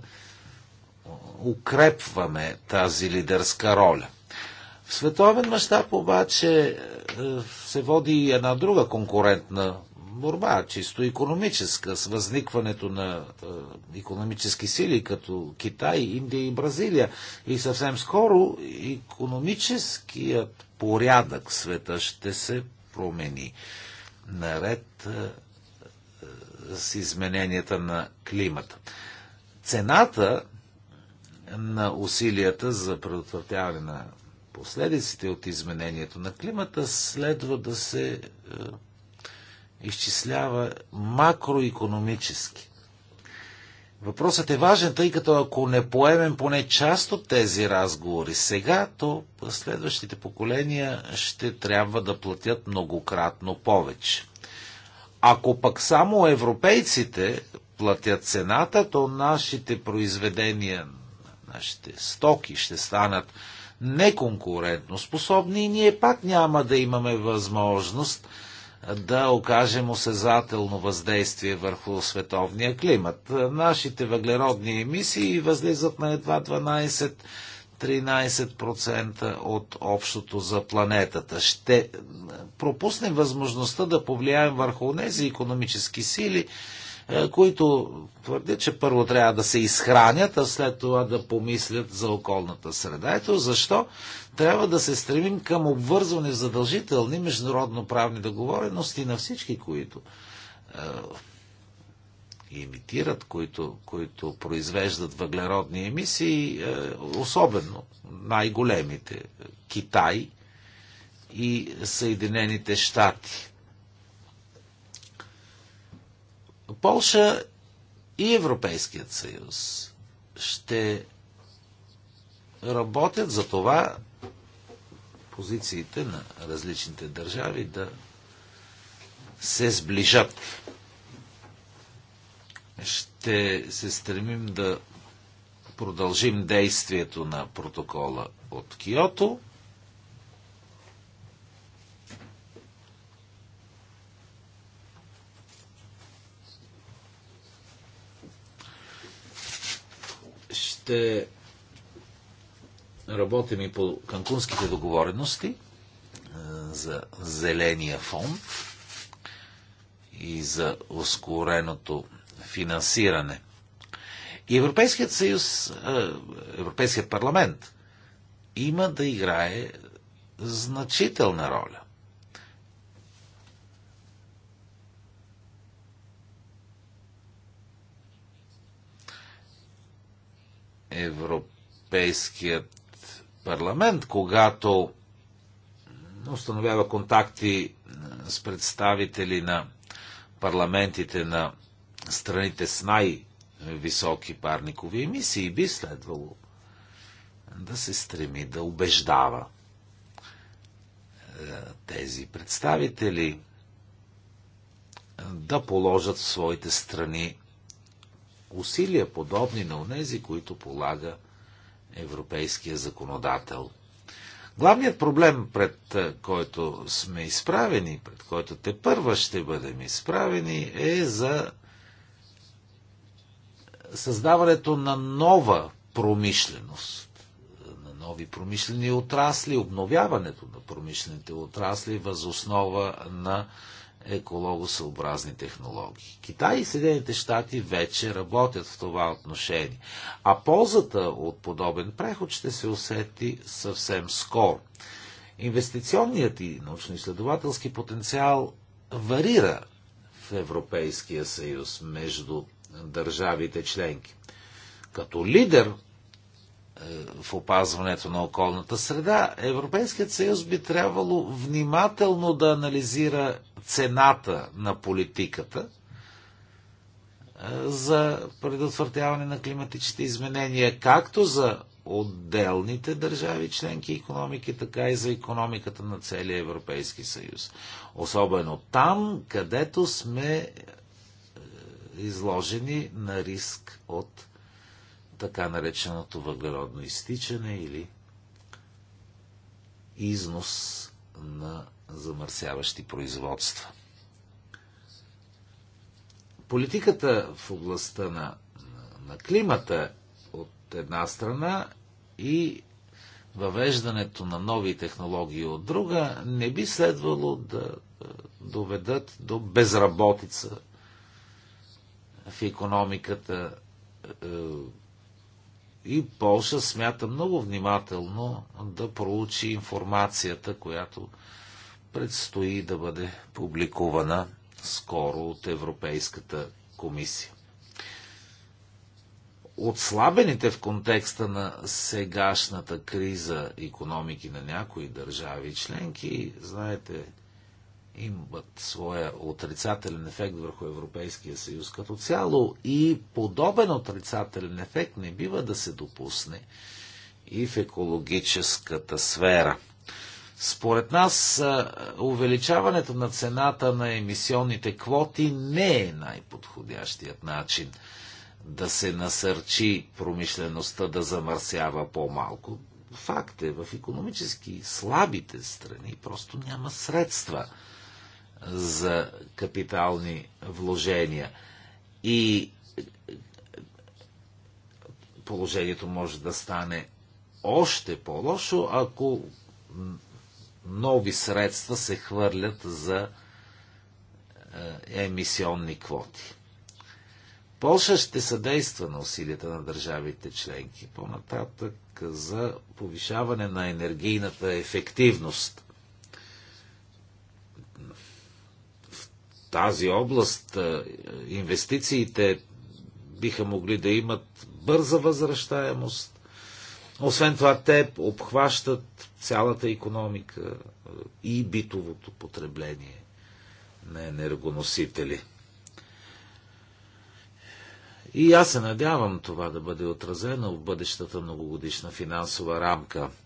укрепваме тази лидерска роля. В световен мащаб обаче се води и една друга конкурентна борба, чисто економическа, с възникването на економически сили като Китай, Индия и Бразилия. И съвсем скоро економическият порядък в света ще се промени. Наред с измененията на климата. Цената на усилията за предотвратяване на последиците от изменението на климата следва да се изчислява макроекономически. Въпросът е важен, тъй като ако не поемем поне част от тези разговори сега, то следващите поколения ще трябва да платят многократно повече. Ако пък само европейците платят цената, то нашите произведения, нашите стоки ще станат неконкурентно способни и ние пак няма да имаме възможност да окажем осезателно въздействие върху световния климат. Нашите въглеродни емисии възлизат на едва 12-13% от общото за планетата. Ще пропуснем възможността да повлияем върху тези економически сили, е, които твърдят, че първо трябва да се изхранят, а след това да помислят за околната среда. Ето защо трябва да се стремим към обвързване в задължителни международно-правни договорености на всички, които е, имитират, които, които произвеждат въглеродни емисии, е, особено най-големите е, Китай и Съединените щати. Полша и Европейският съюз ще работят за това позициите на различните държави да се сближат. Ще се стремим да продължим действието на протокола от Киото. Ще Работим и по канкунските договорености за зеления фонд и за ускореното финансиране. И Европейският съюз, Европейският парламент има да играе значителна роля. Европейският парламент, когато установява контакти е, с представители на парламентите на страните с най-високи парникови емисии, би следвало да се стреми да убеждава е, тези представители да положат в своите страни усилия, подобни на онези, които полага европейския законодател. Главният проблем, пред е, който сме изправени, пред който те първа ще бъдем изправени, е за създаването на нова промишленост, на нови промишлени отрасли, обновяването на промишлените отрасли възоснова на екологосъобразни технологии. Китай и Съединените щати вече работят в това отношение, а ползата от подобен преход ще се усети съвсем скоро. Инвестиционният и научно-изследователски потенциал варира в Европейския съюз между държавите членки. Като лидер в опазването на околната среда, Европейският съюз би трябвало внимателно да анализира цената на политиката е, за предотвратяване на климатичните изменения, както за отделните държави членки економики, така и за економиката на целия Европейски съюз. Особено там, където сме е, изложени на риск от така нареченото въглеродно изтичане или износ на замърсяващи производства. Политиката в областта на, на климата от една страна и въвеждането на нови технологии от друга не би следвало да е, доведат до безработица в економиката, е, и Полша смята много внимателно да проучи информацията, която предстои да бъде публикувана скоро от Европейската комисия. Отслабените в контекста на сегашната криза економики на някои държави членки, знаете, имат своя отрицателен ефект върху Европейския съюз като цяло и подобен отрицателен ефект не бива да се допусне и в екологическата сфера. Според нас увеличаването на цената на емисионните квоти не е най-подходящият начин да се насърчи промишлеността да замърсява по-малко. Факт е, в економически слабите страни просто няма средства – за капитални вложения. И положението може да стане още по-лошо, ако нови средства се хвърлят за е, емисионни квоти. Полша ще съдейства на усилията на държавите членки по-нататък за повишаване на енергийната ефективност тази област инвестициите биха могли да имат бърза възвръщаемост. Освен това, те обхващат цялата економика и битовото потребление на енергоносители. И аз се надявам това да бъде отразено в бъдещата многогодишна финансова рамка –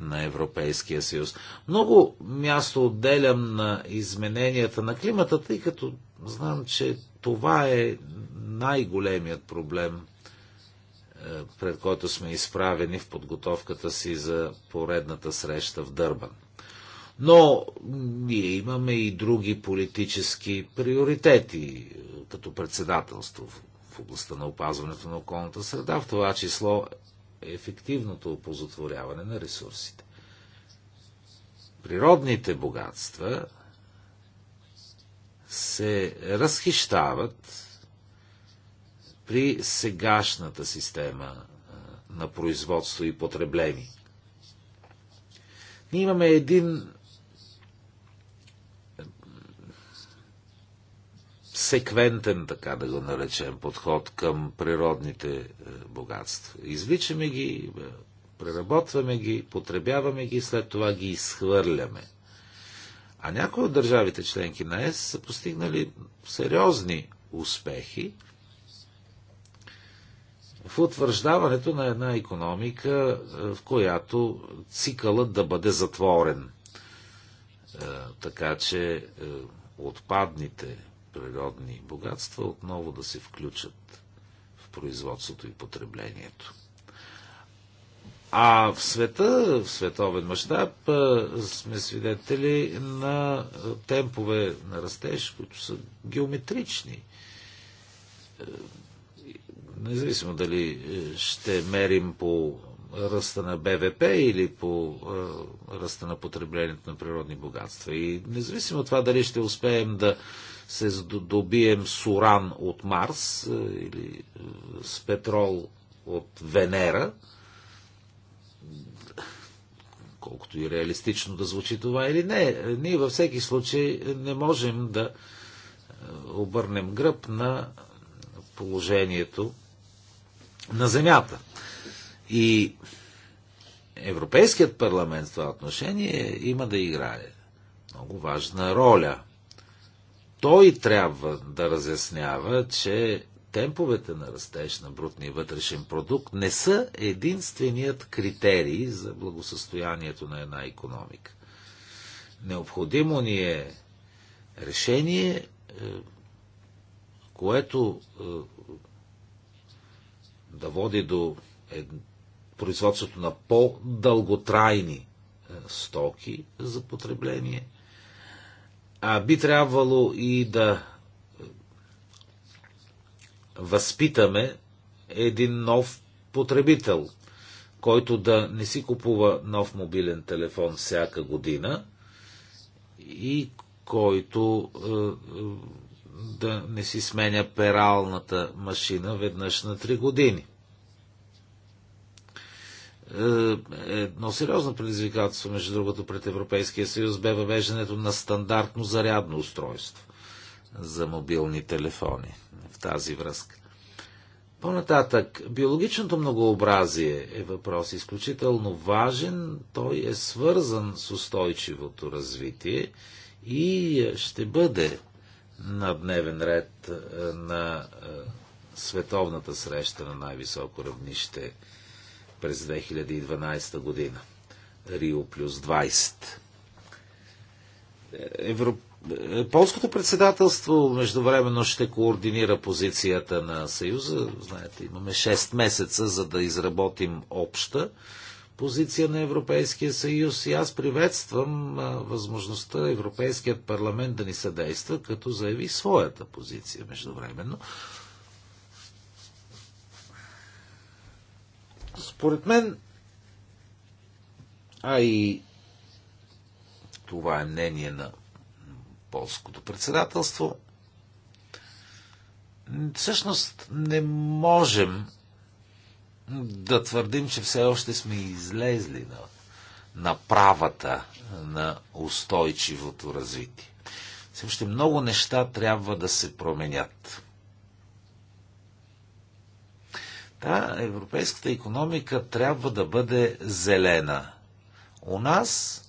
на Европейския съюз. Много място отделям на измененията на климата, тъй като знам, че това е най-големият проблем, е, пред който сме изправени в подготовката си за поредната среща в Дърбан. Но ние имаме и други политически приоритети е, като председателство в областта на опазването на околната среда, в това число ефективното опозотворяване на ресурсите. Природните богатства се разхищават при сегашната система на производство и потребление. Ние имаме един секвентен, така да го наречем, подход към природните е, богатства. Извличаме ги, е, преработваме ги, потребяваме ги, след това ги изхвърляме. А някои от държавите членки на ЕС са постигнали сериозни успехи в утвърждаването на една економика, е, в която цикълът да бъде затворен. Така че отпадните природни богатства отново да се включат в производството и потреблението. А в света, в световен мащаб, сме свидетели на темпове на растеж, които са геометрични. Е, независимо дали е, ще мерим по ръста на БВП или по е, ръста на потреблението на природни богатства. И независимо от това дали ще успеем да се добием с уран от Марс е, или е, с петрол от Венера, колкото и реалистично да звучи това или не, ние във всеки случай не можем да е, обърнем гръб на положението на Земята. И Европейският парламент в това отношение има да играе много важна роля – той трябва да разяснява, че темповете на растеж на брутния вътрешен продукт не са единственият критерий за благосъстоянието на една економика. Необходимо ни е решение, е, което е, да води до производството на по-дълготрайни е, стоки за потребление – а би трябвало и да възпитаме един нов потребител, който да не си купува нов мобилен телефон всяка година и който е, е, да не си сменя пералната машина веднъж на 3 години. Е, е едно сериозно предизвикателство, между другото, пред Европейския съюз бе въвеждането на стандартно зарядно устройство за мобилни телефони в тази връзка. По-нататък, биологичното многообразие е въпрос изключително важен. Той е свързан с устойчивото развитие и ще бъде на дневен ред е, на световната среща на най-високо равнище през 2012 година. Рио плюс 20. Европ... Е, полското председателство междувременно ще координира позицията на Съюза. Знаете, имаме 6 месеца, за да изработим обща позиция на Европейския съюз и аз приветствам а, възможността Европейският парламент да ни съдейства, като заяви своята позиция междувременно. Според мен, а и това е мнение на полското председателство, всъщност не можем да твърдим, че все още сме излезли на, на правата на устойчивото развитие. Все още много неща трябва да се променят. Да, европейската економика трябва да бъде зелена. У нас,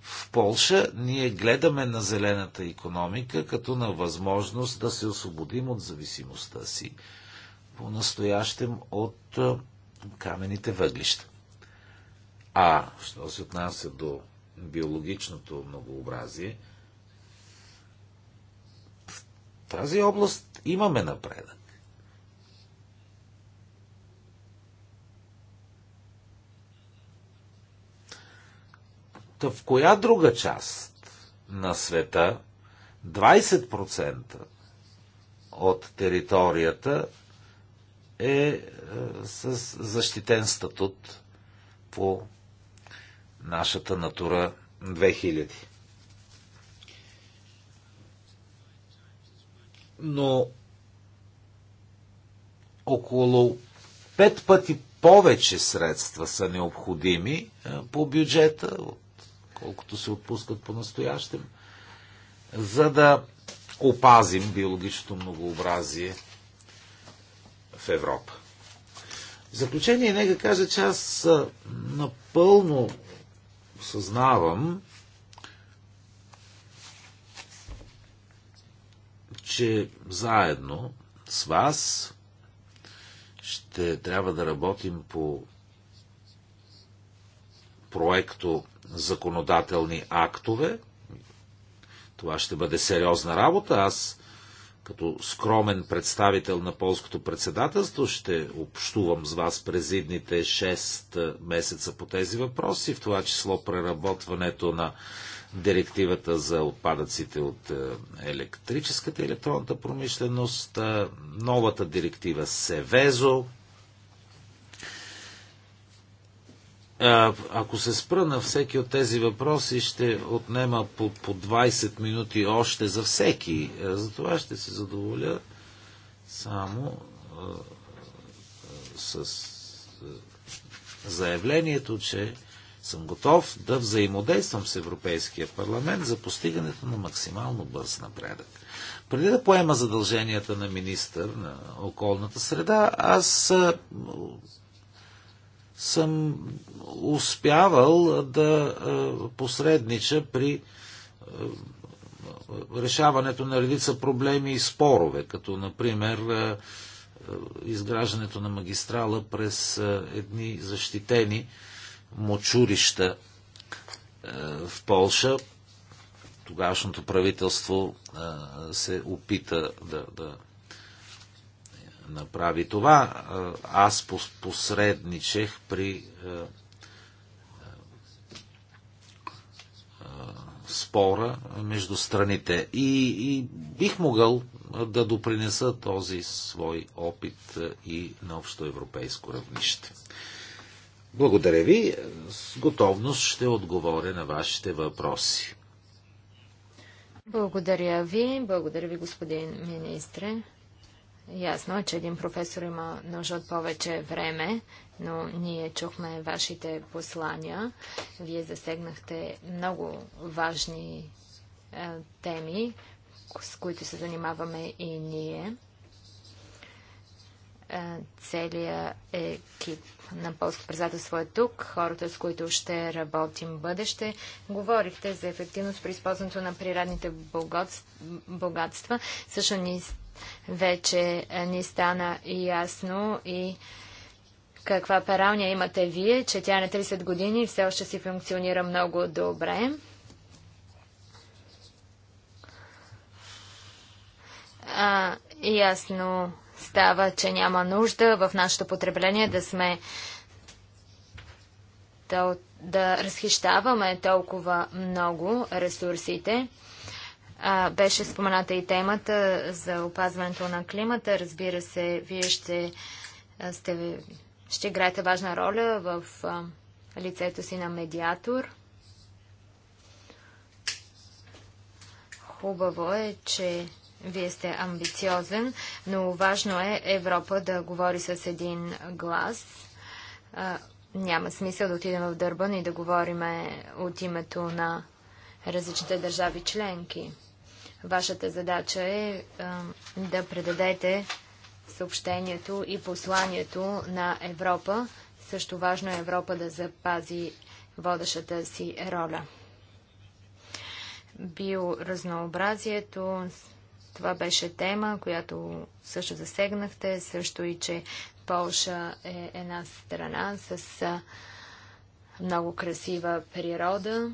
в Полша, ние гледаме на зелената економика като на възможност да се освободим от зависимостта си по-настоящем от камените въглища. А, що се отнася до биологичното многообразие, в тази област имаме напредък. Та в коя друга част на света 20% от територията е, е с защитен статут по нашата натура 2000. Но около пет пъти повече средства са необходими е, по бюджета от колкото се отпускат по-настоящем, за да опазим биологичното многообразие в Европа. В заключение, нека кажа, че аз напълно съзнавам, че заедно с вас ще трябва да работим по проекто законодателни актове. Това ще бъде сериозна работа. Аз като скромен представител на полското председателство ще общувам с вас през идните 6 месеца по тези въпроси, в това число преработването на директивата за отпадъците от електрическата и електронната промишленост, новата директива Севезо, Ако се спра на всеки от тези въпроси, ще отнема по, по 20 минути още за всеки. Затова ще се задоволя само с заявлението, че съм готов да взаимодействам с Европейския парламент за постигането на максимално бърз напредък. Преди да поема задълженията на министър на околната среда, аз съм успявал да е, посреднича при е, решаването на редица проблеми и спорове, като например е, изграждането на магистрала през едни защитени мочурища в Полша. Тогавашното правителство се опита да, да направи това. Е, аз посредничех при е, е, спора между страните и, и бих могъл да допринеса този свой опит и на общо европейско равнище. Благодаря ви. С готовност ще отговоря на вашите въпроси. Благодаря ви. Благодаря ви, господин министре. Ясно е, че един професор има нужда от повече време, но ние чухме вашите послания. Вие засегнахте много важни е, теми, с които се занимаваме и ние. Е, целият екип на полско председателство е тук, хората с които ще работим в бъдеще. Говорихте за ефективност при използването на природните богатства. Също ни вече ни стана и ясно и каква пералня имате вие, че тя е на 30 години все още си функционира много добре. А, ясно става, че няма нужда в нашето потребление да сме да, да разхищаваме толкова много ресурсите. А, беше спомената и темата за опазването на климата. Разбира се, вие ще, сте, ще играете важна роля в а, лицето си на медиатор. Хубаво е, че вие сте амбициозен, но важно е Европа да говори с един глас. А, няма смисъл да отидем в Дърбан и да говорим от името на различните държави членки. Вашата задача е а, да предадете съобщението и посланието на Европа. Също важно е Европа да запази водещата си роля. Биоразнообразието, това беше тема, която също засегнахте, също и, че Полша е една страна с много красива природа.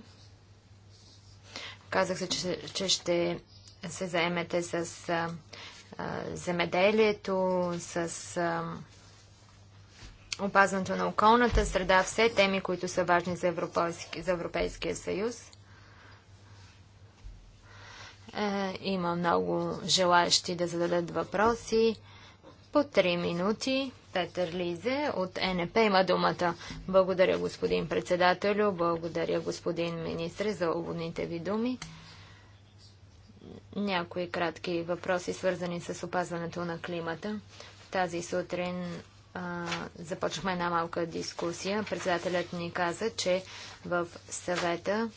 Казах се, че, че ще се заемете с земеделието, с опазването на околната среда, все теми, които са важни за, Европейски, за Европейския съюз. Е, има много желаящи да зададат въпроси. По 3 минути Петър Лизе от НП има думата. Благодаря господин председателю, благодаря господин министре за уводните ви думи. Някои кратки въпроси, свързани с опазването на климата. Тази сутрин а, започнахме една малка дискусия. Председателят ни каза, че в съвета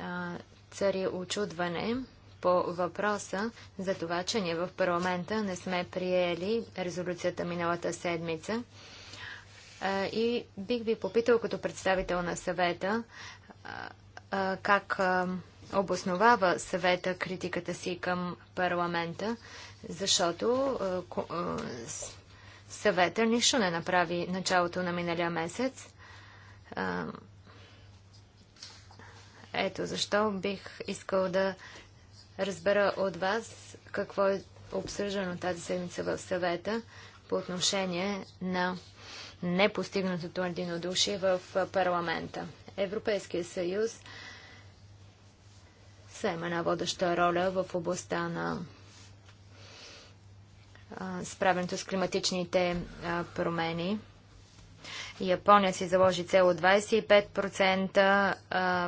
а, цари очудване по въпроса за това, че ние в парламента не сме приели резолюцията миналата седмица. А, и бих ви попитал като представител на съвета а, а, как обосновава съвета критиката си към парламента, защото е, е, съвета нищо не направи началото на миналия месец. Е, ето защо бих искал да разбера от вас какво е обсъждано тази седмица в съвета по отношение на непостигнатото единодушие в парламента. Европейския съюз заема една водеща роля в областта на справенето с климатичните промени. Япония си заложи цел от 25%,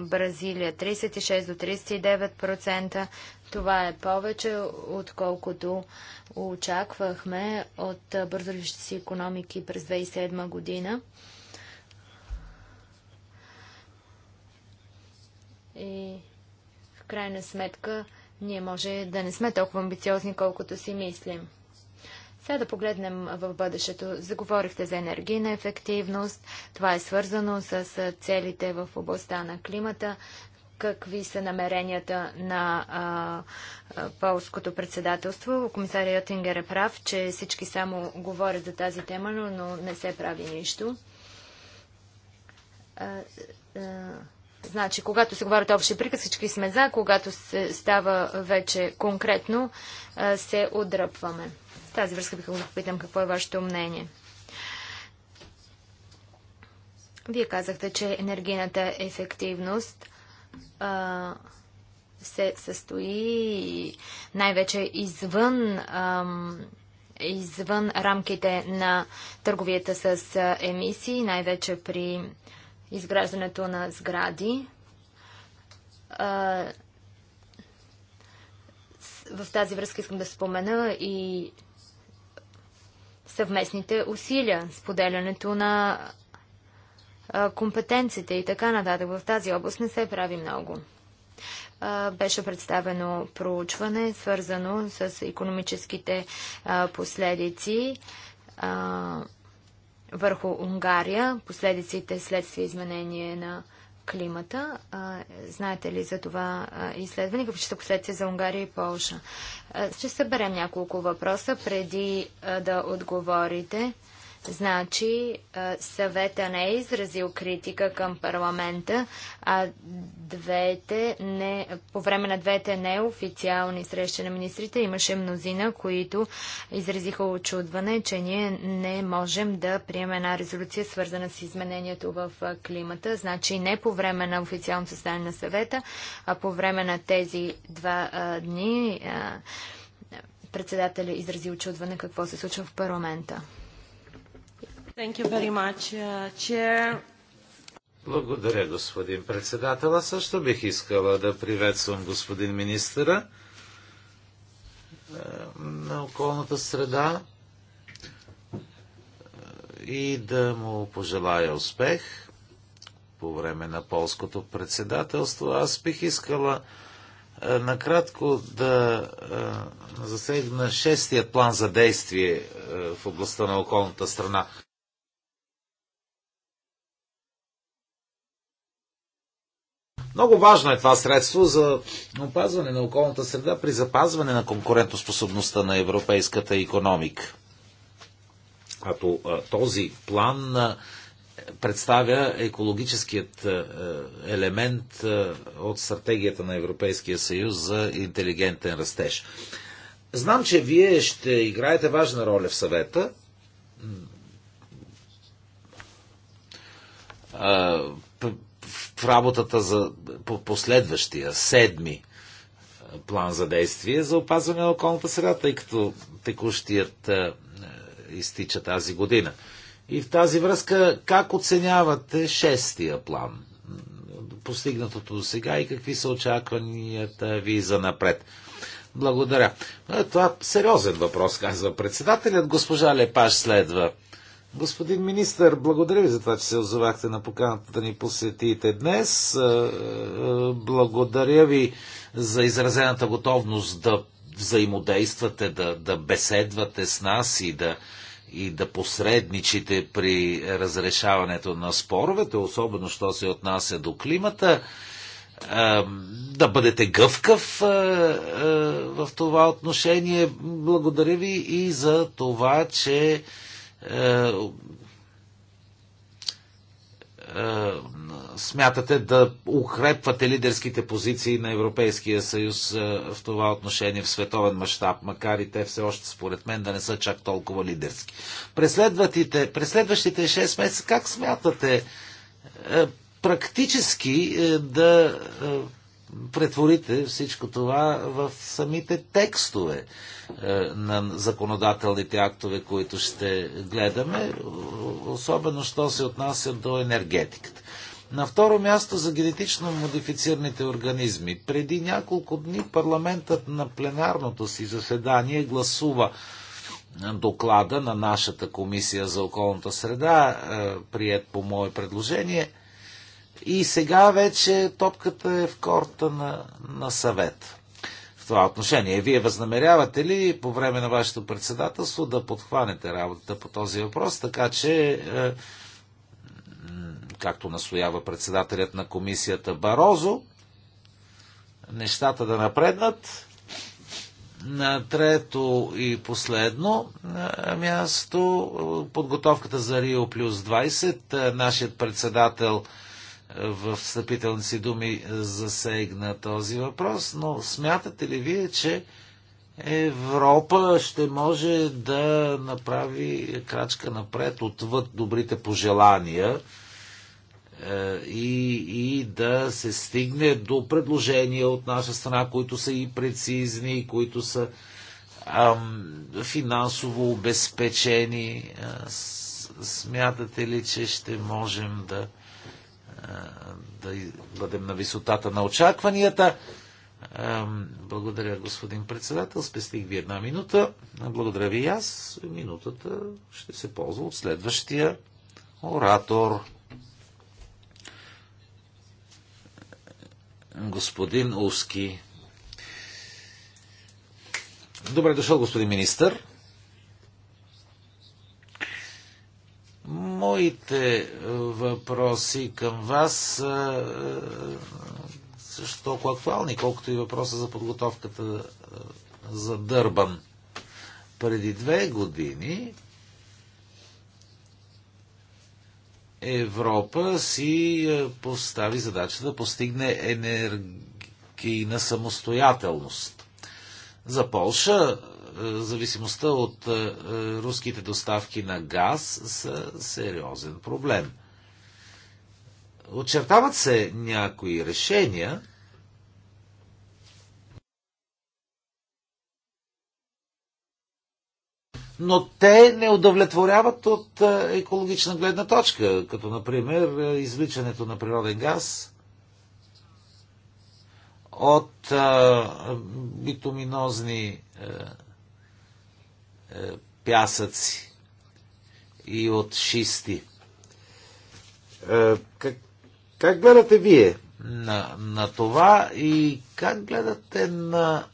Бразилия 36 до 39%. Това е повече, отколкото очаквахме от бързорежащи си економики през 2007 година. И крайна сметка ние може да не сме толкова амбициозни, колкото си мислим. Сега да погледнем в бъдещето. Заговорихте за енергийна ефективност. Това е свързано с целите в областта на климата. Какви са намеренията на а, а, полското председателство? Комисария Йотингер е прав, че всички само говорят за тази тема, но, но не се прави нищо. А, Значи, когато се говорят общи приказки, сме за, когато се става вече конкретно, се отдръпваме. В тази връзка бих да попитам какво е вашето мнение. Вие казахте, че енергийната ефективност а, се състои най-вече извън, ам, извън рамките на търговията с емисии, най-вече при изграждането на сгради. в тази връзка искам да спомена и съвместните усилия, споделянето на компетенциите и така нататък. В тази област не се прави много. Беше представено проучване, свързано с економическите последици върху Унгария, последиците следствие изменение на климата. А, знаете ли за това а, изследване? Какви ще последствия за Унгария и Полша? А, ще съберем няколко въпроса преди да отговорите. Значи съвета не е изразил критика към парламента, а двете не, по време на двете неофициални срещи на министрите имаше мнозина, които изразиха очудване, че ние не можем да приемем една резолюция, свързана с изменението в климата. Значи не по време на официално състояние на съвета, а по време на тези два а, дни а, председателя изрази очудване какво се случва в парламента. Much, uh, Благодаря, господин председател. Аз също бих искала да приветствам господин министъра е, на околната среда е, и да му пожелая успех по време на полското председателство. Аз бих искала е, накратко да засегна шестия план за действие в областта на околната страна. Много важно е това средство за опазване на околната среда при запазване на конкурентоспособността на европейската економика. Като този план представя екологическият е, елемент от стратегията на Европейския съюз за интелигентен растеж. Знам, че вие ще играете важна роля в съвета в работата за последващия, седми план за действие за опазване на околната среда, тъй като текущият изтича тази година. И в тази връзка, как оценявате шестия план? Постигнатото до сега и какви са очакванията ви за напред? Благодаря. Това е сериозен въпрос, казва председателят. Госпожа Лепаш следва Господин министър, благодаря ви за това, че се озовахте на поканата да ни посетите днес. Е, е, благодаря ви за изразената готовност да взаимодействате, да, да беседвате с нас и да, и да посредничите при разрешаването на споровете, особено що се отнася до климата. Е, да бъдете гъвкав в това отношение. Благодаря ви и за това, че е, е, смятате да укрепвате лидерските позиции на Европейския съюз е, в това отношение в световен мащаб, макар и те все още според мен да не са чак толкова лидерски. През следващите 6 месеца как смятате практически да претворите всичко това в самите текстове е, на законодателните актове, които ще гледаме, особено що се отнася до енергетиката. На второ място за генетично модифицираните организми. Преди няколко дни парламентът на пленарното си заседание гласува доклада на нашата комисия за околната среда, е, прият по мое предложение – и сега вече топката е в корта на, на съвет. В това отношение, вие възнамерявате ли по време на вашето председателство да подхванете работата по този въпрос, така че, е, както настоява председателят на комисията Барозо, нещата да напреднат. На трето и последно е, място подготовката за Рио плюс 20. Е, нашият председател в встъпителни си думи засегна този въпрос, но смятате ли вие, че Европа ще може да направи крачка напред отвъд добрите пожелания е, и, и да се стигне до предложения от наша страна, които са и прецизни, и които са ам, финансово обезпечени. Е, смятате ли, че ще можем да да бъдем на висотата на очакванията. Благодаря, господин председател. Спестих ви една минута. Благодаря ви и аз. Минутата ще се ползва от следващия оратор. Господин Уски. Добре дошъл, господин министър. Моите е, въпроси към вас са е, е, също толкова актуални, колкото и въпроса за подготовката за Дърбан. Преди две години Европа си постави задача да постигне енергийна самостоятелност. За Полша зависимостта от е, е, руските доставки на газ са сериозен проблем. Очертават се някои решения, но те не удовлетворяват от е, екологична гледна точка, като например извличането на природен газ от а, битуминозни а, пясъци и от шисти. Е, как, как гледате вие на, на това и как гледате на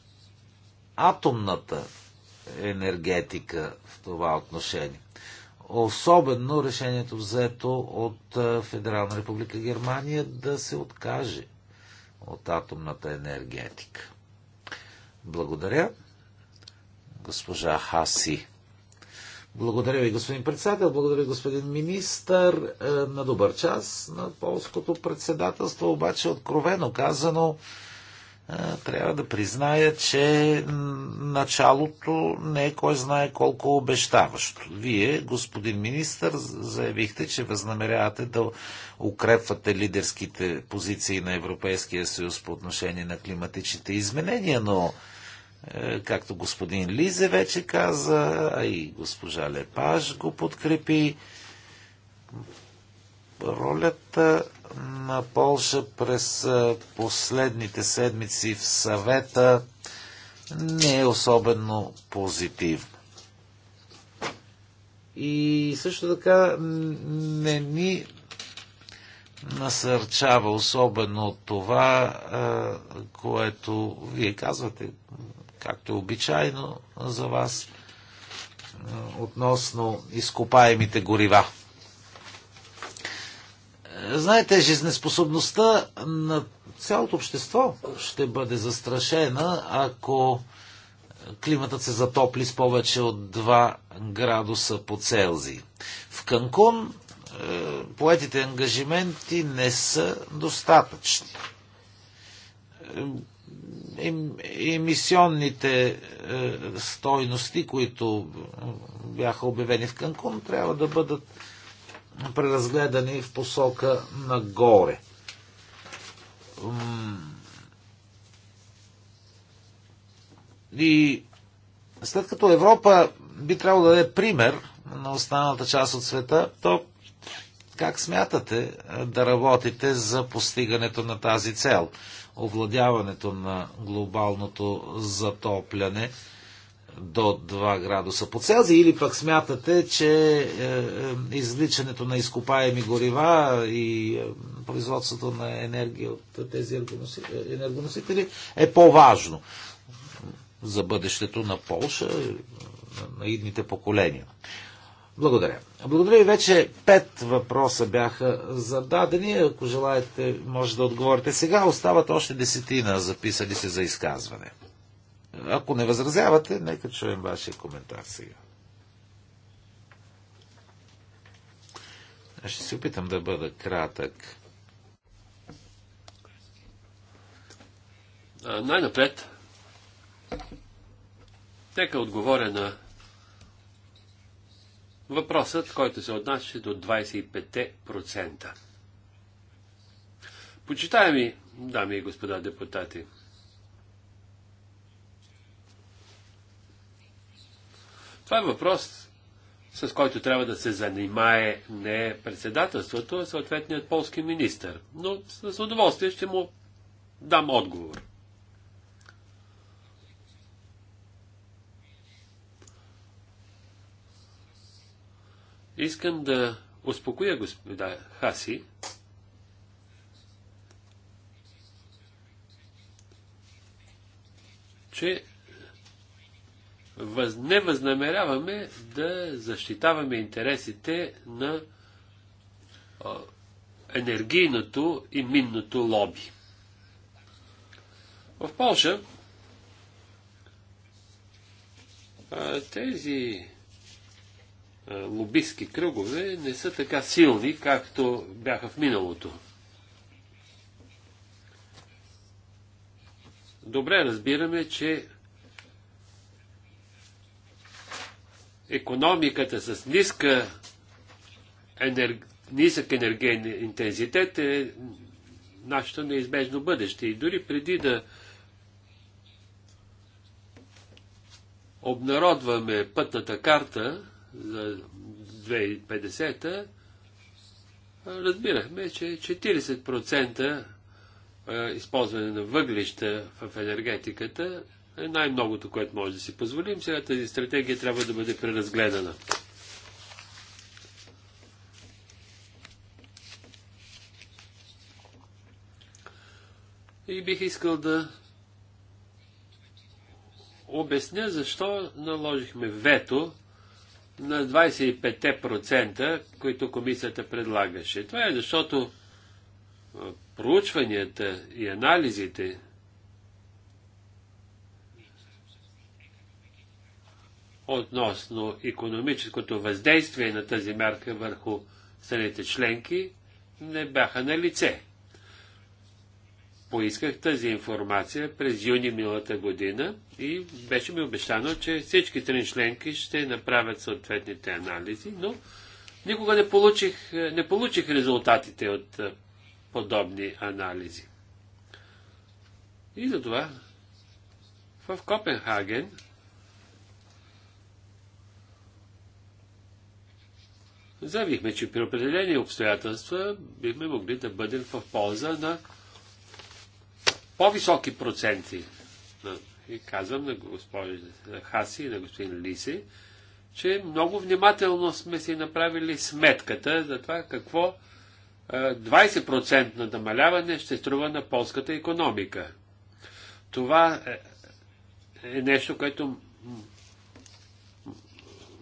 атомната енергетика в това отношение? Особено решението взето от е, Федерална република Германия да се откаже от атомната енергетика. Благодаря госпожа Хаси. Благодаря ви, господин председател, благодаря ви, господин министър. Е, на добър час на полското председателство, обаче откровено казано, е, трябва да призная, че началото не е кой знае колко обещаващо. Вие, господин министр, заявихте, че възнамерявате да укрепвате лидерските позиции на Европейския съюз по отношение на климатичните изменения, но е, както господин Лизе вече каза, а и госпожа Лепаш го подкрепи. Ролята на Полша през е, последните седмици в съвета не е особено позитивна. И също така не ни насърчава особено това, е, което вие казвате, както е обичайно за вас, е, относно изкопаемите горива. Знаете, жизнеспособността на цялото общество ще бъде застрашена, ако климатът се затопли с повече от 2 градуса по Целзий. В Канкун е, поетите ангажименти не са достатъчни емисионните е, стойности, които е, бяха обявени в Канкун, трябва да бъдат преразгледани в посока нагоре. И след като Европа би трябвало да даде пример на останалата част от света, то как смятате да работите за постигането на тази цел? овладяването на глобалното затопляне до 2 градуса по Целзия, или пък смятате, че е, е, изличането на изкопаеми горива и е, производството на енергия от тези енергоносители е по-важно за бъдещето на Полша, на идните поколения. Благодаря. Благодаря ви вече. Пет въпроса бяха зададени. Ако желаете, може да отговорите. Сега остават още десетина записали се за изказване. Ако не възразявате, нека чуем вашия коментар сега. Аз ще се опитам да бъда кратък. най-напред, нека отговоря на Въпросът, който се отнася до 25%. Почитаеми, дами и господа депутати, това е въпрос, с който трябва да се занимае не председателството, а съответният полски министр. Но с удоволствие ще му дам отговор. Искам да успокоя господа Хаси, че въз... не възнамеряваме да защитаваме интересите на а, енергийното и минното лоби. В Польша тези е, лобистски кръгове не са така силни, както бяха в миналото. Добре разбираме, че економиката с ниска енер... нисък енергиен интензитет е нашето неизбежно бъдеще. И дори преди да обнародваме пътната карта, за 2050-та, разбирахме, че 40% използване на въглища в енергетиката е най-многото, което може да си позволим. Сега тази стратегия трябва да бъде преразгледана. И бих искал да обясня защо наложихме вето на 25%, които комисията предлагаше. Това е защото проучванията и анализите относно економическото въздействие на тази мярка върху страните членки не бяха на лице поисках тази информация през юни милата година и беше ми обещано, че всички три членки ще направят съответните анализи, но никога не получих, не получих резултатите от подобни анализи. И затова в Копенхаген заявихме, че при определени обстоятелства бихме могли да бъдем в полза на по-високи проценти. И казвам на госпожа Хаси и на господин Лиси, че много внимателно сме си направили сметката за това какво 20% на намаляване ще струва на полската економика. Това е, е нещо, което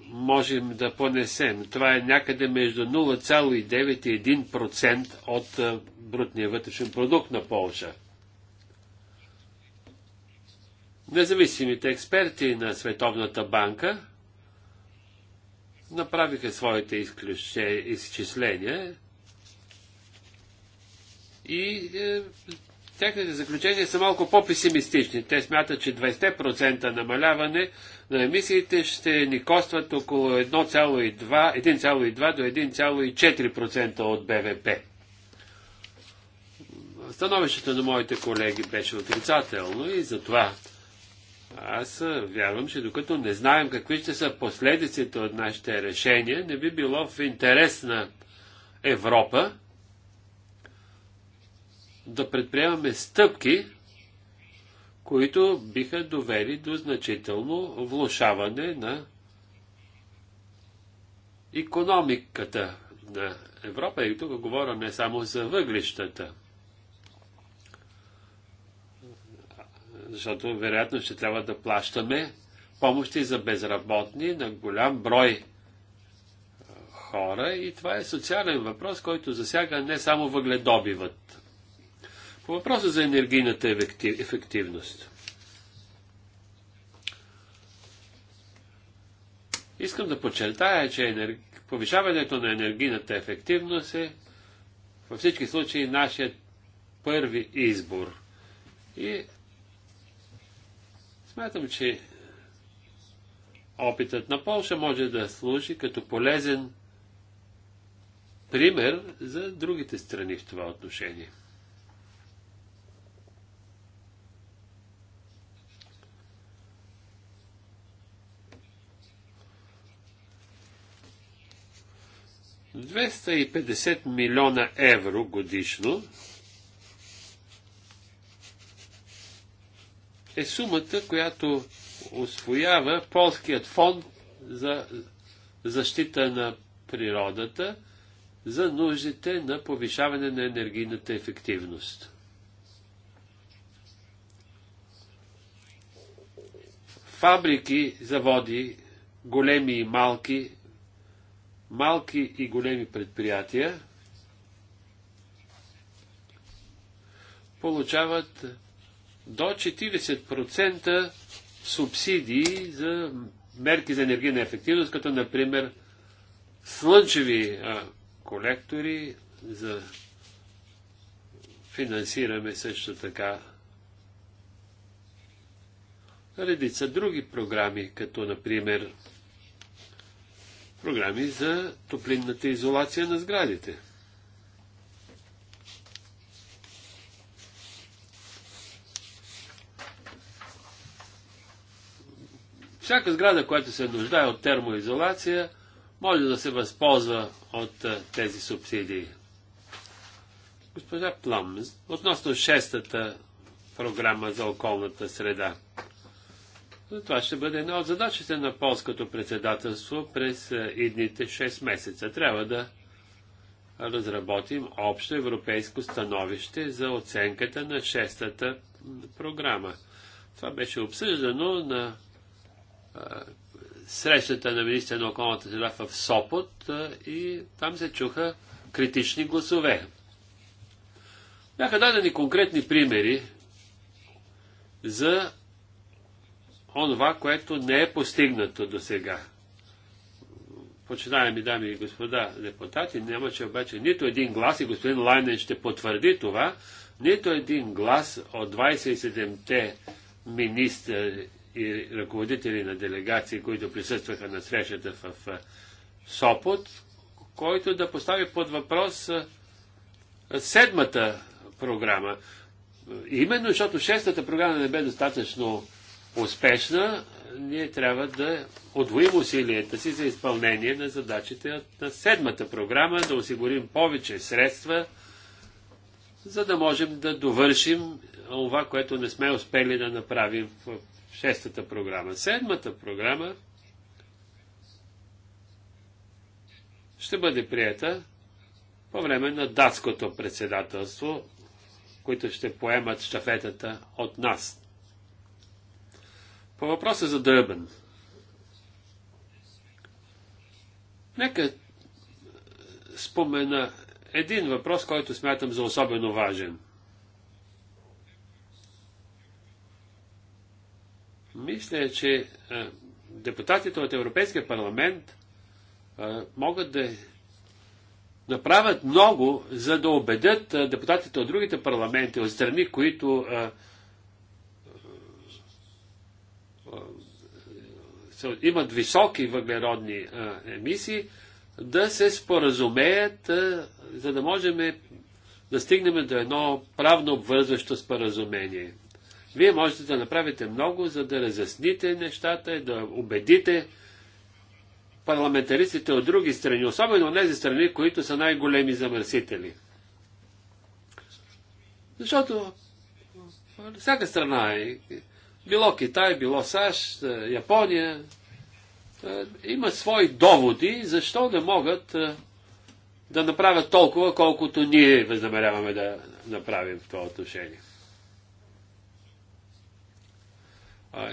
можем да понесем. Това е някъде между 0,9 и 1% от е, брутния вътрешен продукт на Полша. Независимите експерти на Световната банка направиха своите изчисления и е, техните заключения са малко по-песимистични. Те смятат, че 20% намаляване на емисиите ще ни костват около 1,2, 1,2 до 1,4% от БВП. Становището на моите колеги беше отрицателно и затова аз вярвам, че докато не знаем какви ще са последиците от нашите решения, не би било в интерес на Европа да предприемаме стъпки, които биха довели до значително влушаване на економиката на Европа. И тук говоря не само за въглищата. защото вероятно ще трябва да плащаме помощи за безработни на голям брой хора и това е социален въпрос, който засяга не само въгледобивът. По въпроса за енергийната ефективност. Искам да подчертая, че повишаването на енергийната ефективност е във всички случаи нашият първи избор. И Смятам, че опитът на Полша може да служи като полезен пример за другите страни в това отношение. Двеста милиона евро годишно е сумата, която освоява полският фонд за защита на природата за нуждите на повишаване на енергийната ефективност. Фабрики, заводи, големи и малки, малки и големи предприятия получават до 40% субсидии за мерки за енергийна ефективност, като например слънчеви колектори за финансираме също така редица други програми, като например програми за топлинната изолация на сградите. Всяка сграда, която се нуждае от термоизолация, може да се възползва от е, тези субсидии. Госпожа Плам, относно шестата програма за околната среда. Това ще бъде една от задачите на полското председателство през е, идните 6 месеца. Трябва да разработим общо европейско становище за оценката на шестата програма. Това беше обсъждано на срещата на министра на околната среда в Сопот и там се чуха критични гласове. Бяха дадени конкретни примери за онова, което не е постигнато до сега. Почитаеми дами и господа депутати, нямаше обаче нито един глас, и господин Лайнен ще потвърди това, нито един глас от 27-те министри и ръководители на делегации, които присъстваха на срещата в Сопот, който да постави под въпрос седмата програма. Именно защото шестата програма не бе достатъчно успешна, ние трябва да отвоим усилията си за изпълнение на задачите на седмата програма, да осигурим повече средства, за да можем да довършим това, което не сме успели да направим в шестата програма. Седмата програма ще бъде прията по време на датското председателство, които ще поемат щафетата от нас. По въпроса за Дърбен. Нека спомена един въпрос, който смятам за особено важен. Мисля, че е, депутатите от Европейския парламент е, могат да направят много, за да убедят е, депутатите от другите парламенти, от страни, които имат високи въглеродни емисии, да се споразумеят, за да можем да стигнем до едно правно обвързващо споразумение. Вие можете да направите много, за да разясните нещата и да убедите парламентаристите от други страни, особено от тези страни, които са най-големи замърсители. Защото всяка страна е, било Китай, било САЩ, е, Япония, е, има свои доводи, защо не могат е, да направят толкова, колкото ние възнамеряваме да направим в това отношение.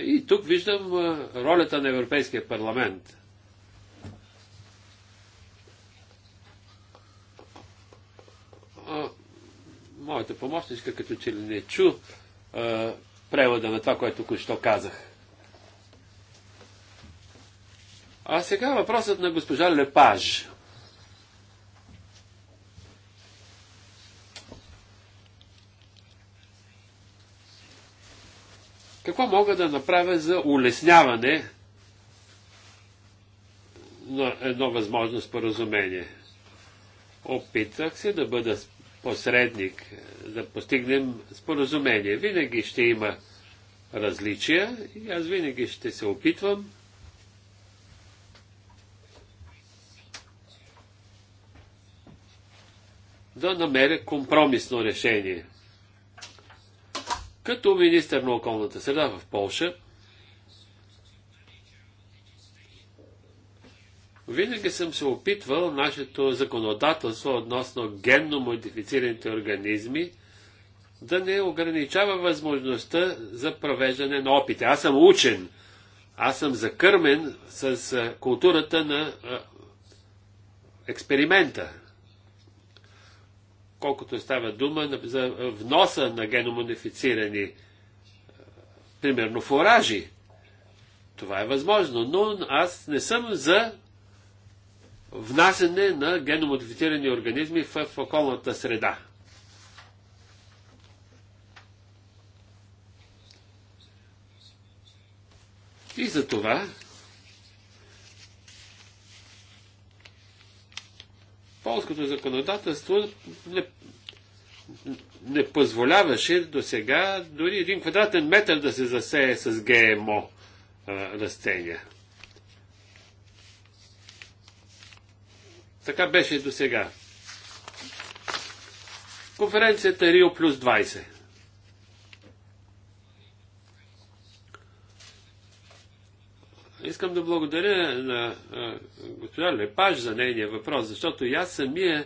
И тук виждам ролята на Европейския парламент. Моята помощничка като че ли не чу превода на това, което току-що казах. А сега въпросът на госпожа Лепаж. Какво мога да направя за улесняване на едно възможно споразумение? Опитах се да бъда посредник, да постигнем споразумение. Винаги ще има различия и аз винаги ще се опитвам да намеря компромисно решение. Като министър на околната среда в Полша, винаги съм се опитвал нашето законодателство относно генно модифицираните организми да не ограничава възможността за провеждане на опити. Аз съм учен, аз съм закърмен с културата на експеримента, колкото става дума за вноса на геномодифицирани, е, примерно, фуражи. Това е възможно, но аз не съм за внасене на геномодифицирани организми в, в околната среда. И за това полското законодателство не, не позволяваше до сега дори един квадратен метър да се засее с ГМО а, растения. Така беше до сега. Конференцията Рио плюс 20. Искам да благодаря на госпожа Лепаш за нейния въпрос, защото и аз самия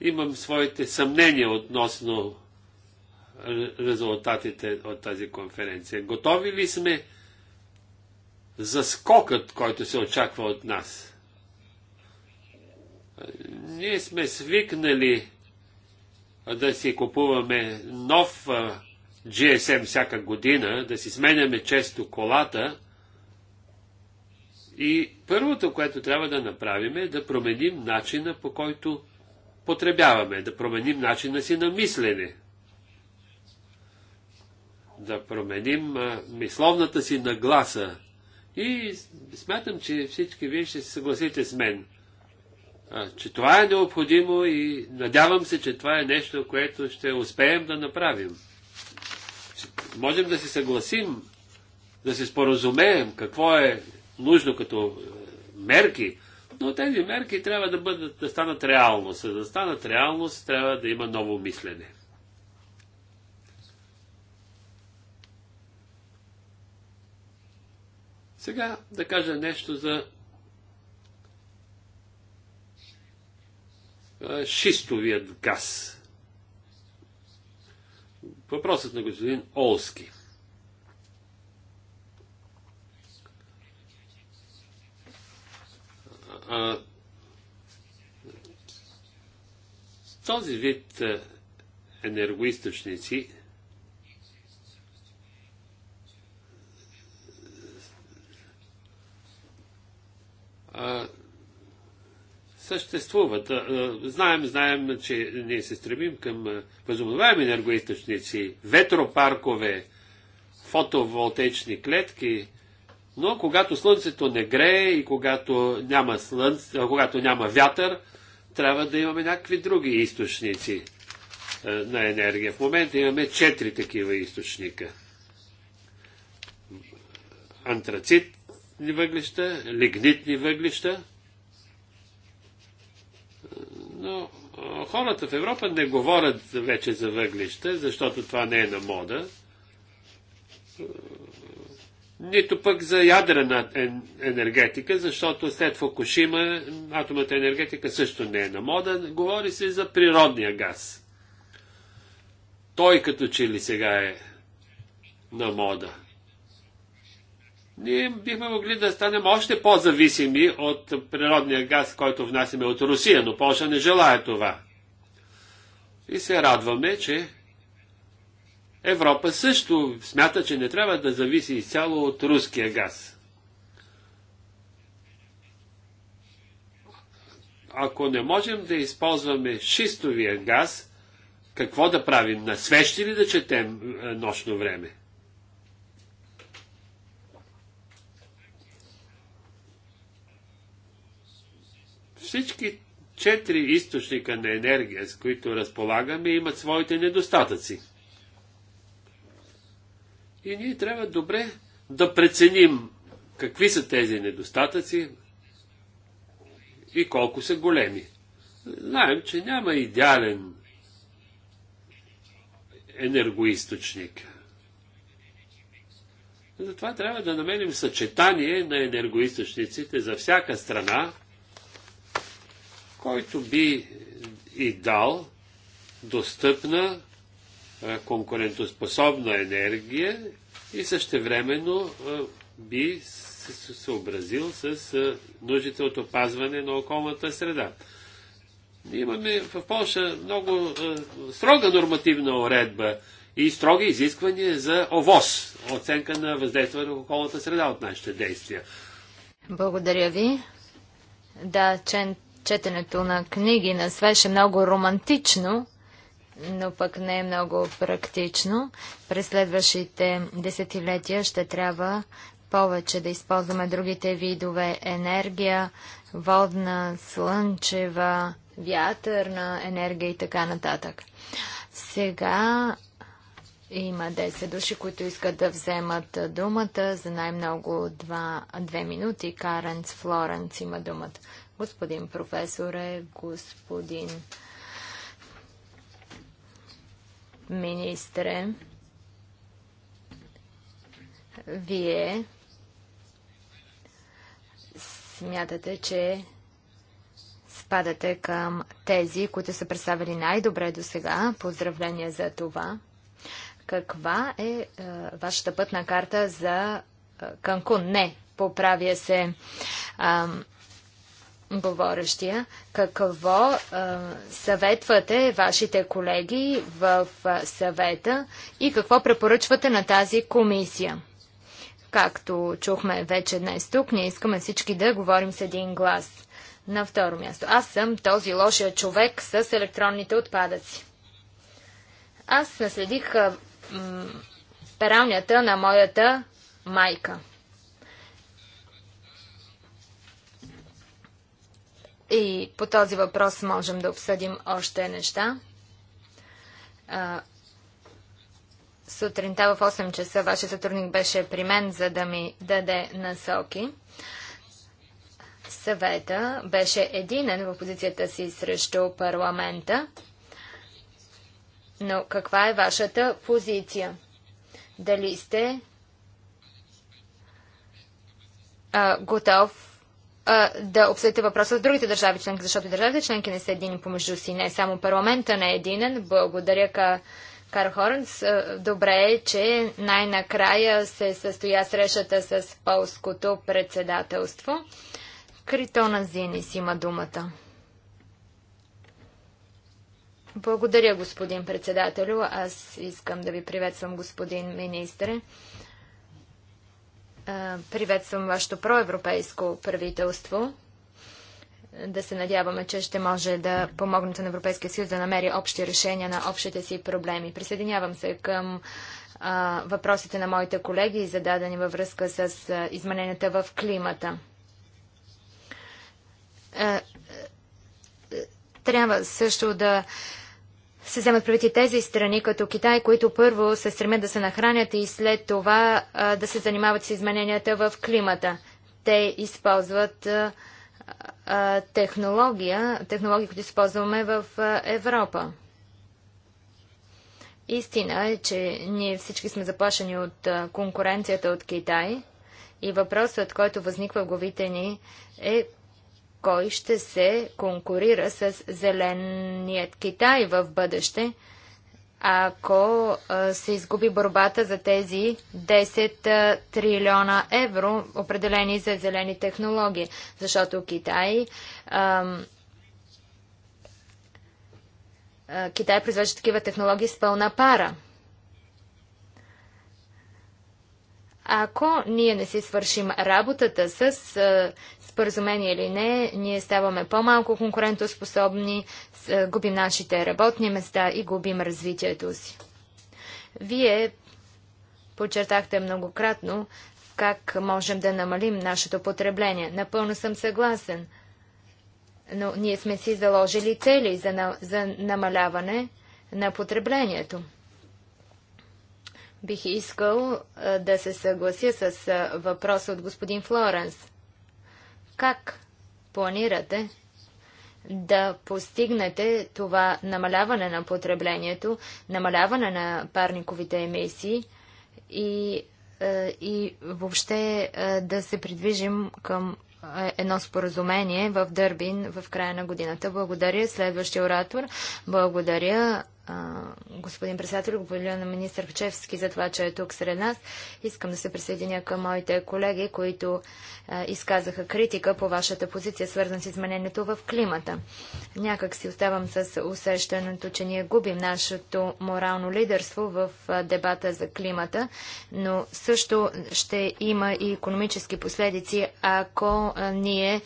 имам своите съмнения относно резултатите от тази конференция. Готови ли сме за скокът, който се очаква от нас? Ние сме свикнали да си купуваме нов GSM всяка година, да си сменяме често колата – и първото, което трябва да направим е да променим начина по който потребяваме, да променим начина си на мислене, да променим а, мисловната си нагласа. И смятам, че всички вие ще се съгласите с мен, а, че това е необходимо и надявам се, че това е нещо, което ще успеем да направим. Можем да се съгласим, да се споразумеем какво е нужно като е, мерки, но тези мерки трябва да, бъдат, да станат реалност. За да станат реалност, трябва да има ново мислене. Сега да кажа нещо за е, шистовият газ. Въпросът на господин Олски. този вид енергоисточници съществуват. Знаем, знаем, че ние се стремим към възобновяеми енергоисточници, ветропаркове, фотоволтечни клетки, но когато слънцето не грее и когато няма, слънце, когато няма вятър, трябва да имаме някакви други източници е, на енергия. В момента имаме четири такива източника. Антрацитни въглища, лигнитни въглища. Но хората в Европа не говорят вече за въглища, защото това не е на мода нито пък за ядрена енергетика, защото след Фукушима атомната енергетика също не е на мода. Говори се за природния газ. Той като че ли сега е на мода. Ние бихме могли да станем още по-зависими от природния газ, който внасяме от Русия, но Польша не желая това. И се радваме, че Европа също смята, че не трябва да зависи изцяло от руския газ. Ако не можем да използваме шистовия газ, какво да правим? На свещи ли да четем е, нощно време? Всички четири източника на енергия, с които разполагаме, имат своите недостатъци. И ние трябва добре да преценим какви са тези недостатъци и колко са големи. Знаем, че няма идеален енергоисточник. Затова трябва да намерим съчетание на енергоисточниците за всяка страна, който би и дал достъпна е, конкурентоспособна енергия и същевременно е, би се съобразил с е, нуждите от опазване на околната среда. Имаме в Польша много строга нормативна уредба и строги изисквания за ОВОз, оценка на въздействие на околната среда от нашите действия. Благодаря ви. Да, чен, четенето на книги на свеше много романтично, но пък не е много практично. През следващите десетилетия ще трябва повече да използваме другите видове енергия, водна, слънчева, вятърна енергия и така нататък. Сега има 10 души, които искат да вземат думата за най-много 2, 2 минути. Каренц Флоренц има думата. Господин професоре, господин министре, вие смятате, че спадате към тези, които са представили най-добре до сега. Поздравления за това. Каква е, е вашата пътна карта за е, Канкун? Не, поправя се. Е, говорещия. Какво а, съветвате вашите колеги в а, съвета и какво препоръчвате на тази комисия? Както чухме вече днес тук, ние искаме всички да говорим с един глас. На второ място. Аз съм този лошия човек с електронните отпадъци. Аз наследих а, м, пералнята на моята майка – И по този въпрос можем да обсъдим още неща. Сутринта в 8 часа вашия сътрудник беше при мен, за да ми даде насоки. Съвета беше единен в позицията си срещу парламента. Но каква е вашата позиция? Дали сте а, готов да обсъдите въпроса с другите държави членки, защото държавите членки не са едини помежду си, не само парламента не е единен. Благодаря, Кар, Кар Хорнс. Добре е, че най-накрая се състоя срещата с полското председателство. Критона Зинис има думата. Благодаря, господин председателю. Аз искам да ви приветствам, господин министре. Приветствам вашето проевропейско правителство. Да се надяваме, че ще може да помогнете на Европейския съюз да намери общи решения на общите си проблеми. Присъединявам се към а, въпросите на моите колеги, зададени във връзка с а, измененията в климата. А, трябва също да се вземат правити тези страни, като Китай, които първо се стремят да се нахранят и след това а, да се занимават с измененията в климата. Те използват а, а, технология, технологии, които използваме в а, Европа. Истина е, че ние всички сме заплашени от а, конкуренцията от Китай и въпросът, който възниква в главите ни е кой ще се конкурира с зеленият Китай в бъдеще, ако се изгуби борбата за тези 10 трилиона евро, определени за зелени технологии. Защото Китай. Китай произвежда такива технологии с пълна пара. Ако ние не си свършим работата с споразумение или не, ние ставаме по-малко конкурентоспособни, е, губим нашите работни места и губим развитието си. Вие подчертахте многократно как можем да намалим нашето потребление. Напълно съм съгласен. Но ние сме си заложили цели за, на, за намаляване на потреблението. Бих искал а, е, да се съглася с а, е, въпроса от господин Флоренс. Как планирате да постигнете това намаляване на потреблението, намаляване на парниковите емисии и, е, и въобще е, да се придвижим към е, едно споразумение в Дърбин в края на годината. Благодаря. Следващия оратор. Благодаря господин председател, благодаря на министър Качевски за това, че е тук сред нас. Искам да се присъединя към моите колеги, които а, изказаха критика по вашата позиция, свързана с изменението в климата. Някак си оставам с усещането, че ние губим нашето морално лидерство в а, дебата за климата, но също ще има и економически последици, ако ние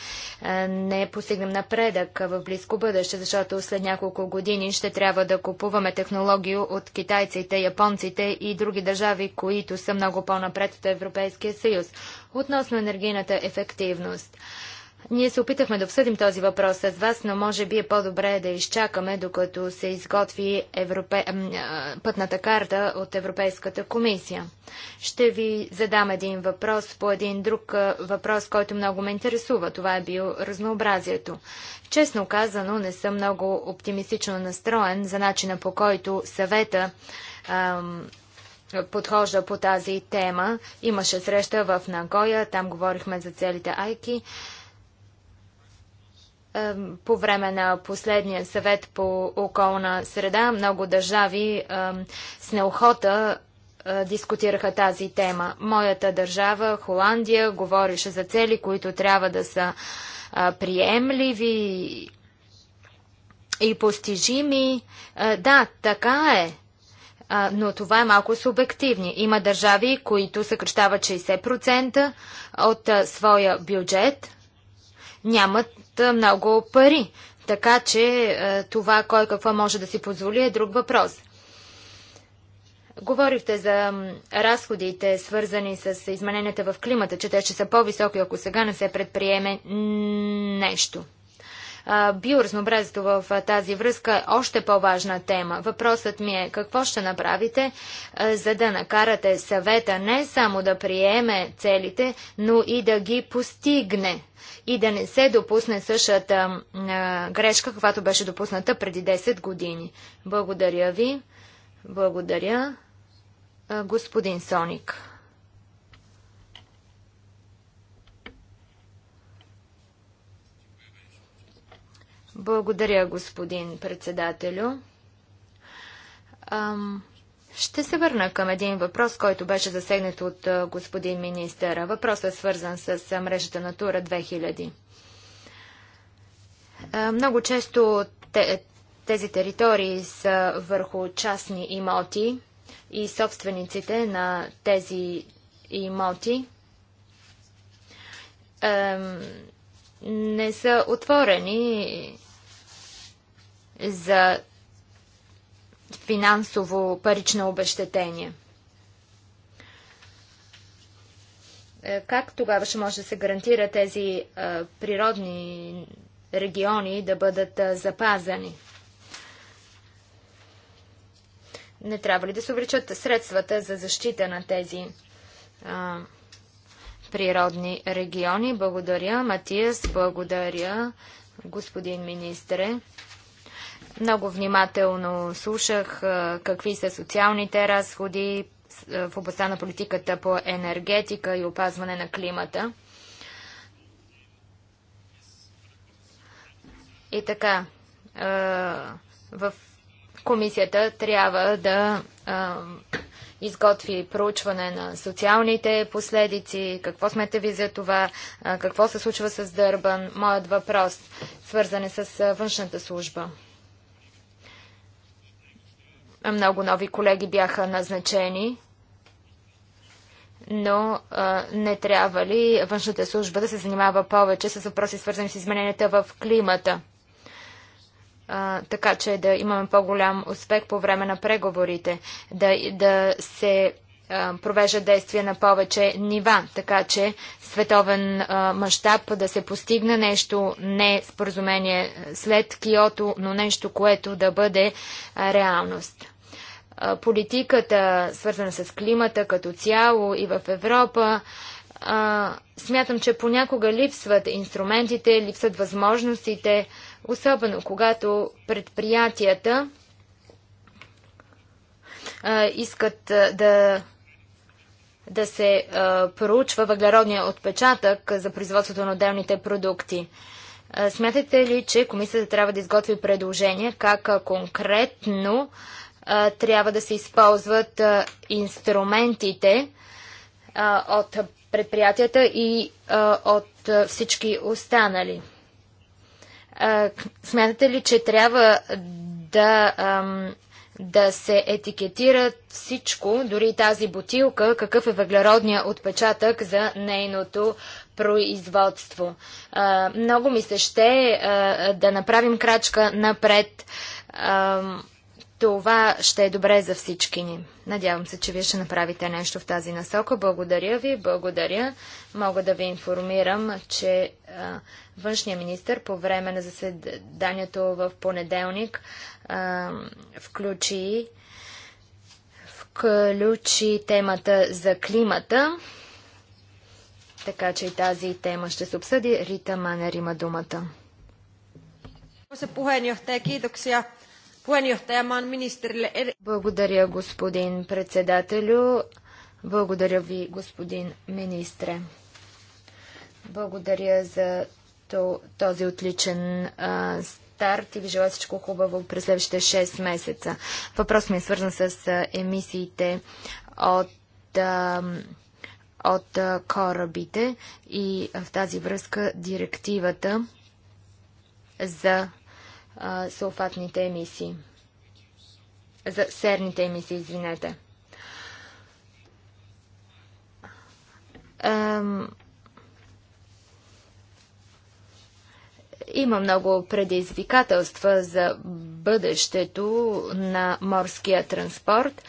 не постигнем напредък в близко бъдеще, защото след няколко години ще трябва да купуваме купуваме технологии от китайците, японците и други държави, които са много по-напред от Европейския съюз. Относно енергийната ефективност. Ние се опитахме да обсъдим този въпрос с вас, но може би е по-добре да изчакаме, докато се изготви европе... пътната карта от Европейската комисия. Ще ви задам един въпрос по един друг въпрос, който много ме интересува. Това е разнообразието. Честно казано, не съм много оптимистично настроен за начина по който съвета ам, подхожда по тази тема. Имаше среща в Нагоя, там говорихме за целите Айки по време на последния съвет по околна среда много държави с неохота дискутираха тази тема. Моята държава, Холандия, говореше за цели, които трябва да са приемливи и постижими. Да, така е. Но това е малко субективни. Има държави, които съкръщават 60% от своя бюджет, нямат много пари. Така че това кой какво може да си позволи е друг въпрос. Говорихте за разходите, свързани с измененията в климата, че те ще са по-високи, ако сега не се предприеме нещо. Биоразнообразието в тази връзка е още по-важна тема. Въпросът ми е какво ще направите, за да накарате съвета не само да приеме целите, но и да ги постигне и да не се допусне същата грешка, каквато беше допусната преди 10 години. Благодаря ви. Благодаря. Господин Соник. Благодаря, господин председателю. Ам, ще се върна към един въпрос, който беше засегнат от господин министъра. Въпросът е свързан с мрежата на Тура 2000. много често тези територии са върху частни имоти и собствениците на тези имоти не са отворени за финансово парично обещетение. Е, как тогава ще може да се гарантира тези е, природни региони да бъдат е, запазени? Не трябва ли да се увеличат средствата за защита на тези а, природни региони? Благодаря, Матиас, благодаря, господин министре. Много внимателно слушах какви са социалните разходи в областта на политиката по енергетика и опазване на климата. И така, в комисията трябва да изготви проучване на социалните последици, какво смете ви за това, какво се случва с Дърбан. Моят въпрос, свързан е с външната служба. Много нови колеги бяха назначени, но а, не трябва ли външната служба да се занимава повече с въпроси, свързани с измененията в климата? А, така че да имаме по-голям успех по време на преговорите, да, да се провежда действия на повече нива, така че световен мащаб да се постигне нещо, не споразумение след Киото, но нещо, което да бъде реалност политиката, свързана с климата като цяло и в Европа, смятам, че понякога липсват инструментите, липсват възможностите, особено когато предприятията искат да, да се проучва въглеродния отпечатък за производството на отделните продукти. смятате ли, че комисията трябва да изготви предложение как конкретно трябва да се използват инструментите от предприятията и от всички останали. Смятате ли, че трябва да, да се етикетира всичко, дори тази бутилка, какъв е въглеродния отпечатък за нейното производство? Много ми се ще да направим крачка напред това ще е добре за всички ни. Надявам се, че вие ще направите нещо в тази насока. Благодаря ви, благодаря. Мога да ви информирам, че а, външния министр по време на заседанието в понеделник а, включи, включи темата за климата. Така че и тази тема ще се обсъди. Рита Манер има думата. Arvoisa puheenjohtaja, Eh, Благодаря, господин председателю. Благодаря ви, господин министре. Благодаря за този отличен а, старт и ви желая всичко хубаво през следващите 6 месеца. Въпрос ми е свързан с а, емисиите от, а, от а, корабите и в тази връзка директивата за сулфатните емисии. За серните емисии, извинете. Има много предизвикателства за бъдещето на морския транспорт.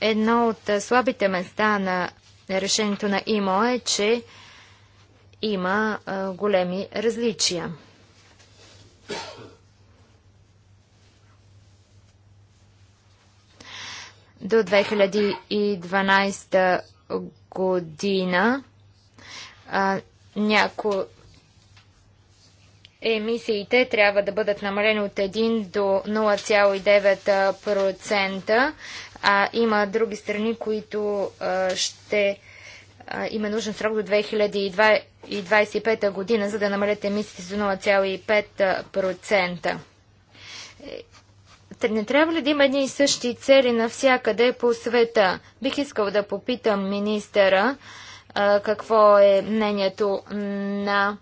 едно от слабите места на решението на ИМО е, че има големи различия. до 2012 година някои емисиите трябва да бъдат намалени от 1 до 0,9%, а има други страни, които а, ще а, има нужен срок до 2025 година, за да намалят емисиите до 0,5% не трябва ли да има едни и същи цели навсякъде по света? Бих искал да попитам министъра какво е мнението на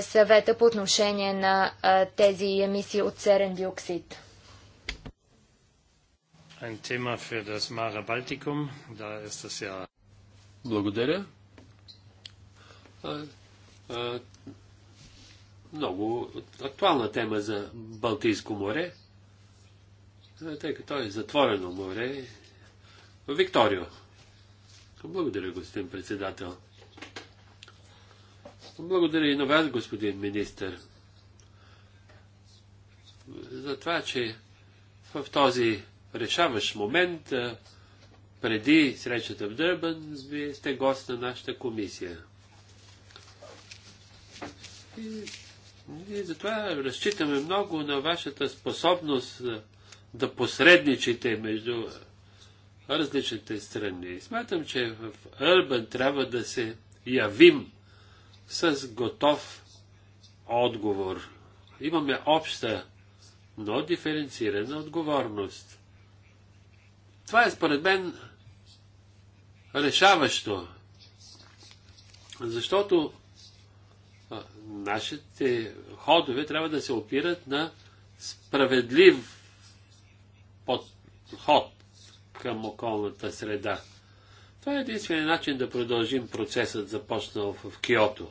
съвета по отношение на тези емисии от серен диоксид. Благодаря. Много актуална тема за Балтийско море тъй като е затворено море. Викторио. Благодаря, господин председател. Благодаря и на вас, господин министр, за това, че в този решаващ момент, преди срещата в Дърбан, вие сте гост на нашата комисия. И и затова разчитаме много на вашата способност да посредничите между различните страни. Смятам, че в Ербан трябва да се явим с готов отговор. Имаме обща, но диференцирана отговорност. Това е според мен решаващо, защото нашите ходове трябва да се опират на справедлив подход към околната среда. Това е единствения начин да продължим процесът, започнал в Киото.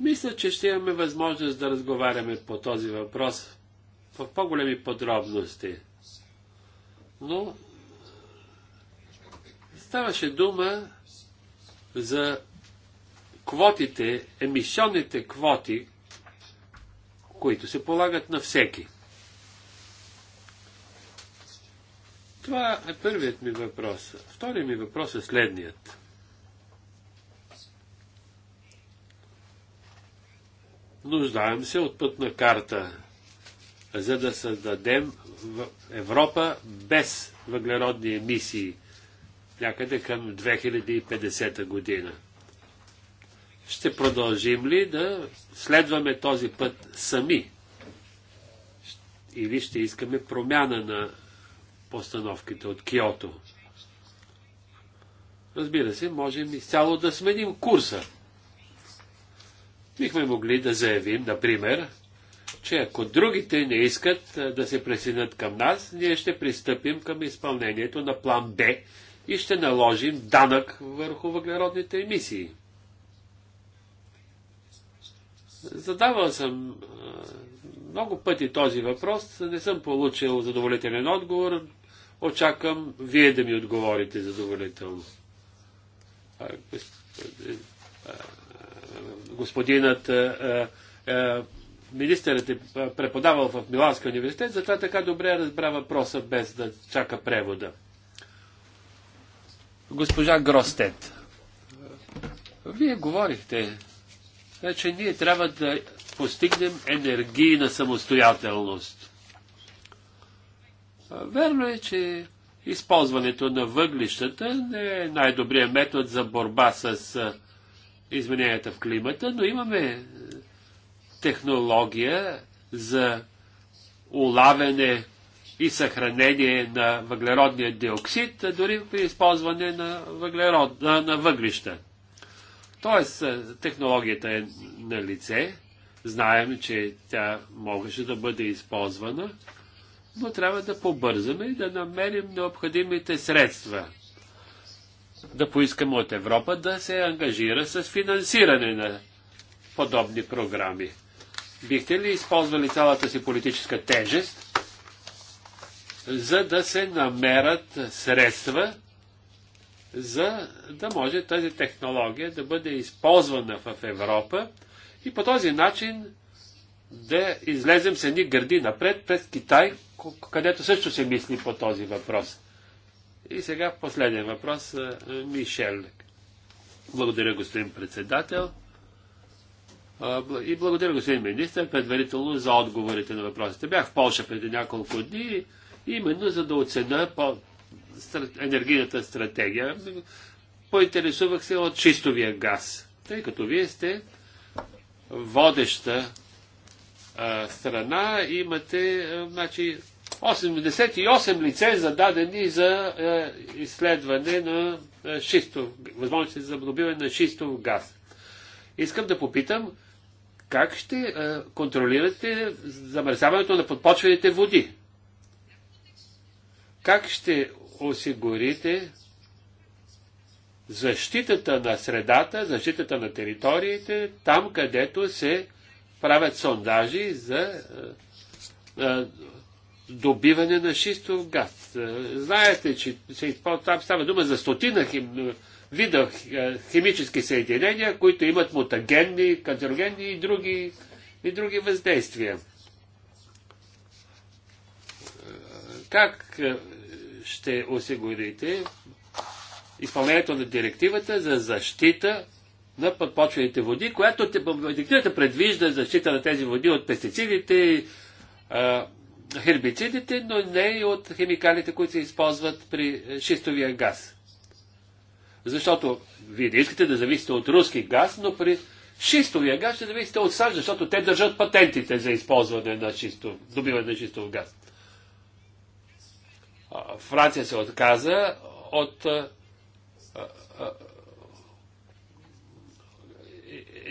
Мисля, че ще имаме възможност да разговаряме по този въпрос в по-големи подробности. Но ставаше дума за квотите, емисионните квоти, които се полагат на всеки. Това е първият ми въпрос. Вторият ми въпрос е следният. Нуждаем се от пътна карта, за да създадем Европа без въглеродни емисии някъде към 2050 година. Ще продължим ли да следваме този път сами? Или ще искаме промяна на постановките от Киото? Разбира се, можем изцяло да сменим курса. Бихме могли да заявим, например, че ако другите не искат да се присъединят към нас, ние ще пристъпим към изпълнението на план Б и ще наложим данък върху въглеродните емисии. Задавал съм много пъти този въпрос, не съм получил задоволителен отговор. Очаквам вие да ми отговорите задоволително. Господинът, министърът е преподавал в Миланска университет, затова така добре разбра въпроса, без да чака превода. Госпожа Гростет, вие говорихте че значи, ние трябва да постигнем енергийна самостоятелност. Верно е, че използването на въглищата не е най-добрият метод за борба с измененията в климата, но имаме технология за улавяне и съхранение на въглеродния диоксид, дори при използване на, въглерод, на, на въглища. Тоест, е, технологията е на лице. Знаем, че тя можеше да бъде използвана, но трябва да побързаме и да намерим необходимите средства. Да поискаме от Европа да се ангажира с финансиране на подобни програми. Бихте ли използвали цялата си политическа тежест, за да се намерят средства, за да може тази технология да бъде използвана в Европа и по този начин да излезем с едни гърди напред пред Китай, където също се мисли по този въпрос. И сега последен въпрос, Мишел. Благодаря, господин председател. И благодаря, господин министр, предварително за отговорите на въпросите. Бях в Польша преди няколко дни, именно за да оценя енергийната стратегия, поинтересувах се от чистовия газ, тъй като вие сте водеща а, страна, имате а, значи, 88 лиценза дадени за а, изследване на а, шистов, възможности за добиване на шистов газ. Искам да попитам, как ще а, контролирате замърсяването на подпочвените води? Как ще осигурите защитата на средата, защитата на териториите, там където се правят сондажи за е, е, добиване на шистов газ. Е, знаете, че се там става дума за стотина хим, вида химически съединения, които имат мутагенни, канцерогенни и други, и други въздействия. Как ще осигурите изпълнението на директивата за защита на подпочвените води, която директивата предвижда защита на тези води от пестицидите, хербицидите, но не и от химикалите, които се използват при е, шистовия газ. Защото вие не искате да зависите от руски газ, но при шистовия газ ще зависите от САЩ, защото те държат патентите за използване на шистов, добиване на шистов газ. Франция се отказа от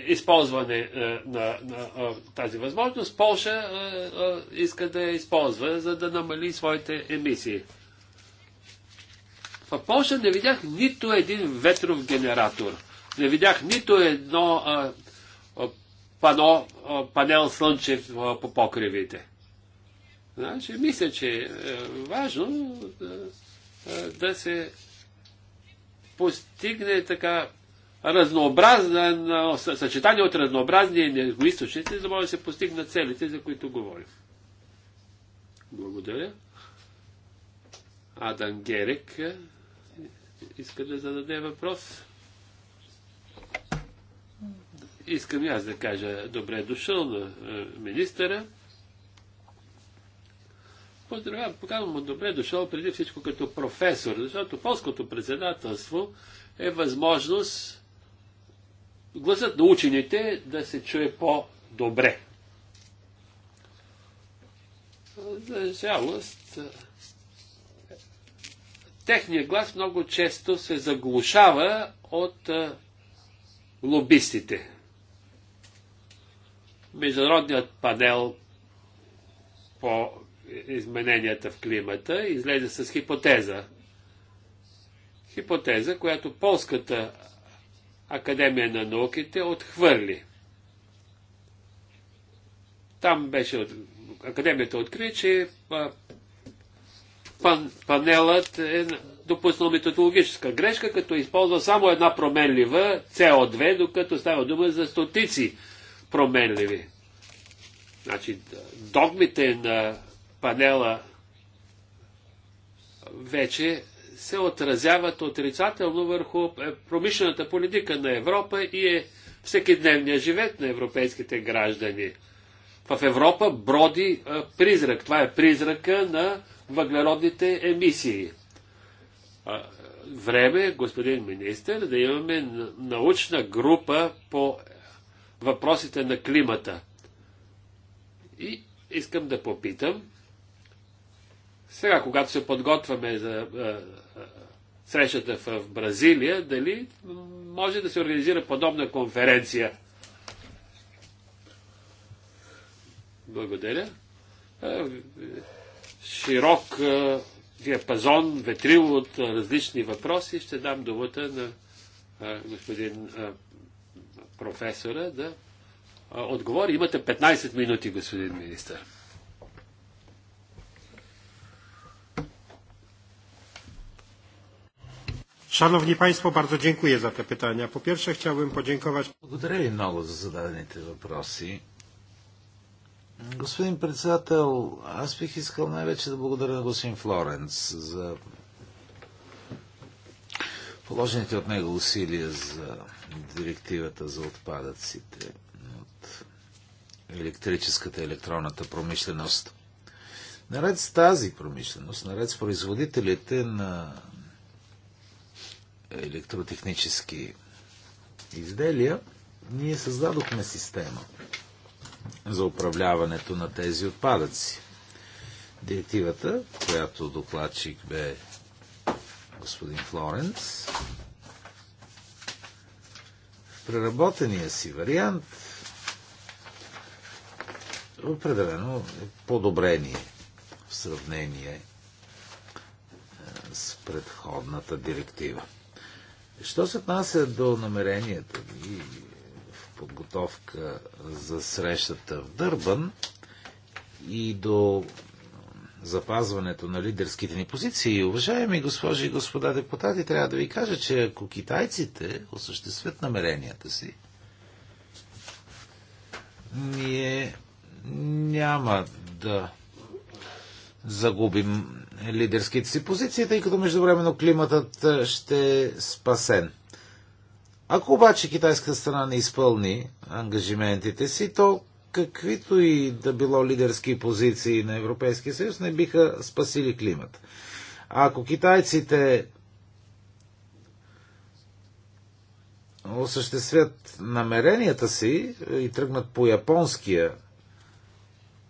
използване на, на, на тази възможност. Полша иска да я използва, за да намали своите емисии. В Польша не видях нито един ветров генератор. Не видях нито едно а, а, пано, а, панел слънчев а, по покривите. Значи, мисля, че е важно да, е, да се постигне така разнообразна, съчетание от разнообразни енергоисточници, за да може да се постигнат целите, за които говорим. Благодаря. Адан Герек е, иска да зададе въпрос. Искам и аз да кажа добре дошъл на е, министъра. Поздравявам, показвам му добре дошъл преди всичко като професор, защото полското председателство е възможност гласът на учените да се чуе по-добре. За жалост, техният глас много често се заглушава от лобистите. Международният панел по измененията в климата, излезе с хипотеза. Хипотеза, която Полската академия на науките отхвърли. Там беше от... академията откри, че пан... панелът е допуснал методологическа грешка, като използва само една променлива CO2, докато става дума за стотици променливи. Значи, догмите на панела вече се отразяват отрицателно върху е, промишлената политика на Европа и е всекидневния живет на европейските граждани. В Европа броди е, призрак. Това е призрака на въглеродните емисии. Време, господин министр, да имаме научна група по въпросите на климата. И искам да попитам, сега, когато се подготвяме за срещата в Бразилия, дали може да се организира подобна конференция? Благодаря. Широк диапазон, ветрил от различни въпроси. Ще дам думата на господин професора да отговори. Имате 15 минути, господин министър. Шановни Państwo, bardzo dziękuję za te pytania. Po pierwsze Благодаря ви много за зададените въпроси. Господин председател, аз бих искал най-вече да благодаря на господин Флоренц за положените от него усилия за директивата за отпадъците от електрическата и електронната промишленост. Наред с тази промишленост, наред с производителите на електротехнически изделия, ние създадохме система за управляването на тези отпадъци. Директивата, която докладчик бе господин Флоренц, в преработения си вариант определено е подобрение в сравнение е, с предходната директива. Що се отнася до намеренията ни в подготовка за срещата в Дърбан и до запазването на лидерските ни позиции, уважаеми госпожи и господа депутати, трябва да ви кажа, че ако китайците осъществят намеренията си, ние няма да загубим лидерските си позиции, тъй като междувременно климатът ще е спасен. Ако обаче китайската страна не изпълни ангажиментите си, то каквито и да било лидерски позиции на Европейския съюз не биха спасили климат. А ако китайците осъществят намеренията си и тръгнат по японския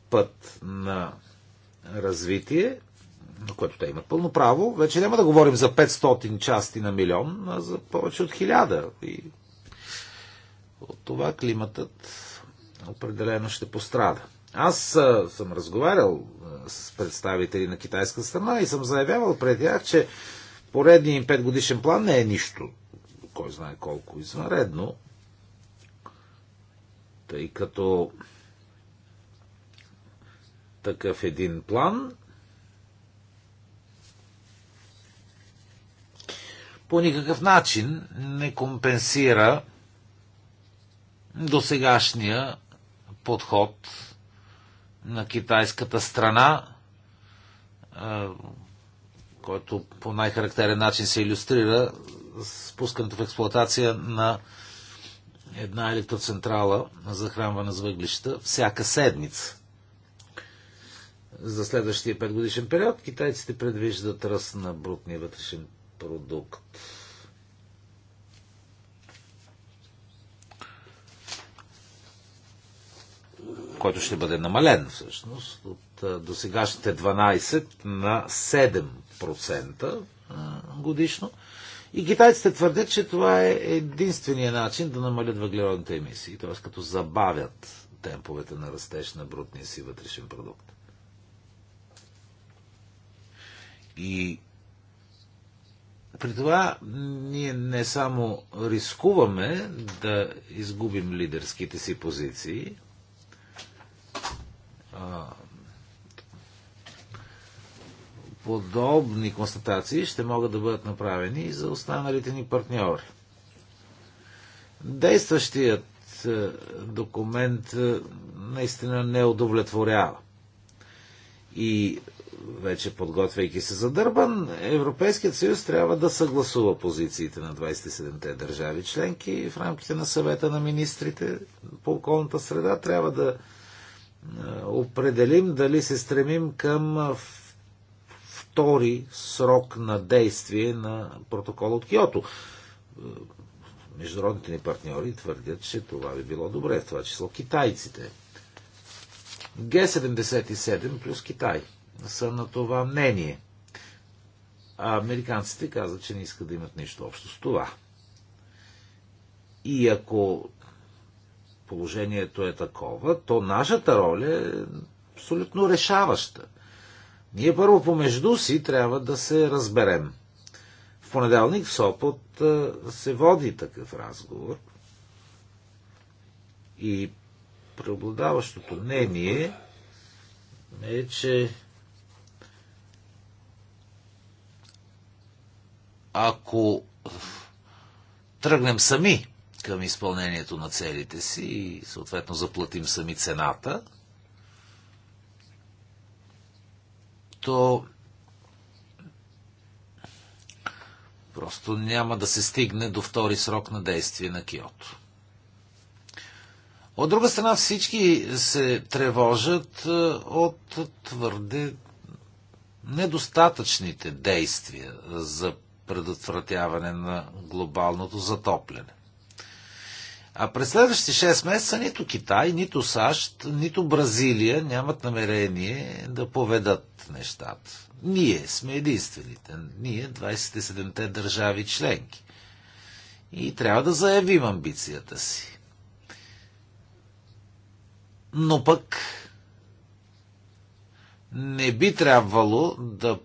път на развитие, на което те имат пълно право, вече няма да говорим за 500 части на милион, а за повече от 1000. И от това климатът определено ще пострада. Аз съм разговарял с представители на китайска страна и съм заявявал пред тях, че поредния им 5 годишен план не е нищо, кой знае колко извънредно, тъй като такъв един план. По никакъв начин не компенсира досегашния подход на китайската страна, който по най-характерен начин се иллюстрира с пускането в експлуатация на една електроцентрала за захранване с въглища всяка седмица за следващия 5 годишен период китайците предвиждат ръст на брутния вътрешен продукт. който ще бъде намален всъщност от досегашните 12 на 7% годишно. И китайците твърдят, че това е единствения начин да намалят въглеродните емисии, т.е. като забавят темповете на растеж на брутния си вътрешен продукт. И при това ние не само рискуваме да изгубим лидерските си позиции, подобни констатации ще могат да бъдат направени и за останалите ни партньори. Действащият е, документ е, наистина не удовлетворява. И вече подготвяйки се за Дърбан, Европейският съюз трябва да съгласува позициите на 27-те държави членки в рамките на съвета на министрите по околната среда. Трябва да определим дали се стремим към втори срок на действие на протокол от Киото. Международните ни партньори твърдят, че това би било добре, в това число китайците. Г-77 плюс Китай – са на това мнение. А американците казват, че не искат да имат нищо общо с това. И ако положението е такова, то нашата роля е абсолютно решаваща. Ние първо помежду си трябва да се разберем. В понеделник в Сопот се води такъв разговор. И преобладаващото мнение е, че ако тръгнем сами към изпълнението на целите си и съответно заплатим сами цената, то просто няма да се стигне до втори срок на действие на Киото. От друга страна всички се тревожат е, от твърде недостатъчните действия за предотвратяване на глобалното затопляне. А през следващите 6 месеца нито Китай, нито САЩ, нито Бразилия нямат намерение да поведат нещата. Ние сме единствените. Ние, 27-те държави членки. И трябва да заявим амбицията си. Но пък не би трябвало да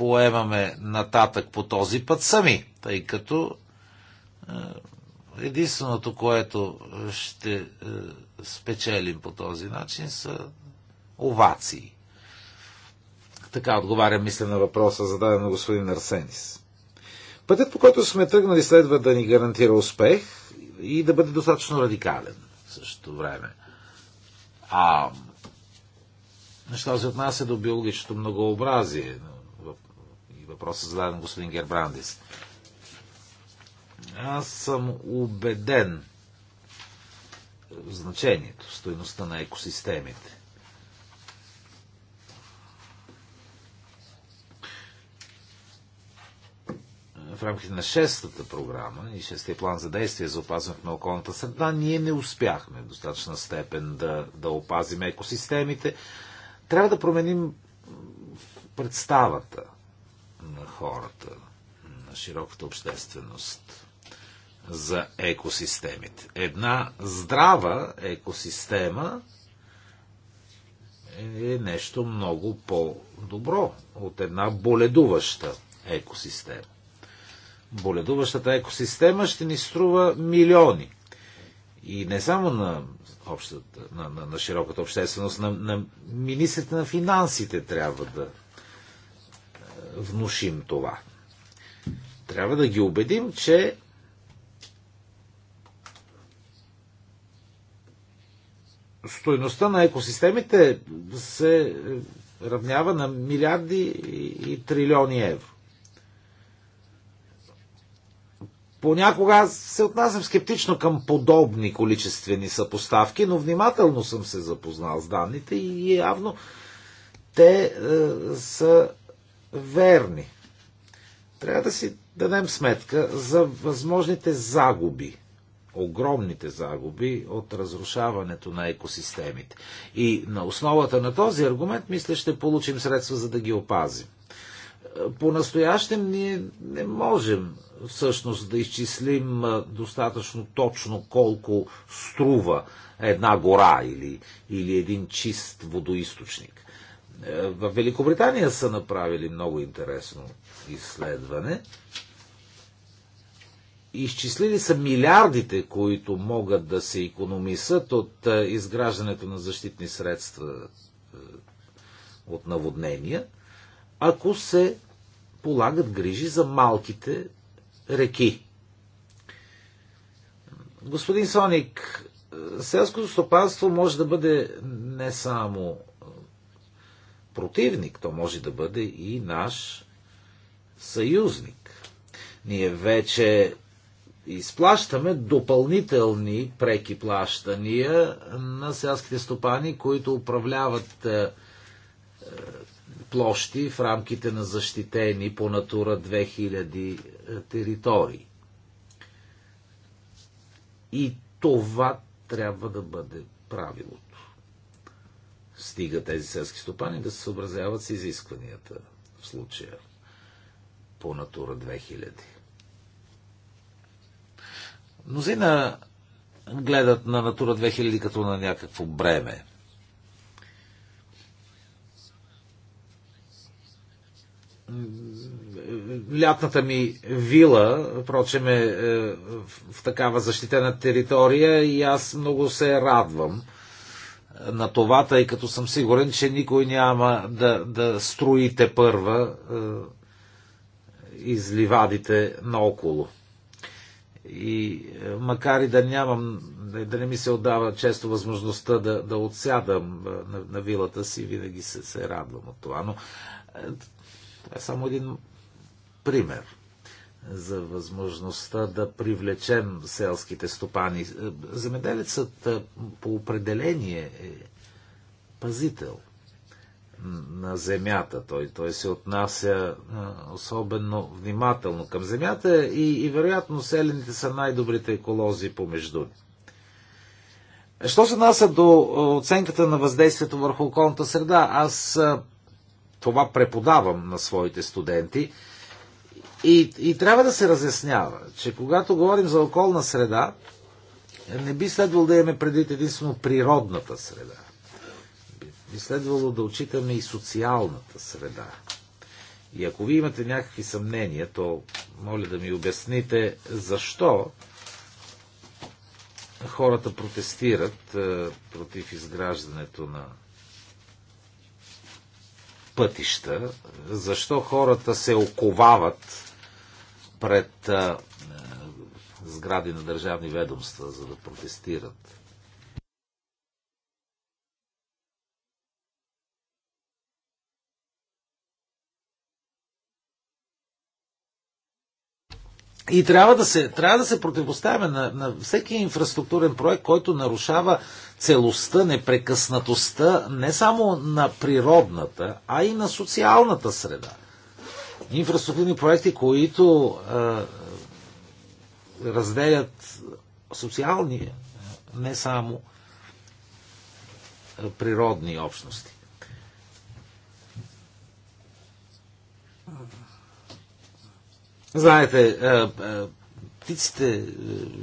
поемаме нататък по този път сами, тъй като е, единственото, което ще е, спечелим по този начин са овации. Така отговарям, мисля, на въпроса, зададен на господин Арсенис. Пътят, по който сме тръгнали, следва да ни гарантира успех и да бъде достатъчно радикален в същото време. А нещо се отнася до биологичното многообразие, но въпроса зададен господин Гербрандис. Аз съм убеден в значението, в стоеността на екосистемите. в рамките на шестата програма и шестия план за действие за опазването на околната среда, ние не успяхме в достатъчна степен да, да опазим екосистемите. Трябва да променим представата на хората, на широката общественост за екосистемите. Една здрава екосистема е нещо много по-добро от една боледуваща екосистема. Боледуващата екосистема ще ни струва милиони. И не само на, общата, на, на, на широката общественост, на, на министрите на финансите трябва да внушим това. Трябва да ги убедим, че стоеността на екосистемите се равнява на милиарди и трилиони евро. Понякога се отнасям скептично към подобни количествени съпоставки, но внимателно съм се запознал с данните и явно те е, са верни. Трябва да си дадем сметка за възможните загуби, огромните загуби от разрушаването на екосистемите. И на основата на този аргумент, мисля, ще получим средства за да ги опазим. По-настоящем ние не можем всъщност да изчислим достатъчно точно колко струва една гора или, или един чист водоисточник. В Великобритания са направили много интересно изследване. Изчислили са милиардите, които могат да се економисат от е, изграждането на защитни средства е, от наводнения, ако се полагат грижи за малките реки. Господин Соник, е, селското стопанство може да бъде не само противник, то може да бъде и наш съюзник. Ние вече изплащаме допълнителни преки плащания на селските стопани, които управляват е, е, площи в рамките на защитени по Натура 2000 е, територии. И това трябва да бъде правилото стига тези селски стопани да се съобразяват с изискванията в случая по Натура 2000. Мнозина гледат на Натура 2000 като на някакво бреме. Лятната ми вила, впрочем, е, е в такава защитена територия и аз много се радвам – на това, тъй като съм сигурен, че никой няма да, да строите първа е, изливадите наоколо. И е, макар и да нямам, да не ми се отдава често възможността да, да отсядам е, на, на вилата си, винаги се, се радвам от това. Но е, това е само един пример за възможността да привлечем селските стопани. Земеделецът е, по определение е пазител на земята. Той, той се отнася е, особено внимателно към земята и, и вероятно селените са най-добрите еколози помежду ни. Що се наса до е, оценката на въздействието върху околната среда, аз това преподавам на своите студенти – и, и трябва да се разяснява, че когато говорим за околна среда, не би следвало да имаме предвид единствено природната среда. Би следвало да отчитаме и социалната среда. И ако ви имате някакви съмнения, то моля да ми обясните защо хората протестират е, против изграждането на пътища, защо хората се оковават пред а, е, сгради на държавни ведомства, за да протестират. И трябва да се, трябва да се противоставяме на, на всеки инфраструктурен проект, който нарушава целостта, непрекъснатостта не само на природната, а и на социалната среда инфраструктурни проекти, които е, разделят социални, е, не само е, природни общности. Знаете, птиците,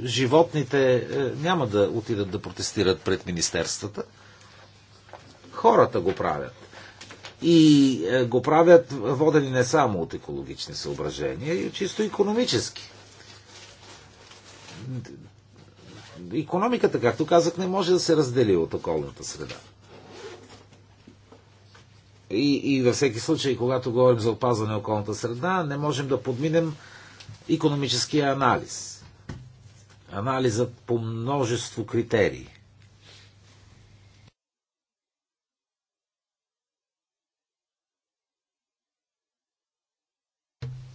животните няма да отидат да протестират пред министерствата. Хората го правят и е, го правят водени не само от екологични съображения, и чисто економически. Економиката, както казах, не може да се раздели от околната среда. И, и във всеки случай, когато говорим за опазване на околната среда, не можем да подминем економическия анализ. Анализът по множество критерии.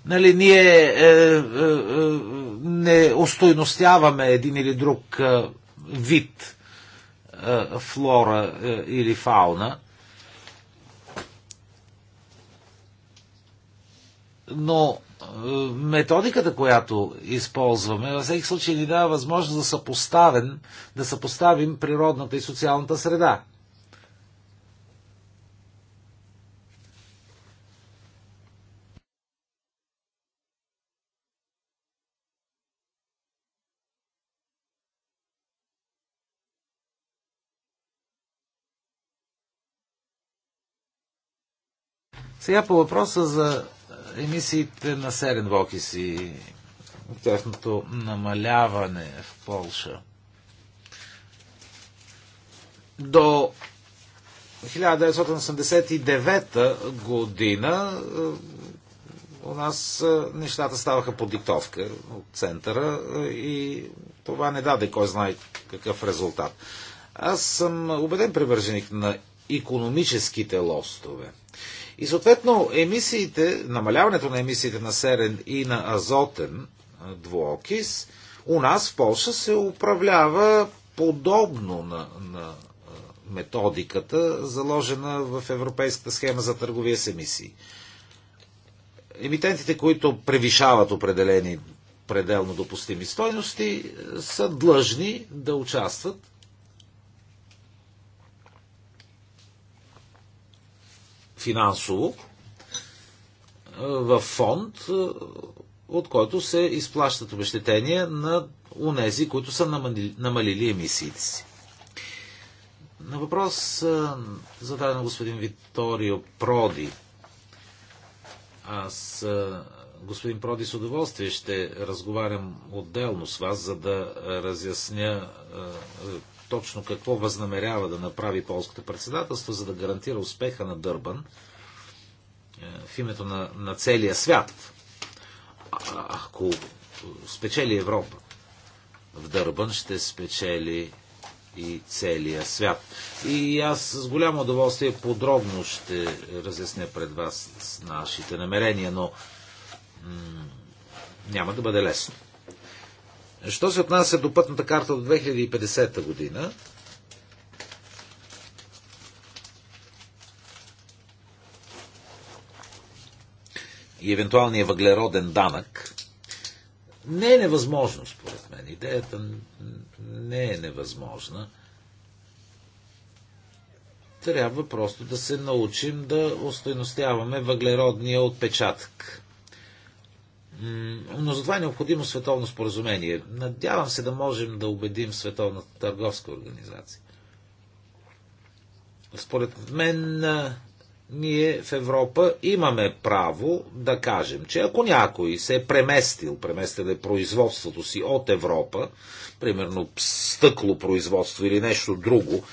Нали, ние е, е, е, не устойностяваме един или друг е, вид е, флора е, или фауна. Но е, методиката, която използваме, във всеки случай ни дава възможност да съпоставен, да съпоставим природната и социалната среда. Сега по въпроса за е, емисиите на серен вокис и тяхното намаляване в Полша. До 1989 година е, у нас е, нещата ставаха по диктовка от центъра и това не даде кой знае какъв резултат. Аз съм убеден привърженик на економическите лостове – и съответно емисиите, намаляването на емисиите на серен и на азотен двуокис у нас в Польша се управлява подобно на, на методиката, заложена в Европейската схема за търговия с емисии. Емитентите, които превишават определени пределно допустими стойности, са длъжни да участват финансово е, в фонд, е, от който се изплащат обещетения на унези, които са намалили емисиите си. На въпрос е, зададен господин Викторио Проди. Аз, господин Проди, с удоволствие ще разговарям отделно с вас, за да разясня точно какво възнамерява да направи полското председателство, за да гарантира успеха на Дърбан е, в името на, на целия свят. А, ако спечели Европа в Дърбан, ще спечели и целия свят. И аз с голямо удоволствие подробно ще разясня пред вас нашите намерения, но няма да бъде лесно. Що се отнася до пътната карта до 2050 година, и евентуалния въглероден данък, не е невъзможно, според мен. Идеята не е невъзможна. Трябва просто да се научим да устойностяваме въглеродния отпечатък. Но за това е необходимо световно споразумение. Надявам се да можем да убедим Световната търговска организация. Според мен ние в Европа имаме право да кажем, че ако някой се е преместил, преместил е производството си от Европа, примерно стъкло производство или нещо друго,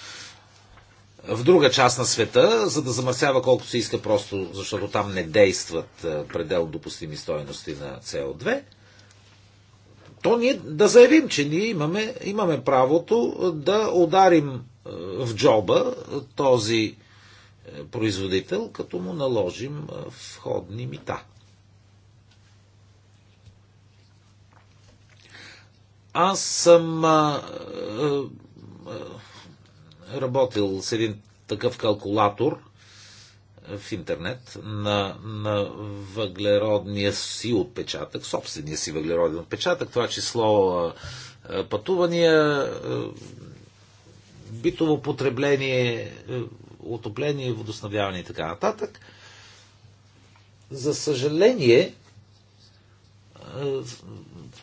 в друга част на света, за да замърсява колкото се иска просто, защото там не действат е, пределно допустими стоености на СО2, то ние да заявим, че ние имаме, имаме правото да ударим е, в джоба този е, производител, като му наложим входни мита. Аз съм а, а, работил с един такъв калкулатор е, в интернет на, на въглеродния си отпечатък, собствения си въглероден отпечатък, това число е, пътувания, е, битово потребление, отопление, водоснабдяване и така нататък. За съжаление,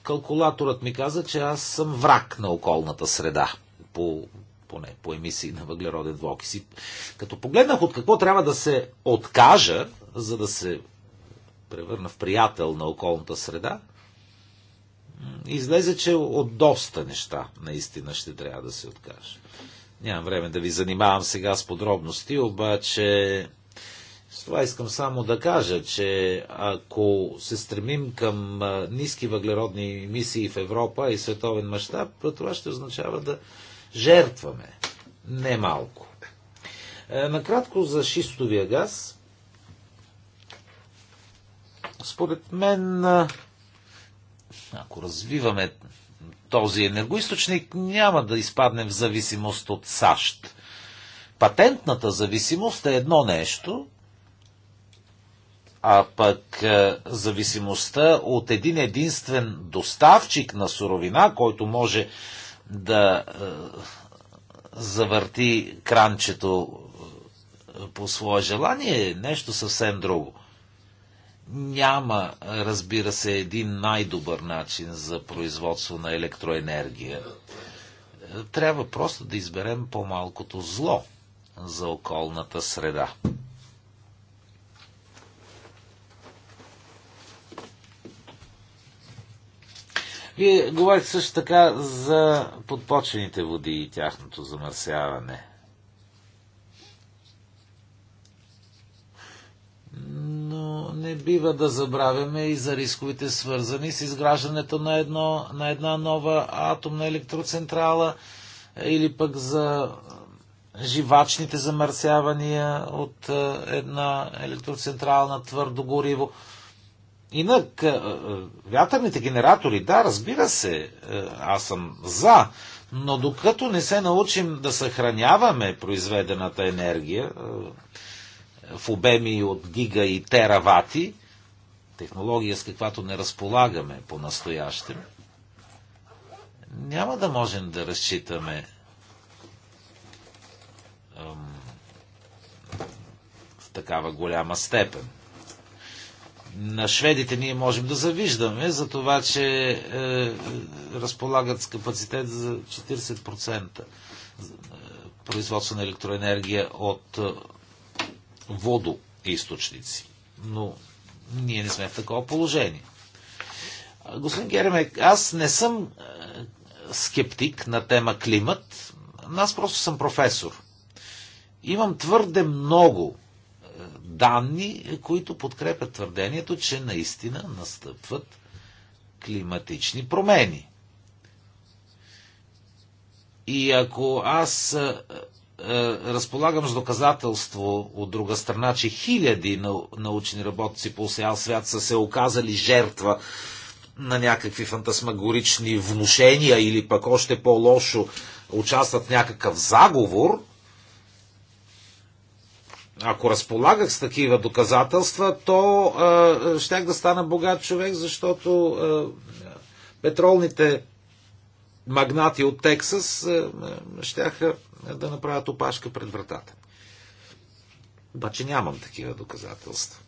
калкулаторът ми каза, че аз съм враг на околната среда по, поне по емисии на въглероден двуокис. като погледнах от какво трябва да се откажа, за да се превърна в приятел на околната среда, излезе, че от доста неща наистина ще трябва да се откажа. Нямам време да ви занимавам сега с подробности, обаче с това искам само да кажа, че ако се стремим към ниски въглеродни емисии в Европа и световен мащаб, това ще означава да Жертваме. Не малко. Е, накратко за шистовия газ. Според мен, е, ако развиваме този енергоисточник, няма да изпаднем в зависимост от САЩ. Патентната зависимост е едно нещо, а пък е, зависимостта от един единствен доставчик на суровина, който може да е, завърти кранчето е, по свое желание, е нещо съвсем друго. Няма, разбира се, един най-добър начин за производство на електроенергия. Трябва просто да изберем по-малкото зло за околната среда. Вие говорите също така за подпочвените води и тяхното замърсяване. Но не бива да забравяме и за рисковете свързани с изграждането на, едно, на една нова атомна електроцентрала или пък за живачните замърсявания от е, една електроцентрала на твърдо гориво. Инак, е, е, вятърните генератори, да, разбира се, е, аз съм за, но докато не се научим да съхраняваме произведената енергия в обеми от гига и теравати, технология с каквато не разполагаме по-настоящем, няма да можем да разчитаме в такава голяма степен на шведите ние можем да завиждаме за това, че е, разполагат с капацитет за 40% е, производство на електроенергия от е, водоисточници. Но ние не сме в такова положение. Господин Геремек, аз не съм е, скептик на тема климат. Аз просто съм професор. Имам твърде много данни, които подкрепят твърдението, че наистина настъпват климатични промени. И ако аз разполагам с доказателство от друга страна, че хиляди научни работници по цял свят са се оказали жертва на някакви фантасмагорични внушения или пък още по-лошо участват в някакъв заговор, ако разполагах с такива доказателства, то а, щях да стана богат човек, защото а, петролните магнати от Тексас а, щяха да направят опашка пред вратата. Обаче нямам такива доказателства.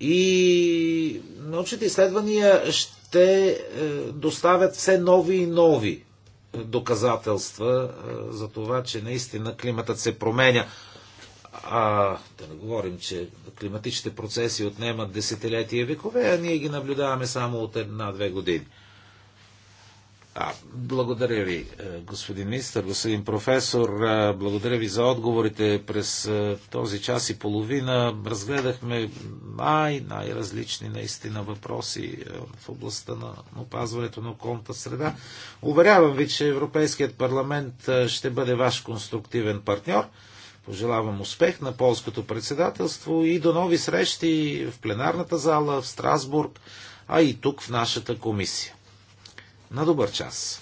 И научните изследвания ще е, доставят все нови и нови доказателства е, за това, че наистина климатът се променя. А, да не говорим, че климатичните процеси отнемат десетилетия векове, а ние ги наблюдаваме само от една-две години. А, благодаря ви, е, господин министър, господин професор. Е, благодаря ви за отговорите. През е, този час и половина разгледахме най- най-различни наистина въпроси в областта на опазването на околната среда. Уверявам ви, че Европейският парламент ще бъде ваш конструктивен партньор. Пожелавам успех на полското председателство и до нови срещи в пленарната зала в Страсбург, а и тук в нашата комисия. На добър час!